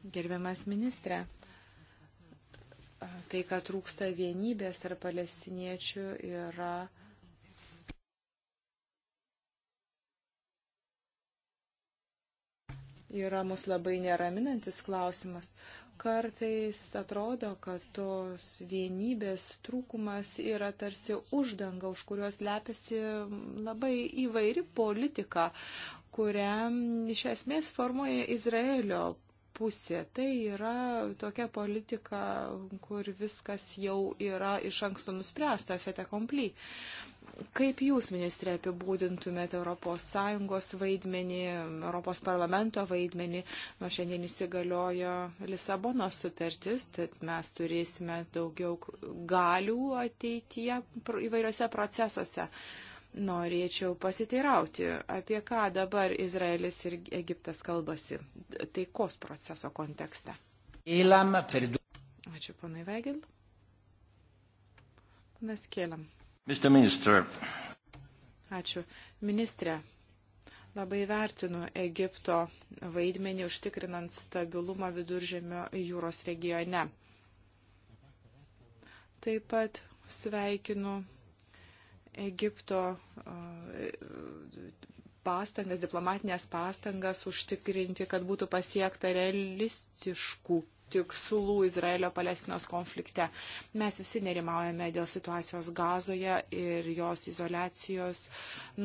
Gerbiamas ministre, tai, kad trūksta vienybės tarp palestiniečių, yra yra mus labai neraminantis klausimas. Kartais atrodo, kad tos vienybės trūkumas yra tarsi uždanga, už kurios lepiasi labai įvairi politika, kurią iš esmės formuoja Izraelio pusė. Tai yra tokia politika, kur viskas jau yra iš anksto nuspręsta, fete komply. Kaip Jūs, ministrė, apibūdintumėte ES vaidmenį, ES parlamento vaidmenį? Nuo šiandien įsigaliojo Lisabono sutartis, tad mes turėsime daugiau galių ateityje įvairiose procesuose. Norėčiau pasiteirauti, apie ką dabar Izraelis ir Egiptas kalbasi taikos proceso kontekste. Ačiū, ponai Vegel. Panas Kėlam. Mr. Minister. Ačiū. Ministrė, labai vertinu Egipto vaidmenį užtikrinant stabilumą viduržėmio jūros regione. Taip pat sveikinu Egipto uh, pastangas, diplomatinės pastangas užtikrinti, kad būtų pasiekta realistiškų tikslų Izraelio-Palestinos konflikte. Mes visi nerimaujame dėl situacijos gazoje ir jos izolacijos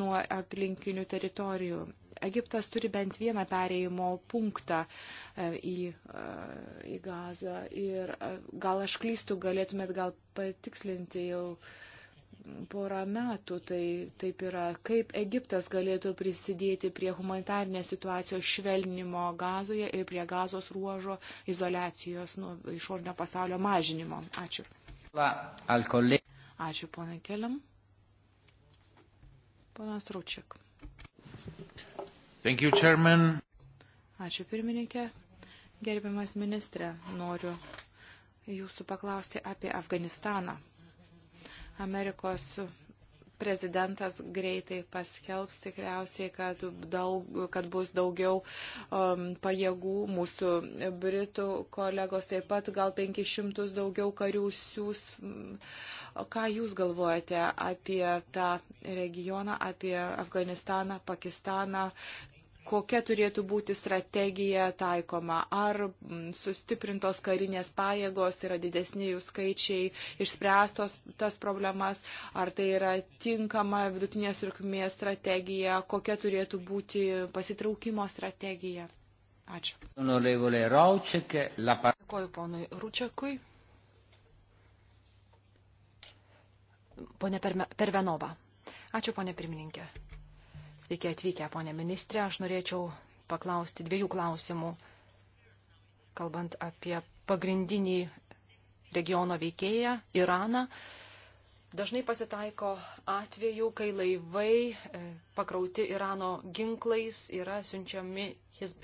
nuo aplinkinių teritorijų. Egiptas turi bent vieną pereimo punktą e, į, e, į gazą ir e, gal aš klystu, galėtumėt gal patikslinti jau porą metų tai taip yra. Kaip Egiptas galėtų prisidėti prie humanitarnės situacijos švelnimo gazoje ir prie gazos ruožo izolacijos nuo išorinio pasaulio mažinimo? Ačiū. Ačiū, ponai Keliam. Ponas Rūčiak. Thank you, Chairman. Ačiū, pirmininkė. Gerbiamas ministrė, noriu jūsų paklausti apie Afganistaną. Amerikos prezidentas greitai paskelbs tikriausiai, kad, daug, kad bus daugiau um, pajėgų. Mūsų britų kolegos taip pat gal 500 daugiau karių siūs. Ką Jūs galvojate apie tą regioną, apie Afganistaną, Pakistaną, kokia turėtų būti strategija taikoma, ar mm, sustiprintos karinės pajėgos yra didesni jų skaičiai, išspręstos tas problemas, ar tai yra tinkama vidutinės rūkmės strategija, kokia turėtų būti pasitraukimo strategija. Ačiū. Dėkoju ponui Rūčiakui. Pone Pervenova. Ačiū, ponė pirmininkė. Sveiki atvykę, ponė ministrė. Aš norėčiau paklausti dviejų klausimų, kalbant apie pagrindinį regiono veikėją - Iraną. Dažnai pasitaiko atvejų, kai laivai e, pakrauti Irano ginklais yra siunčiami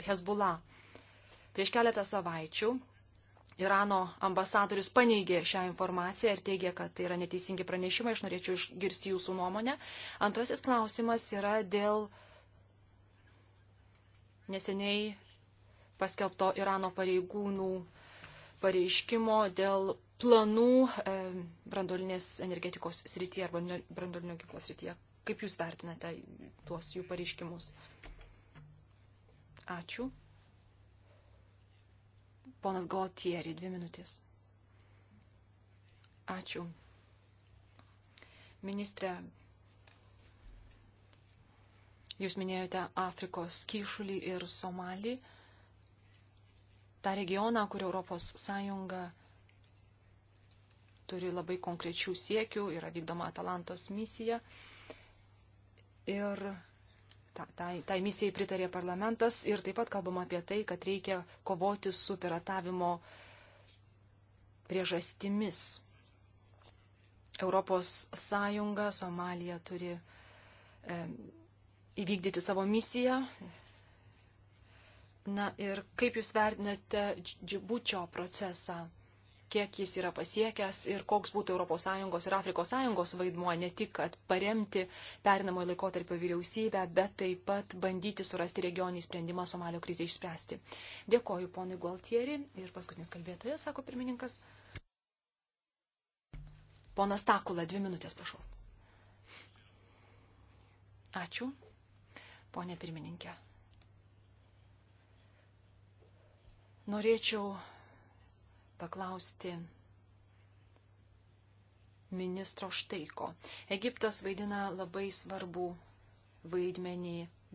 Hezbollah. Prieš keletą savaičių Irano ambasadorius paneigė šią informaciją ir teigė, kad tai yra neteisingi pranešimai. Aš norėčiau išgirsti jūsų nuomonę. Antrasis klausimas yra dėl neseniai paskelbto Irano pareigūnų pareiškimo dėl planų e, brandolinės energetikos srityje arba brandolinio ginklo srityje. Kaip Jūs vertinate tuos jų pareiškimus? Ačiū. Ponas Goltieri, dvi minutės. Ačiū. Ministre, jūs minėjote Afrikos kyšulį ir Somalį, tą regioną, kur ES turi labai konkrečių siekių, yra vykdoma Atalantos misija. Ir tai, tai misijai pritarė parlamentas ir taip pat kalbama apie tai, kad reikia kovoti su piratavimo priežastimis. Europos Sąjunga, Somalija turi e, įvykdyti savo misiją. Na ir kaip Jūs vertinate džibučio procesą? kiek jis yra pasiekęs ir koks būtų ES ir Afrikos Sąjungos vaidmuo, ne tik, kad paremti perinamojo laikotarpio vyriausybę, bet taip pat bandyti surasti regioninį sprendimą Somalio krizę išspręsti. Dėkoju ponui Gualtieri ir paskutinis kalbėtojas, sako pirmininkas. Ponas Takula, dvi minutės, prašau. Ačiū, ponė pirmininkė. Norėčiau paklausti ministro Štaiko. Egiptas vaidina labai svarbų vaidmenį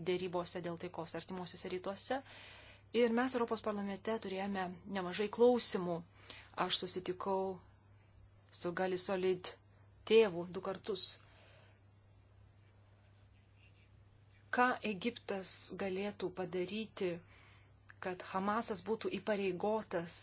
dėrybose dėl taikos artimuosiuose rytuose. Ir mes Europos parlamente turėjome nemažai klausimų. Aš susitikau su Gali Solid tėvu du kartus. Ką Egiptas galėtų padaryti, kad Hamasas būtų įpareigotas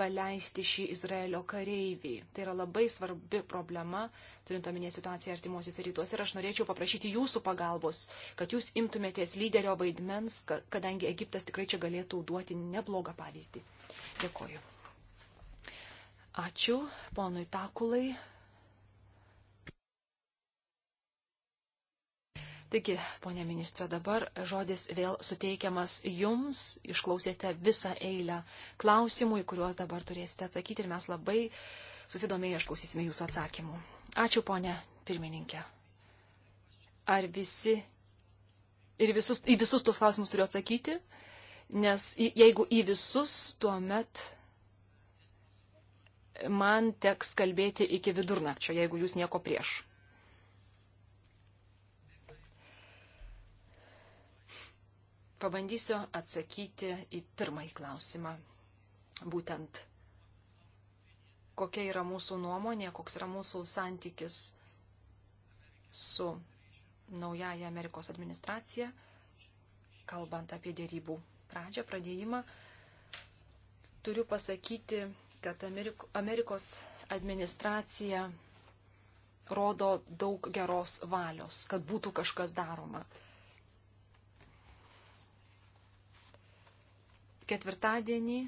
paleisti šį Izraelio kareivį. Tai yra labai svarbi problema, turint omenyje situaciją artimuosiuose rytuose. Ir aš norėčiau paprašyti jūsų pagalbos, kad jūs imtumėtės lyderio vaidmens, kadangi Egiptas tikrai čia galėtų duoti neblogą pavyzdį. Dėkoju. Ačiū ponui Takulai. Taigi, ponė ministrė, dabar žodis vėl suteikiamas jums. Išklausėte visą eilę klausimų, į kuriuos dabar turėsite atsakyti ir mes labai susidomėję išklausysime jūsų atsakymų. Ačiū, ponė pirmininkė. Ar visi ir visus, į visus tuos klausimus turiu atsakyti? Nes jeigu į visus, tuomet man teks kalbėti iki vidurnakčio, jeigu jūs nieko prieš. Pabandysiu atsakyti į pirmąjį klausimą. Būtent kokia yra mūsų nuomonė, koks yra mūsų santykis su naujaja Amerikos administracija, kalbant apie dėrybų pradžią, pradėjimą. Turiu pasakyti, kad Amerikos administracija rodo daug geros valios, kad būtų kažkas daroma. ketvirtadienį.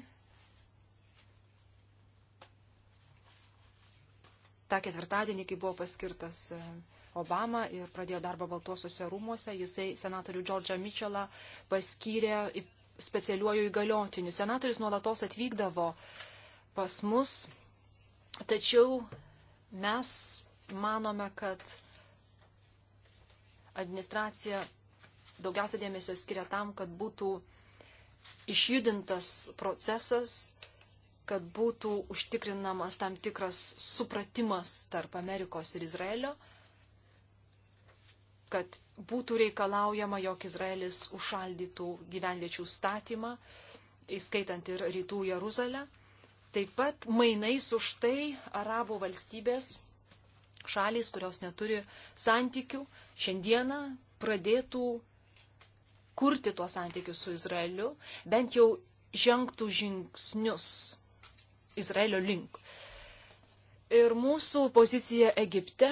Ta ketvirtadienį, kai buvo paskirtas e, Obama ir pradėjo darbą Baltuosiuose rūmuose, jisai senatorių Džordžą Mitchellą paskyrė specialiuoju įgaliotiniu. Senatorius nuolatos atvykdavo pas mus, tačiau mes manome, kad administracija daugiausia dėmesio skiria tam, kad būtų išjudintas procesas, kad būtų užtikrinamas tam tikras supratimas tarp Amerikos ir Izraelio, kad būtų reikalaujama, jog Izraelis užšaldytų gyvenviečių statymą, įskaitant ir rytų Jeruzalę. Taip pat mainais už tai arabų valstybės šalys, kurios neturi santykių, šiandieną pradėtų kurti tuos santykius su Izraeliu, bent jau žengtų žingsnius Izraelio link. Ir mūsų pozicija Egipte,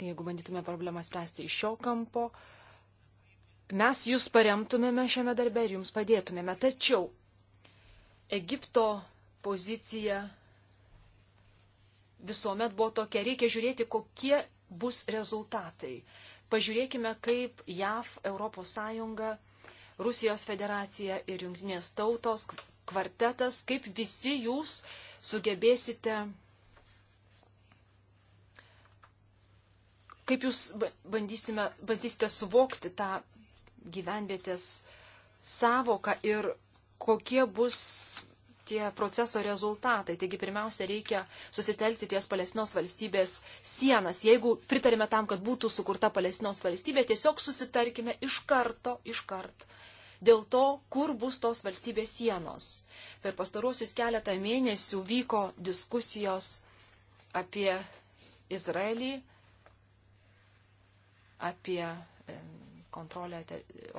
jeigu bandytume problemą spręsti iš šio kampo, mes jūs paremtumėme šiame darbe ir jums padėtumėme. Tačiau Egipto pozicija visuomet buvo tokia, reikia žiūrėti, kokie bus rezultatai. Pažiūrėkime, kaip JAV, ES, Rusijos federacija ir jungtinės tautos kvartetas, kaip visi jūs sugebėsite, kaip jūs bandysime, bandysite suvokti tą gyvenvietės savoką ir kokie bus tie proceso rezultatai. Taigi pirmiausia, reikia susitelkti ties Palestinos valstybės sienas. Jeigu pritarime tam, kad būtų sukurta Palestinos valstybė, tiesiog susitarkime iš karto, iš karto. Dėl to, kur bus tos valstybės sienos. Per pastaruosius keletą mėnesių vyko diskusijos apie Izraelį, apie kontrolę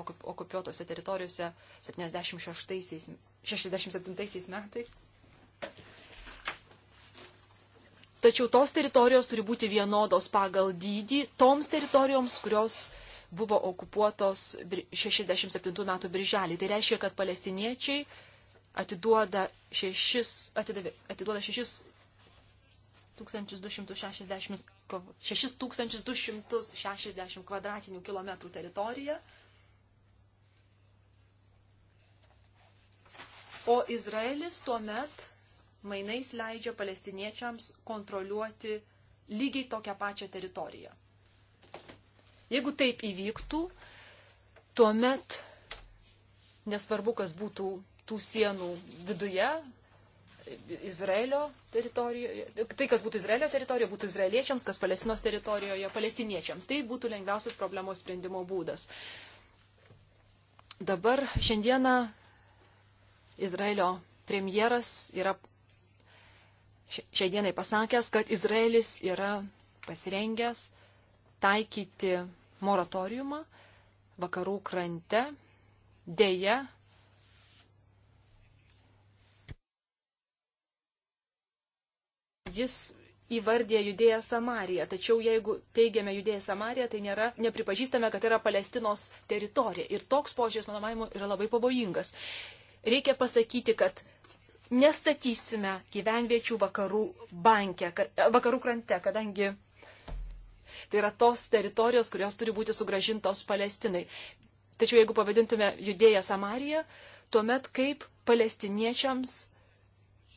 okupuotose teritorijose 76 67 metais. Tačiau tos teritorijos turi būti vienodos pagal dydį toms teritorijoms, kurios buvo okupuotos 67 metų birželį. Tai reiškia, kad palestiniečiai atiduoda 6, atidavė, atiduoda 6 1260 kvadratinių kilometrų teritoriją o Izraelis tuo met mainais leidžia palestiniečiams kontroliuoti lygiai tokią pačią teritoriją. Jeigu taip įvyktų, tuomet nesvarbu, kas būtų tų sienų viduje, Izraelio teritorijoje, tai kas būtų Izraelio teritorijoje, būtų izraeliečiams, kas Palestinos teritorijoje, palestiniečiams. Tai būtų lengviausias problemos sprendimo būdas. Dabar šiandieną Izraelio premjeras yra šiai dienai pasakęs, kad Izraelis yra pasirengęs taikyti moratoriumą vakarų krante. Deja, jis įvardė judėją Samariją. Tačiau jeigu teigiame judėją Samariją, tai nėra, nepripažįstame, kad tai yra Palestinos teritorija. Ir toks požiūris, mano manimu, yra labai pavojingas reikia pasakyti, kad nestatysime gyvenviečių vakarų, banke, e, vakarų krante, kadangi tai yra tos teritorijos, kurios turi būti sugražintos Palestinai. Tačiau jeigu pavadintume judėją Samariją, tuomet kaip palestiniečiams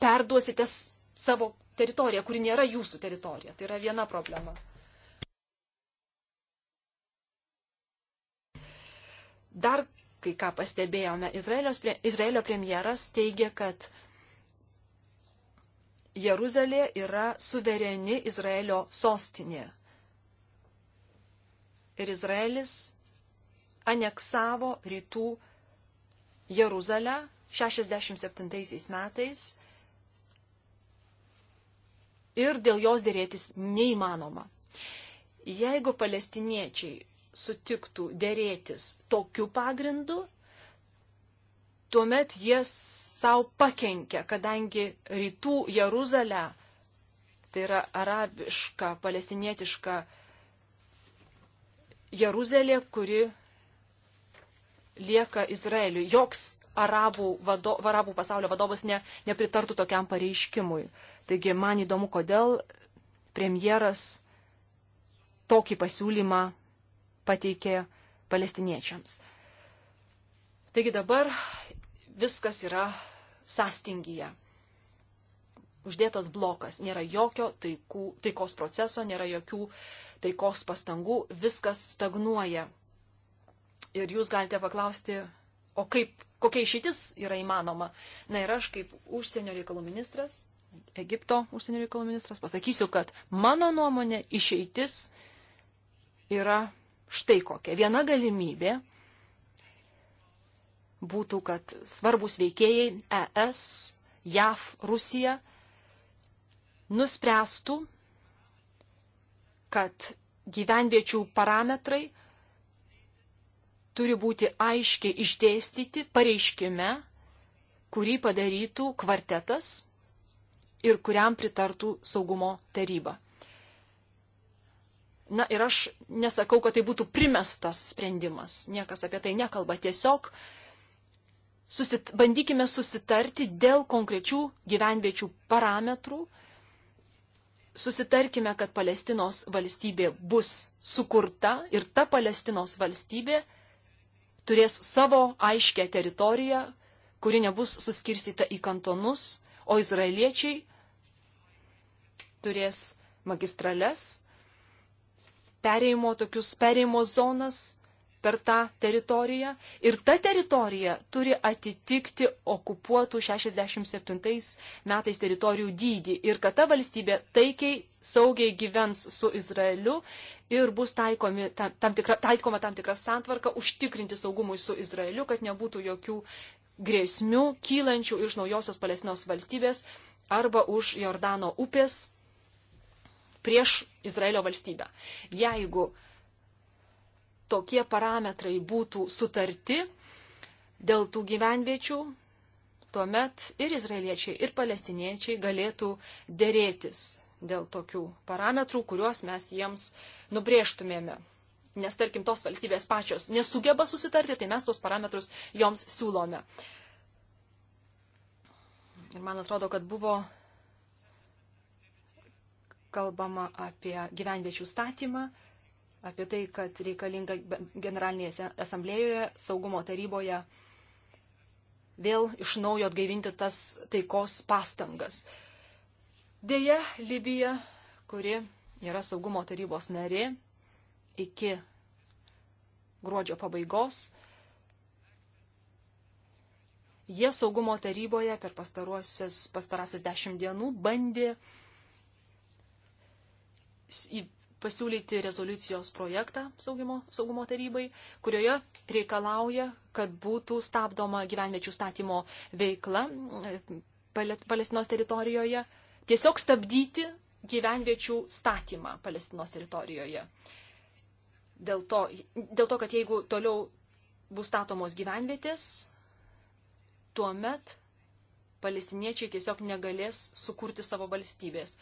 perduosite savo teritoriją, kuri nėra jūsų teritorija. Tai yra viena problema. Dar kai ką pastebėjome. Izraelio, Izraelio premjeras teigia, kad Jeruzalė yra suvereni Izraelio sostinė. Ir Izraelis aneksavo rytų Jeruzalę 67 metais ir dėl jos dėrėtis neįmanoma. Jeigu palestiniečiai sutiktų dėrėtis tokiu pagrindu, tuomet jie savo pakenkia, kadangi rytų Jeruzalę, tai yra arabiška, palestinietiška Jeruzalė, kuri lieka Izraeliui. Joks arabų, vado, arabų pasaulio vadovas ne, nepritartų tokiam pareiškimui. Taigi man įdomu, kodėl premjeras tokį pasiūlymą pateikė palestiniečiams. Taigi dabar viskas yra sąstingyje. Uždėtas blokas, nėra jokio taikų, taikos proceso, nėra jokių taikos pastangų, viskas stagnuoja. Ir jūs galite paklausti, o kaip, kokia išeitis yra įmanoma. Na ir aš kaip užsienio reikalų ministras, Egipto užsienio reikalų ministras, pasakysiu, kad mano nuomonė išeitis yra štai kokia. Viena galimybė būtų, kad svarbus veikėjai ES, JAV, Rusija nuspręstų, kad gyvenviečių parametrai turi būti aiškiai išdėstyti pareiškime, kurį padarytų kvartetas ir kuriam pritartų saugumo taryba. Na ir aš nesakau, kad tai būtų primestas sprendimas. Niekas apie tai nekalba. Tiesiog susit, bandykime susitarti dėl konkrečių gyvenviečių parametrų. Susitarkime, kad Palestinos valstybė bus sukurta ir ta Palestinos valstybė turės savo aiškę teritoriją, kuri nebus suskirstyta į kantonus, o izraeliečiai turės magistrales perėjimo, tokius perėjimo zonas per tą teritoriją ir ta teritorija turi atitikti okupuotų 67 metais teritorijų dydį ir kad ta valstybė taikiai, saugiai gyvens su Izraeliu ir bus taikomi, tam, tam tikra, taikoma tam tikra santvarka užtikrinti saugumui su Izraeliu, kad nebūtų jokių grėsmių kylančių iš naujosios Palestinos valstybės arba už Jordano upės prieš Izraelio valstybę. Jeigu tokie parametrai būtų sutarti dėl tų gyvenviečių, tuomet ir izraeliečiai, ir palestiniečiai galėtų dėrėtis dėl tokių parametrų, kuriuos mes jiems nubrėžtumėme. Nes, tarkim, tos valstybės pačios nesugeba susitarti, tai mes tos parametrus joms siūlome. Ir man atrodo, kad buvo kalbama apie gyvenviečių statymą, apie tai, kad reikalinga generalinėje asamblėjoje, saugumo taryboje vėl iš naujo atgaivinti tas taikos pastangas. Deja, Libija, kuri yra saugumo tarybos narė iki gruodžio pabaigos, jie saugumo taryboje per pastarasis dešimt dienų bandė uh, pasiūlyti rezoliucijos projektą saugimo, saugumo tarybai, kurioje reikalauja, kad būtų stabdoma gyvenviečių statymo veikla Palestinos teritorijoje, tiesiog stabdyti gyvenviečių statymą Palestinos teritorijoje. Dėl to, dėl to kad jeigu toliau bus statomos gyvenvietės, tuomet palestiniečiai tiesiog negalės sukurti savo valstybės.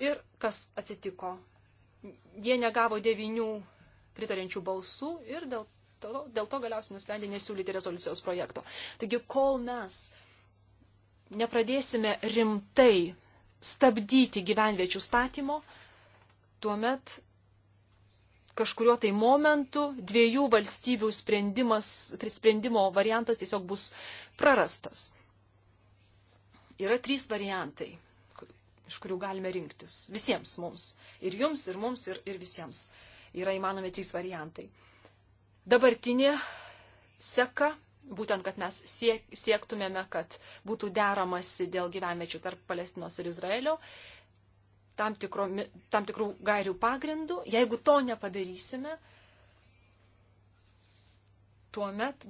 Ir kas atsitiko jie negavo devinių pritarenčių balsų ir dėl to, dėl to galiausiai nusprendė nesiūlyti rezoliucijos projekto. Taigi, kol mes nepradėsime rimtai stabdyti gyvenviečių statymo, tuomet kažkurio tai momentu dviejų valstybių sprendimo variantas tiesiog bus prarastas. Yra trys variantai iš kurių galime rinktis. Visiems mums. Ir jums, ir mums, ir, ir visiems. Yra įmanomi trys variantai. Dabartinė seka, būtent, kad mes siek, siektumėme, kad būtų deramasi dėl gyvenmečių tarp Palestinos ir Izraelio, tam, tikro, tam tikrų gairių pagrindų. Jeigu to nepadarysime, tuomet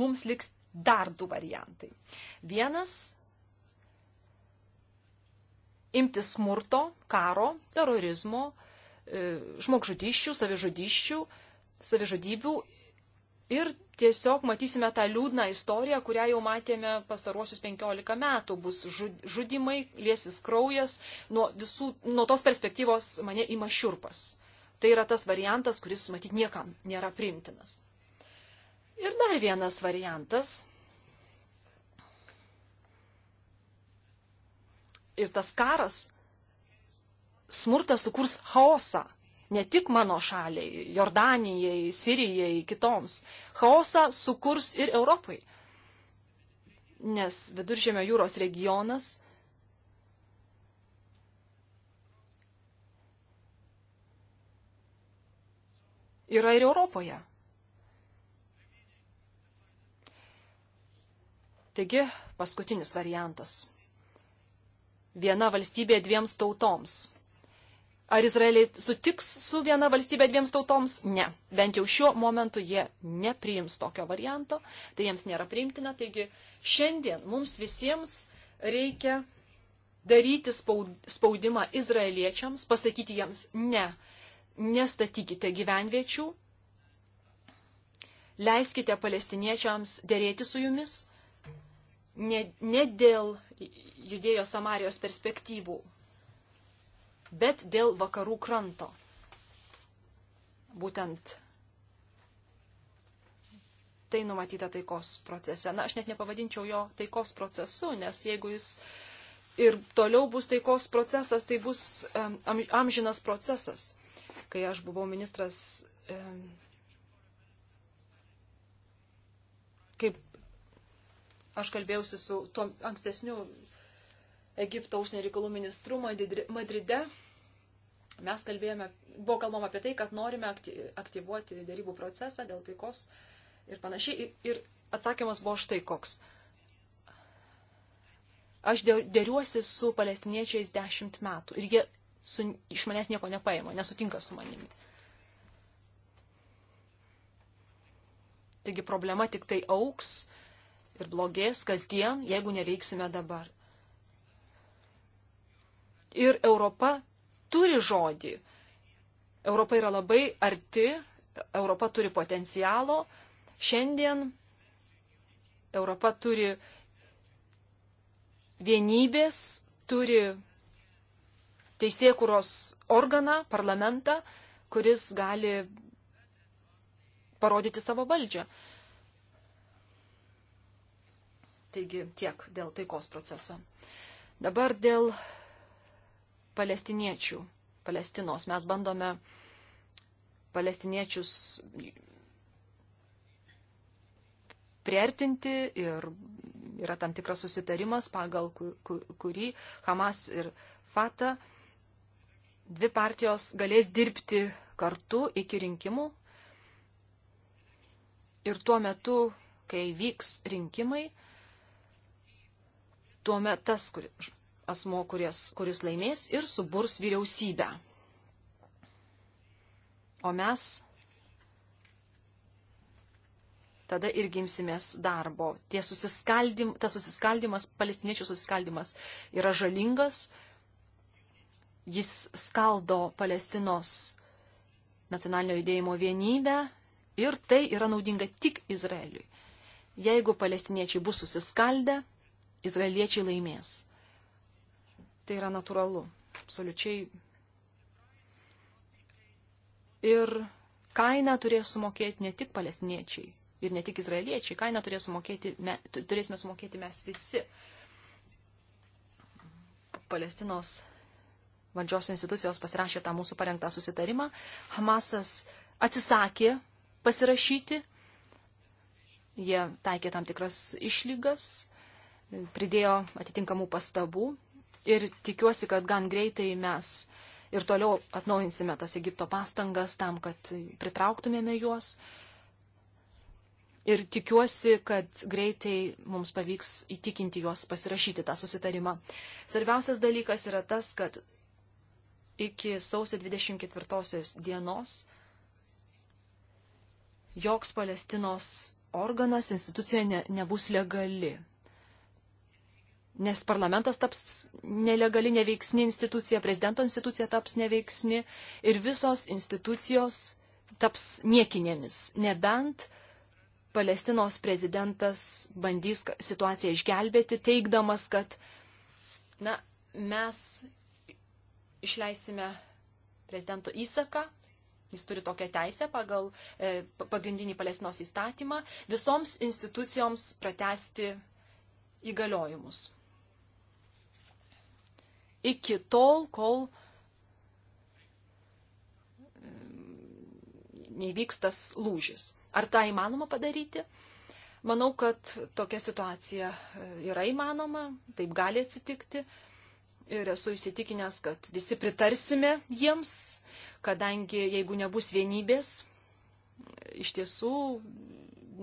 mums liks dar du variantai. Vienas imti smurto, karo, terorizmo, e, žmogžudyščių, savižudyščių, savižudybių ir tiesiog matysime tą liūdną istoriją, kurią jau matėme pastaruosius 15 metų. Bus žudimai, liesis kraujas, nuo, visų, nuo tos perspektyvos mane ima šiurpas. Tai yra tas variantas, kuris, matyt, niekam nėra primtinas. Ir dar vienas variantas ir tas karas, smurtas sukurs chaosą. Ne tik mano šaliai, Jordanijai, Sirijai, kitoms. Chaosą sukurs ir Europai. Nes viduržėmio jūros regionas yra ir Europoje. Taigi, paskutinis variantas viena valstybė dviems tautoms. Ar Izraeliai sutiks su viena valstybė dviems tautoms? Ne. Bent jau šiuo momentu jie nepriims tokio varianto, tai jiems nėra priimtina. Taigi šiandien mums visiems reikia daryti spaudimą izraeliečiams, pasakyti jiems ne, nestatykite gyvenviečių, leiskite palestiniečiams dėrėti su jumis ne, ne dėl judėjo Samarijos perspektyvų, bet dėl vakarų kranto. Būtent tai numatyta taikos procese. Na, aš net nepavadinčiau jo taikos procesu, nes jeigu jis ir toliau bus taikos procesas, tai bus um, amžinas procesas. Kai aš buvau ministras, um, kaip Aš kalbėjausi su tuo ankstesniu Egipto užsienio reikalų ministru Madride. Mes kalbėjome, buvo kalbama apie tai, kad norime aktyvuoti dėrybų procesą dėl taikos ir panašiai. Ir atsakymas buvo štai koks. Aš dėriuosi su palestiniečiais dešimt metų ir jie su, iš manęs nieko nepaima, nesutinka su manimi. Taigi problema tik tai auks ir blogės kasdien, jeigu neveiksime dabar. Ir Europa turi žodį. Europa yra labai arti, Europa turi potencialo. Šiandien Europa turi vienybės, turi teisėkuros organą, parlamentą, kuris gali parodyti savo valdžią. Taigi tiek dėl taikos proceso. Dabar dėl palestiniečių, Palestinos. Mes bandome palestiniečius priartinti ir yra tam tikras susitarimas, pagal kurį Hamas ir Fata dvi partijos galės dirbti kartu iki rinkimų. Ir tuo metu, kai vyks rinkimai, tuomet tas kuri, asmo, kuris, kuris laimės ir suburs vyriausybę. O mes tada irgi imsimės darbo. Susiskaldim, tas susiskaldimas, palestiniečių susiskaldimas yra žalingas, jis skaldo Palestinos nacionalinio judėjimo vienybę ir tai yra naudinga tik Izraeliui. Jeigu palestiniečiai bus susiskaldę, izraeliečiai laimės. Tai yra natūralu, absoliučiai. Ir kainą turės sumokėti ne tik palestiniečiai ir ne tik izraeliečiai, kainą turės sumokėti, me, turėsime sumokėti mes visi. Palestinos valdžios institucijos pasirašė tą mūsų parengtą susitarimą. Hamasas atsisakė pasirašyti, jie taikė tam tikras išlygas, pridėjo atitinkamų pastabų ir tikiuosi, kad gan greitai mes ir toliau atnaujinsime tas Egipto pastangas tam, kad pritrauktumėme juos. Ir tikiuosi, kad greitai mums pavyks įtikinti juos pasirašyti tą susitarimą. Svarbiausias dalykas yra tas, kad iki sausio 24 dienos joks Palestinos organas, institucija ne, nebus legali nes parlamentas taps nelegali neveiksni institucija, prezidento institucija taps neveiksni ir visos institucijos taps niekinėmis, nebent Palestinos prezidentas bandys situaciją išgelbėti, teikdamas, kad na, mes išleisime prezidento įsaką, jis turi tokią teisę pagal e, pagrindinį Palestinos įstatymą, visoms institucijoms pratesti įgaliojimus iki tol, kol neįvyks tas lūžis. Ar tą įmanoma padaryti? Manau, kad tokia situacija e, yra įmanoma, taip gali atsitikti. Ir esu įsitikinęs, kad visi pritarsime jiems, kadangi jeigu nebus vienybės, iš tiesų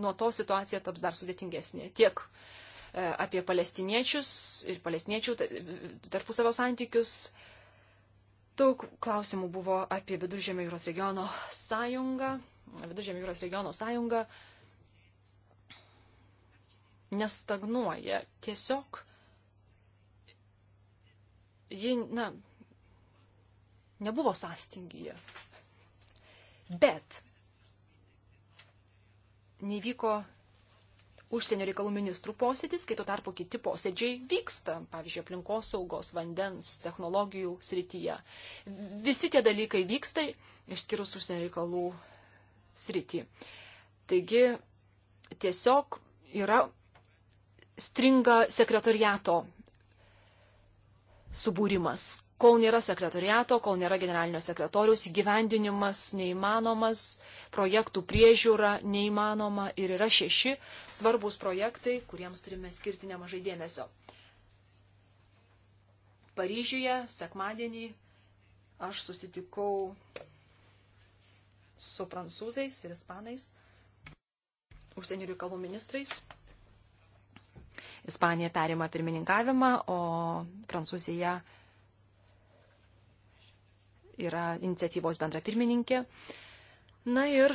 nuo to situacija taps dar sudėtingesnė tiek E, apie palestiniečius ir palestiniečių tarpusavio santykius. Daug klausimų buvo apie Viduržėmio jūros regiono sąjungą. Viduržėmio jūros regiono sąjunga nestagnuoja, tiesiog ji, na, nebuvo sąstingyje. Bet nevyko užsienio reikalų ministrų posėdis, kai tuo tarpu kiti posėdžiai vyksta, pavyzdžiui, aplinkos saugos, vandens, technologijų srityje. Visi tie dalykai vyksta, išskyrus užsienio reikalų srity. Taigi tiesiog yra stringa sekretariato subūrimas, Kol nėra sekretoriato, kol nėra generalinio sekretoriaus, įgyvendinimas neįmanomas, projektų priežiūra neįmanoma ir yra šeši svarbus projektai, kuriems turime skirti nemažai dėmesio. Paryžiuje sekmadienį aš susitikau su prancūzais ir ispanais, užsienio reikalų ministrais. Ispanija perima pirmininkavimą, o Prancūzija yra iniciatyvos bendra pirmininkė. Na ir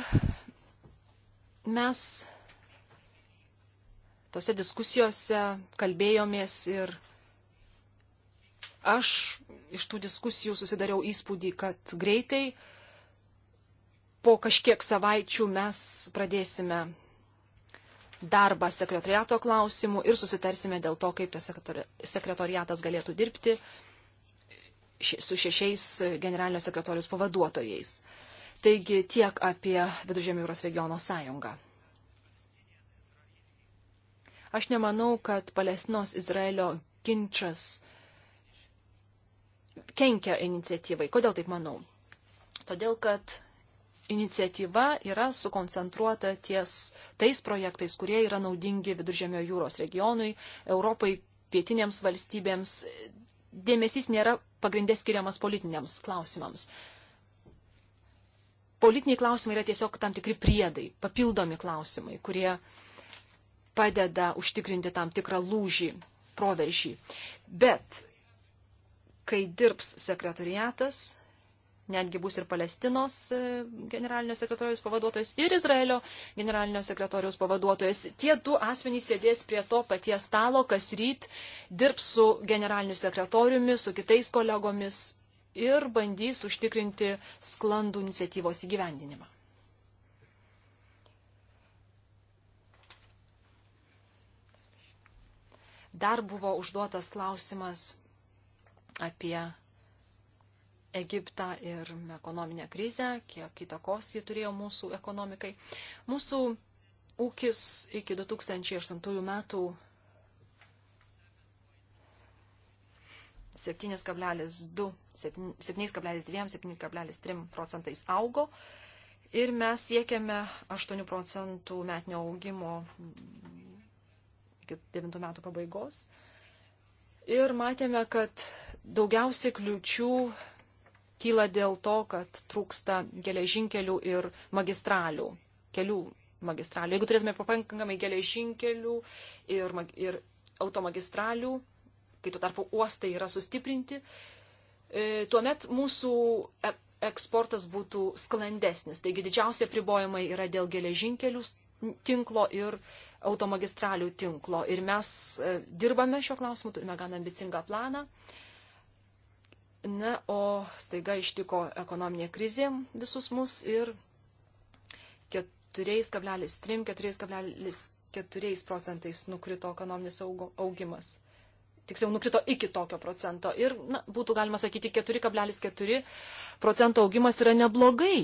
mes tose diskusijose kalbėjomės ir aš iš tų diskusijų susidariau įspūdį, kad greitai po kažkiek savaičių mes pradėsime darbą sekretoriato klausimų ir susitarsime dėl to, kaip tas sekretoriatas galėtų dirbti su šešiais generalinio sekretorius pavaduotojais. Taigi tiek apie Viduržėmio jūros regiono sąjungą. Aš nemanau, kad Palestinos Izraelio ginčas kenkia iniciatyvai. Kodėl taip manau? Todėl, kad iniciatyva yra sukoncentruota ties tais projektais, kurie yra naudingi Viduržėmio jūros regionui, Europai, pietinėms valstybėms, dėmesys nėra pagrindė skiriamas politiniams klausimams. Politiniai klausimai yra tiesiog tam tikri priedai, papildomi klausimai, kurie padeda užtikrinti tam tikrą lūžį, proveržį. Bet, kai dirbs sekretariatas, netgi bus ir Palestinos e, generalinio sekretorijos pavaduotojas ir Izraelio generalinio sekretorijos pavaduotojas. Tie du asmenys sėdės prie to paties stalo, kas ryt dirbs su generaliniu sekretoriumi, su kitais kolegomis ir bandys užtikrinti sklandų iniciatyvos įgyvendinimą. Dar buvo užduotas klausimas apie Egiptą ir ekonominę krizę, kiek įtakos jį turėjo mūsų ekonomikai. Mūsų ūkis iki 2008 metų 7,2 procentais augo ir mes siekiame 8 procentų metinio augimo iki 9 metų pabaigos. Ir matėme, kad daugiausiai kliučių kyla dėl to, kad trūksta geležinkelių ir magistralių, kelių magistralių. Jeigu turėtume pakankamai geležinkelių ir, ir automagistralių, kai tuo tarpu uostai yra sustiprinti, e, tuomet mūsų e-, eksportas būtų sklandesnis. Taigi didžiausia pribojimai yra dėl geležinkelių tinklo ir automagistralių tinklo. Ir mes e, dirbame šio klausimu, turime gan ambicingą planą. Uh, Na, o staiga ištiko ekonominė krizė visus mus ir 4,3-4,4 procentais nukrito ekonominis augimas. Tiksliau, nukrito iki tokio procento. Ir na, būtų galima sakyti, 4,4 procento augimas yra neblogai.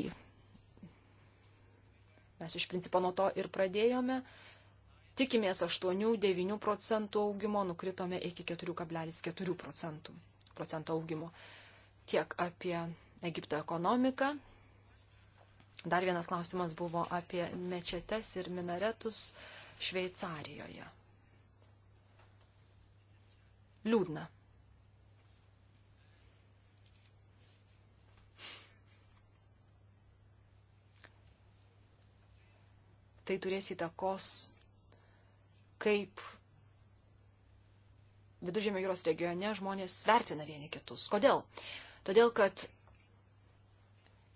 Mes iš principo nuo to ir pradėjome. Tikimės 8-9 procentų augimo, nukritome iki 4,4 procentų procento augimo. Tiek apie Egipto ekonomiką. Dar vienas klausimas buvo apie mečetes ir minaretus Šveicarijoje. Liūdna. Tai turės įtakos, kaip Vidužėmio jūros regione žmonės vertina vieni kitus. Kodėl? Todėl, kad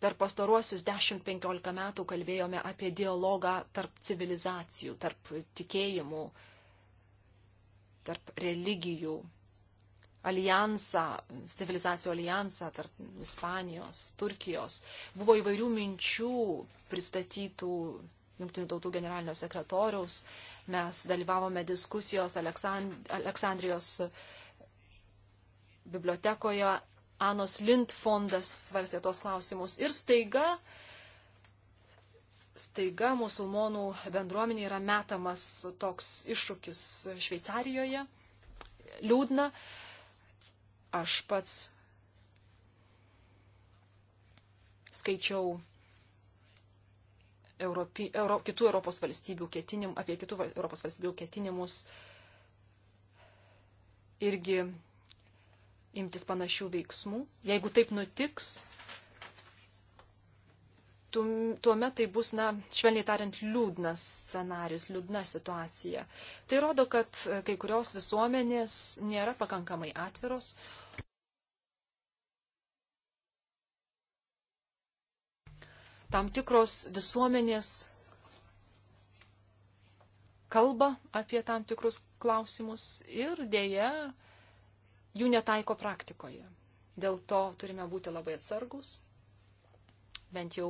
per pastaruosius 10-15 metų kalbėjome apie dialogą tarp civilizacijų, tarp tikėjimų, tarp religijų, alijansą, civilizacijų alijansą tarp Ispanijos, Turkijos. Buvo įvairių minčių pristatytų Junktinių tautų generalinio sekretoriaus Mes dalyvavome diskusijos Aleksand Aleksandrijos bibliotekoje. Anos Lind fondas svarstė tos klausimus. Ir staiga, staiga musulmonų bendruomenė yra metamas toks iššūkis Šveicarijoje. Liūdna. Aš pats skaičiau Europi, Euro, kitų Europos valstybių ketinim, apie kitų Europos valstybių ketinimus irgi imtis panašių veiksmų. Jeigu taip nutiks, tuomet tai bus, na, švelniai tariant, liūdnas scenarius, liūdna situacija. Tai rodo, kad kai kurios visuomenės nėra pakankamai atviros, tam tikros visuomenės kalba apie tam tikrus klausimus ir dėja jų netaiko praktikoje. Dėl to turime būti labai atsargus. Bent jau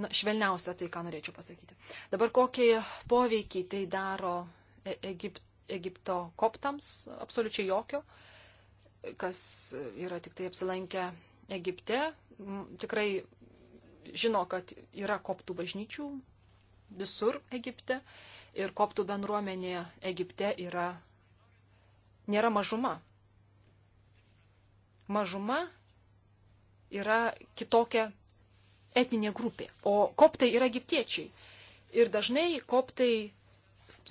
na, švelniausia tai, ką norėčiau pasakyti. Dabar kokį poveikį tai daro e, Egip, Egipto koptams? Absoliučiai jokio. Kas yra tik tai apsilankę Egipte, tikrai žino, kad yra koptų bažnyčių visur Egipte ir koptų bendruomenė Egipte yra, nėra mažuma. Mažuma yra kitokia etninė grupė, o koptai yra egiptiečiai. Ir dažnai koptai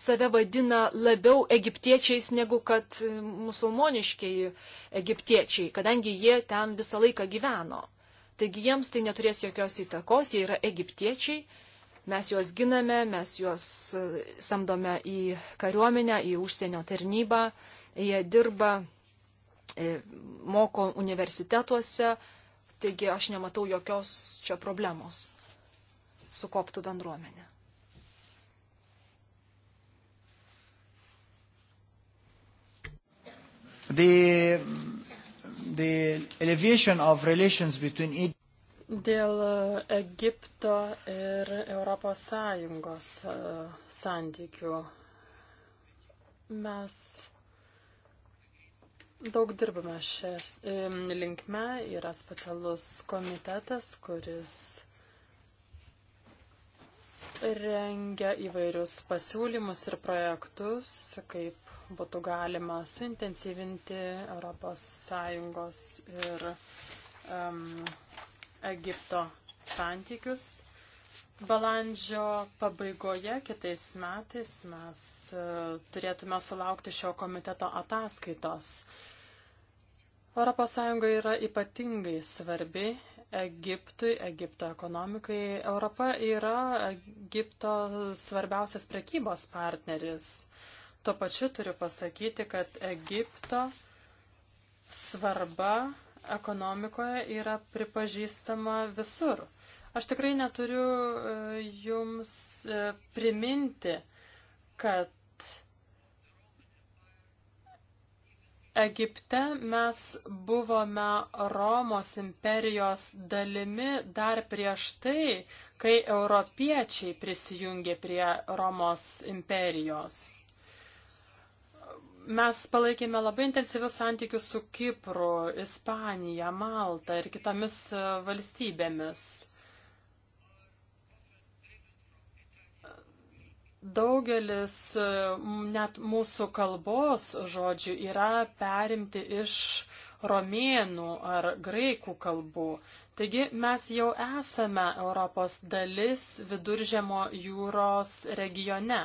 save vadina labiau egiptiečiais negu kad musulmoniškiai egiptiečiai, kadangi jie ten visą laiką gyveno. Taigi jiems tai neturės jokios įtakos, jie yra egiptiečiai, mes juos giname, mes juos e, samdome į kariuomenę, į užsienio tarnybą, jie dirba, e, moko universitetuose, taigi aš nematau jokios čia problemos su koptų bendruomenė. The the elevation of relations between Egypt dėl e, Egipto ir Europos Sąjungos e, santykių. Mes daug dirbame šią e, linkme, yra specialus komitetas, kuris rengia įvairius pasiūlymus ir projektus, kaip būtų galima suintensyvinti ES ir um, Egipto santykius. Balandžio pabaigoje kitais metais mes uh, turėtume sulaukti šio komiteto ataskaitos. ES yra ypatingai svarbi Egiptui, Egipto ekonomikai. Europa yra Egipto svarbiausias prekybos partneris. Tuo pačiu turiu pasakyti, kad Egipto svarba ekonomikoje yra pripažįstama visur. Aš tikrai neturiu e, jums e, priminti, kad Egipte mes buvome Romos imperijos dalimi dar prieš tai, kai europiečiai prisijungė prie Romos imperijos. Mes palaikėme labai intensyvius santykius su Kipru, Ispanija, Malta ir kitomis e, valstybėmis. Daugelis e, net mūsų kalbos žodžių yra perimti iš romėnų ar graikų kalbų. Taigi mes jau esame Europos dalis viduržemo jūros regione.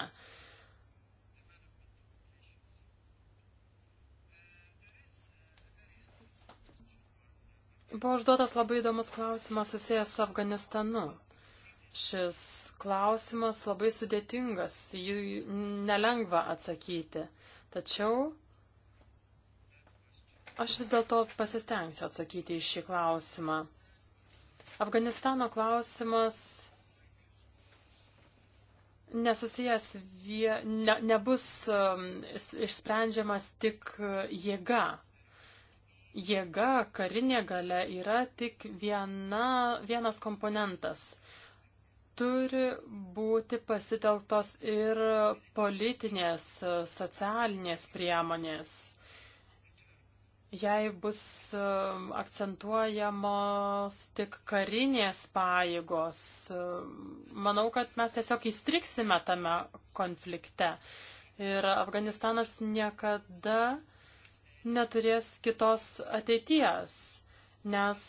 Buvo užduotas labai įdomus klausimas susijęs su Afganistanu. Šis klausimas labai sudėtingas, jį nelengva atsakyti. Tačiau aš vis dėlto pasistengsiu atsakyti į šį klausimą. Afganistano klausimas nesusijęs, vie, ne, nebus um, išsprendžiamas tik jėga jėga, karinė gale yra tik viena, vienas komponentas. Turi būti pasitelktos ir politinės, socialinės priemonės. Jei bus um, akcentuojamos tik karinės pajėgos, um, manau, kad mes tiesiog įstriksime tame konflikte. Ir Afganistanas niekada neturės kitos ateities, nes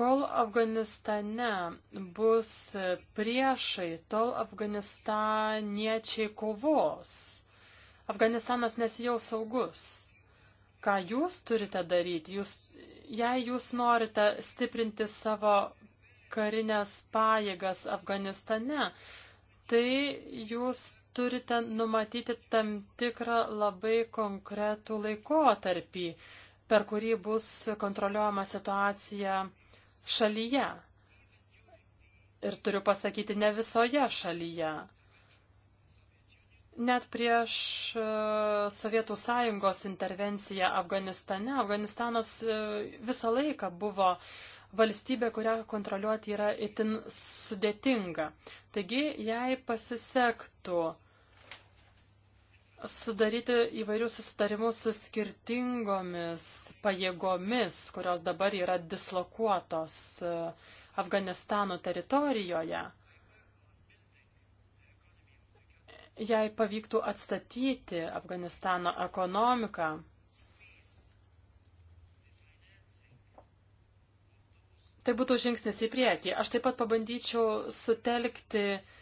kol Afganistane bus priešai, tol afganistaniečiai kovos. Afganistanas nesijaus saugus. Ką jūs turite daryti? Jūs, jei jūs norite stiprinti savo karinės pajėgas Afganistane, tai jūs turite numatyti tam tikrą labai konkretų laikotarpį, per kurį bus kontroliuojama situacija šalyje. Ir turiu pasakyti, ne visoje šalyje. Net prieš e, Sovietų sąjungos intervenciją Afganistane, Afganistanas e, visą laiką buvo valstybė, kurią kontroliuoti yra itin sudėtinga. Taigi, jei pasisektų sudaryti įvairių susitarimų su skirtingomis pajėgomis, kurios dabar yra dislokuotos e, Afganistano teritorijoje. Jei pavyktų atstatyti Afganistano ekonomiką, tai būtų žingsnis į priekį. Aš taip pat pabandyčiau sutelkti uh,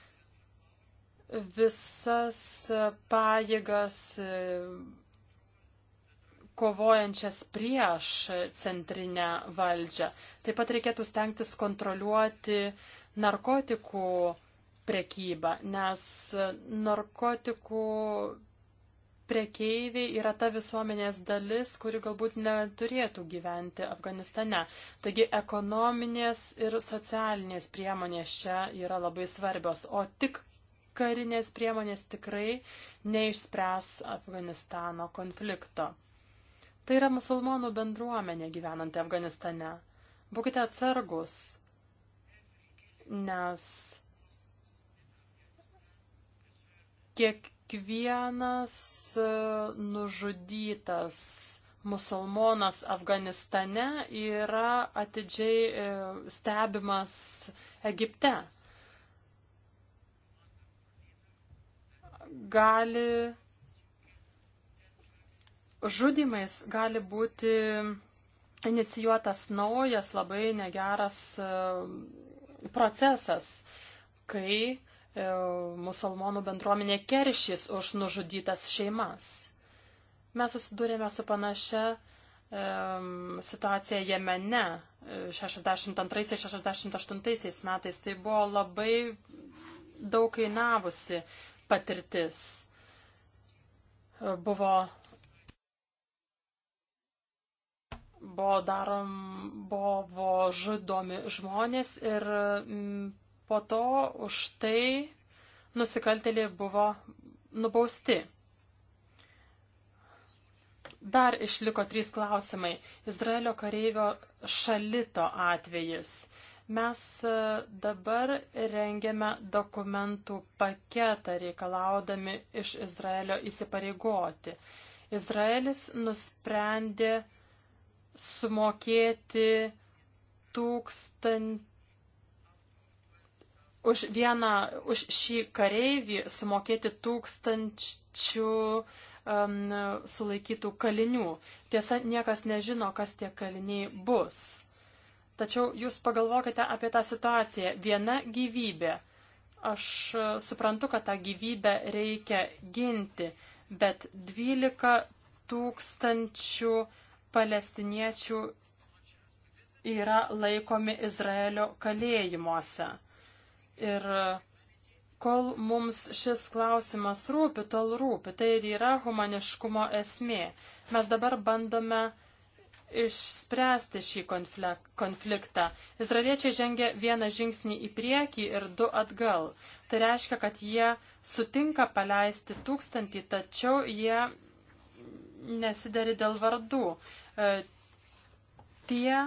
visas pajėgas e, kovojančias prieš centrinę valdžią. Taip pat reikėtų stengtis kontroliuoti narkotikų prekybą, nes narkotikų prekeiviai yra ta visuomenės dalis, kuri galbūt neturėtų gyventi Afganistane. Taigi ekonominės ir socialinės priemonės čia yra labai svarbios, o tik karinės priemonės tikrai neišspręs Afganistano konflikto. Tai yra musulmonų bendruomenė gyvenanti Afganistane. Būkite atsargus, nes kiekvienas e, nužudytas musulmonas Afganistane yra atidžiai e, stebimas Egipte. gali, žudimais gali būti inicijuotas naujas labai negeras e, procesas, kai e, musulmonų bendruomenė keršys už nužudytas šeimas. Mes susidūrėme su panašia e, situacija Jemene 62-68 metais. Tai buvo labai daug kainavusi patirtis. Buvo, buvo, darom, buvo žudomi žmonės ir mm, po to už tai nusikaltėliai buvo nubausti. Dar išliko trys klausimai. Izraelio kareivio šalito atvejis. Mes e, dabar rengiame dokumentų paketą reikalaudami iš Izraelio įsipareigoti. Izraelis nusprendė sumokėti tūkstant. Už vieną, už šį kareivį sumokėti tūkstančių um, sulaikytų kalinių. Tiesa, niekas nežino, kas tie kaliniai bus. Tačiau jūs pagalvokite apie tą situaciją. Viena gyvybė. Aš suprantu, kad tą gyvybę reikia ginti, bet 12 tūkstančių palestiniečių yra laikomi Izraelio kalėjimuose. Ir kol mums šis klausimas rūpi, tol rūpi. Tai ir yra humaniškumo esmė. Mes dabar bandome uh, išspręsti šį konfliktą. Izraeliečiai žengia vieną žingsnį į priekį ir du atgal. Tai reiškia, kad jie sutinka paleisti tūkstantį, tačiau jie nesidari dėl vardų. E, tie,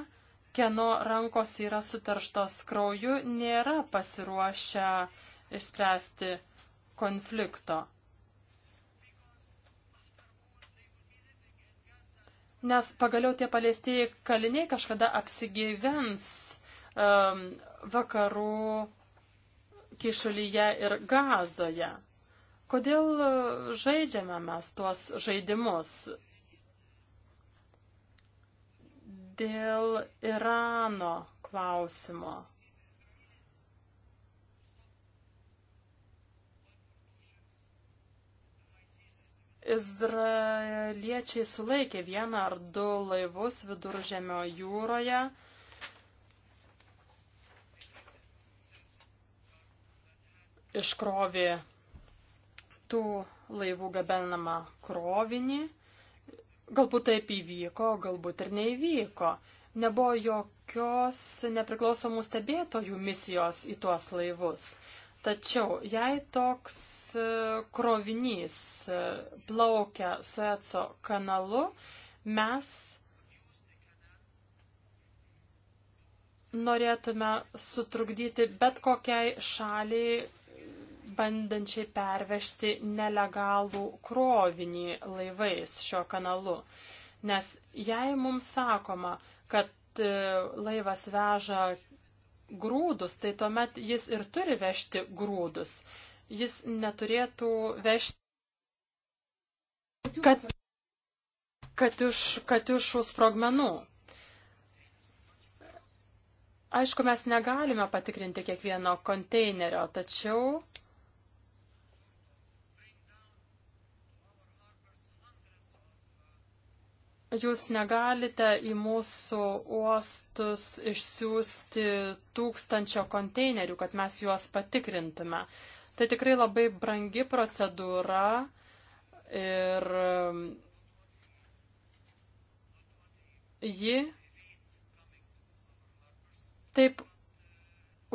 kieno rankos yra sutarštos krauju, nėra pasiruošę išspręsti konflikto. nes pagaliau tie paliestieji kaliniai kažkada apsigyvens um, vakarų kišulyje ir gazoje. Kodėl žaidžiame mes tuos žaidimus? Dėl Irano klausimo. Izraeliečiai sulaikė vieną ar du laivus viduržemio jūroje. Iškrovė tų laivų gabenamą krovinį. Galbūt taip įvyko, galbūt ir neįvyko. Nebuvo jokios nepriklausomų stebėtojų misijos į tuos laivus. Tačiau, jei toks e, krovinys e, plaukia Sueco kanalu, mes norėtume sutrukdyti bet kokiai šaliai bandančiai pervežti nelegalų krovinį laivais šiuo kanalu. Nes jei mums sakoma, kad e, laivas veža grūdus, tai tuomet jis ir turi vežti grūdus. Jis neturėtų vežti. Kad, kad, iš, kad iš sprogmenų. Aišku, mes negalime patikrinti kiekvieno konteinerio, tačiau Jūs negalite į mūsų uostus išsiųsti tūkstančio konteinerių, kad mes juos patikrintume. Tai tikrai labai brangi procedūra ir um, ji taip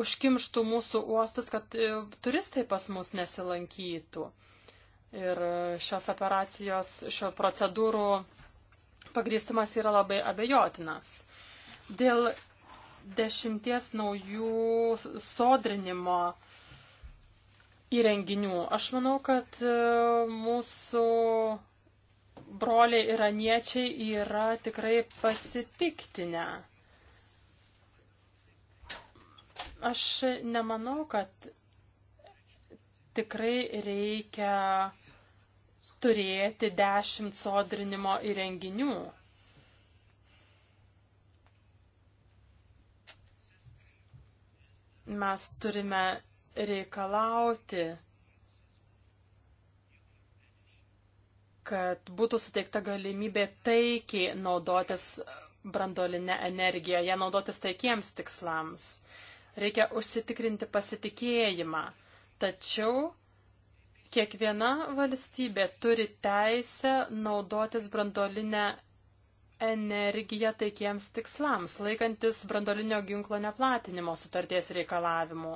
užkimštų mūsų uostus, kad e, turistai pas mus nesilankytų. Ir e, šios operacijos, šio procedūrų pagrįstumas yra labai abejotinas. Dėl dešimties naujų sodrinimo įrenginių. Aš manau, kad e, mūsų broliai iraniečiai yra tikrai pasitiktinę. Aš nemanau, kad tikrai reikia turėti dešimt sodrinimo įrenginių. Mes turime reikalauti, kad būtų suteikta galimybė taikiai naudotis brandolinę energiją, ją naudotis taikiems tikslams. Reikia užsitikrinti pasitikėjimą. Tačiau Kiekviena valstybė turi teisę naudotis brandolinę energiją taikiems tikslams, laikantis brandolinio ginklo neplatinimo sutarties reikalavimų.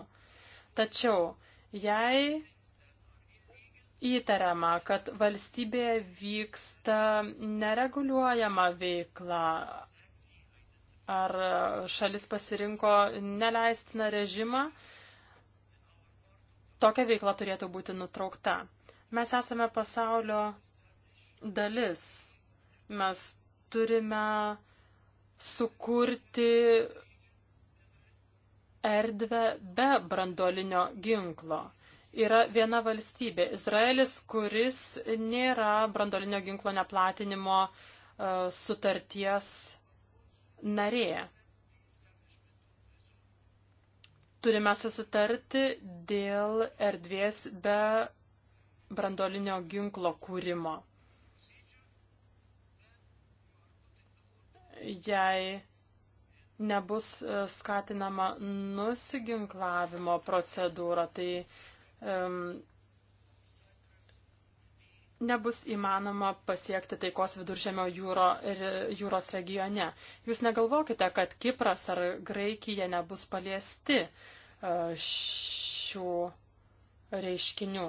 Tačiau, jei įtariama, kad valstybėje vyksta nereguliuojama veikla, ar šalis pasirinko neleistiną režimą, tokia veikla turėtų būti nutraukta. Mes esame pasaulio dalis. Mes turime sukurti erdvę be brandolinio ginklo. Yra viena valstybė - Izraelis, kuris nėra brandolinio ginklo neplatinimo uh, sutarties narė turime susitarti dėl erdvės be brandolinio ginklo kūrimo. Jei nebus e, skatinama nusiginklavimo procedūra, tai um, nebus įmanoma pasiekti taikos viduržėmio jūro, jūros regione. Jūs negalvokite, kad Kipras ar Graikija nebus paliesti e, šių reiškinių.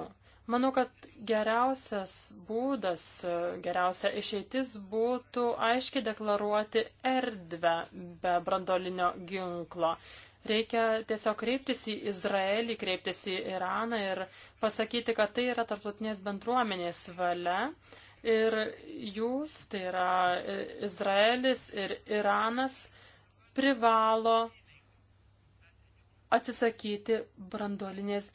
Manau, kad geriausias būdas, e, geriausia išeitis būtų aiškiai deklaruoti erdvę be brandolinio ginklo. Reikia tiesiog kreiptis į Izraelį, kreiptis į Iraną ir pasakyti, kad tai yra tarptautinės bendruomenės valia. Ir jūs, tai yra e, Izraelis ir Iranas, privalo atsisakyti branduolinės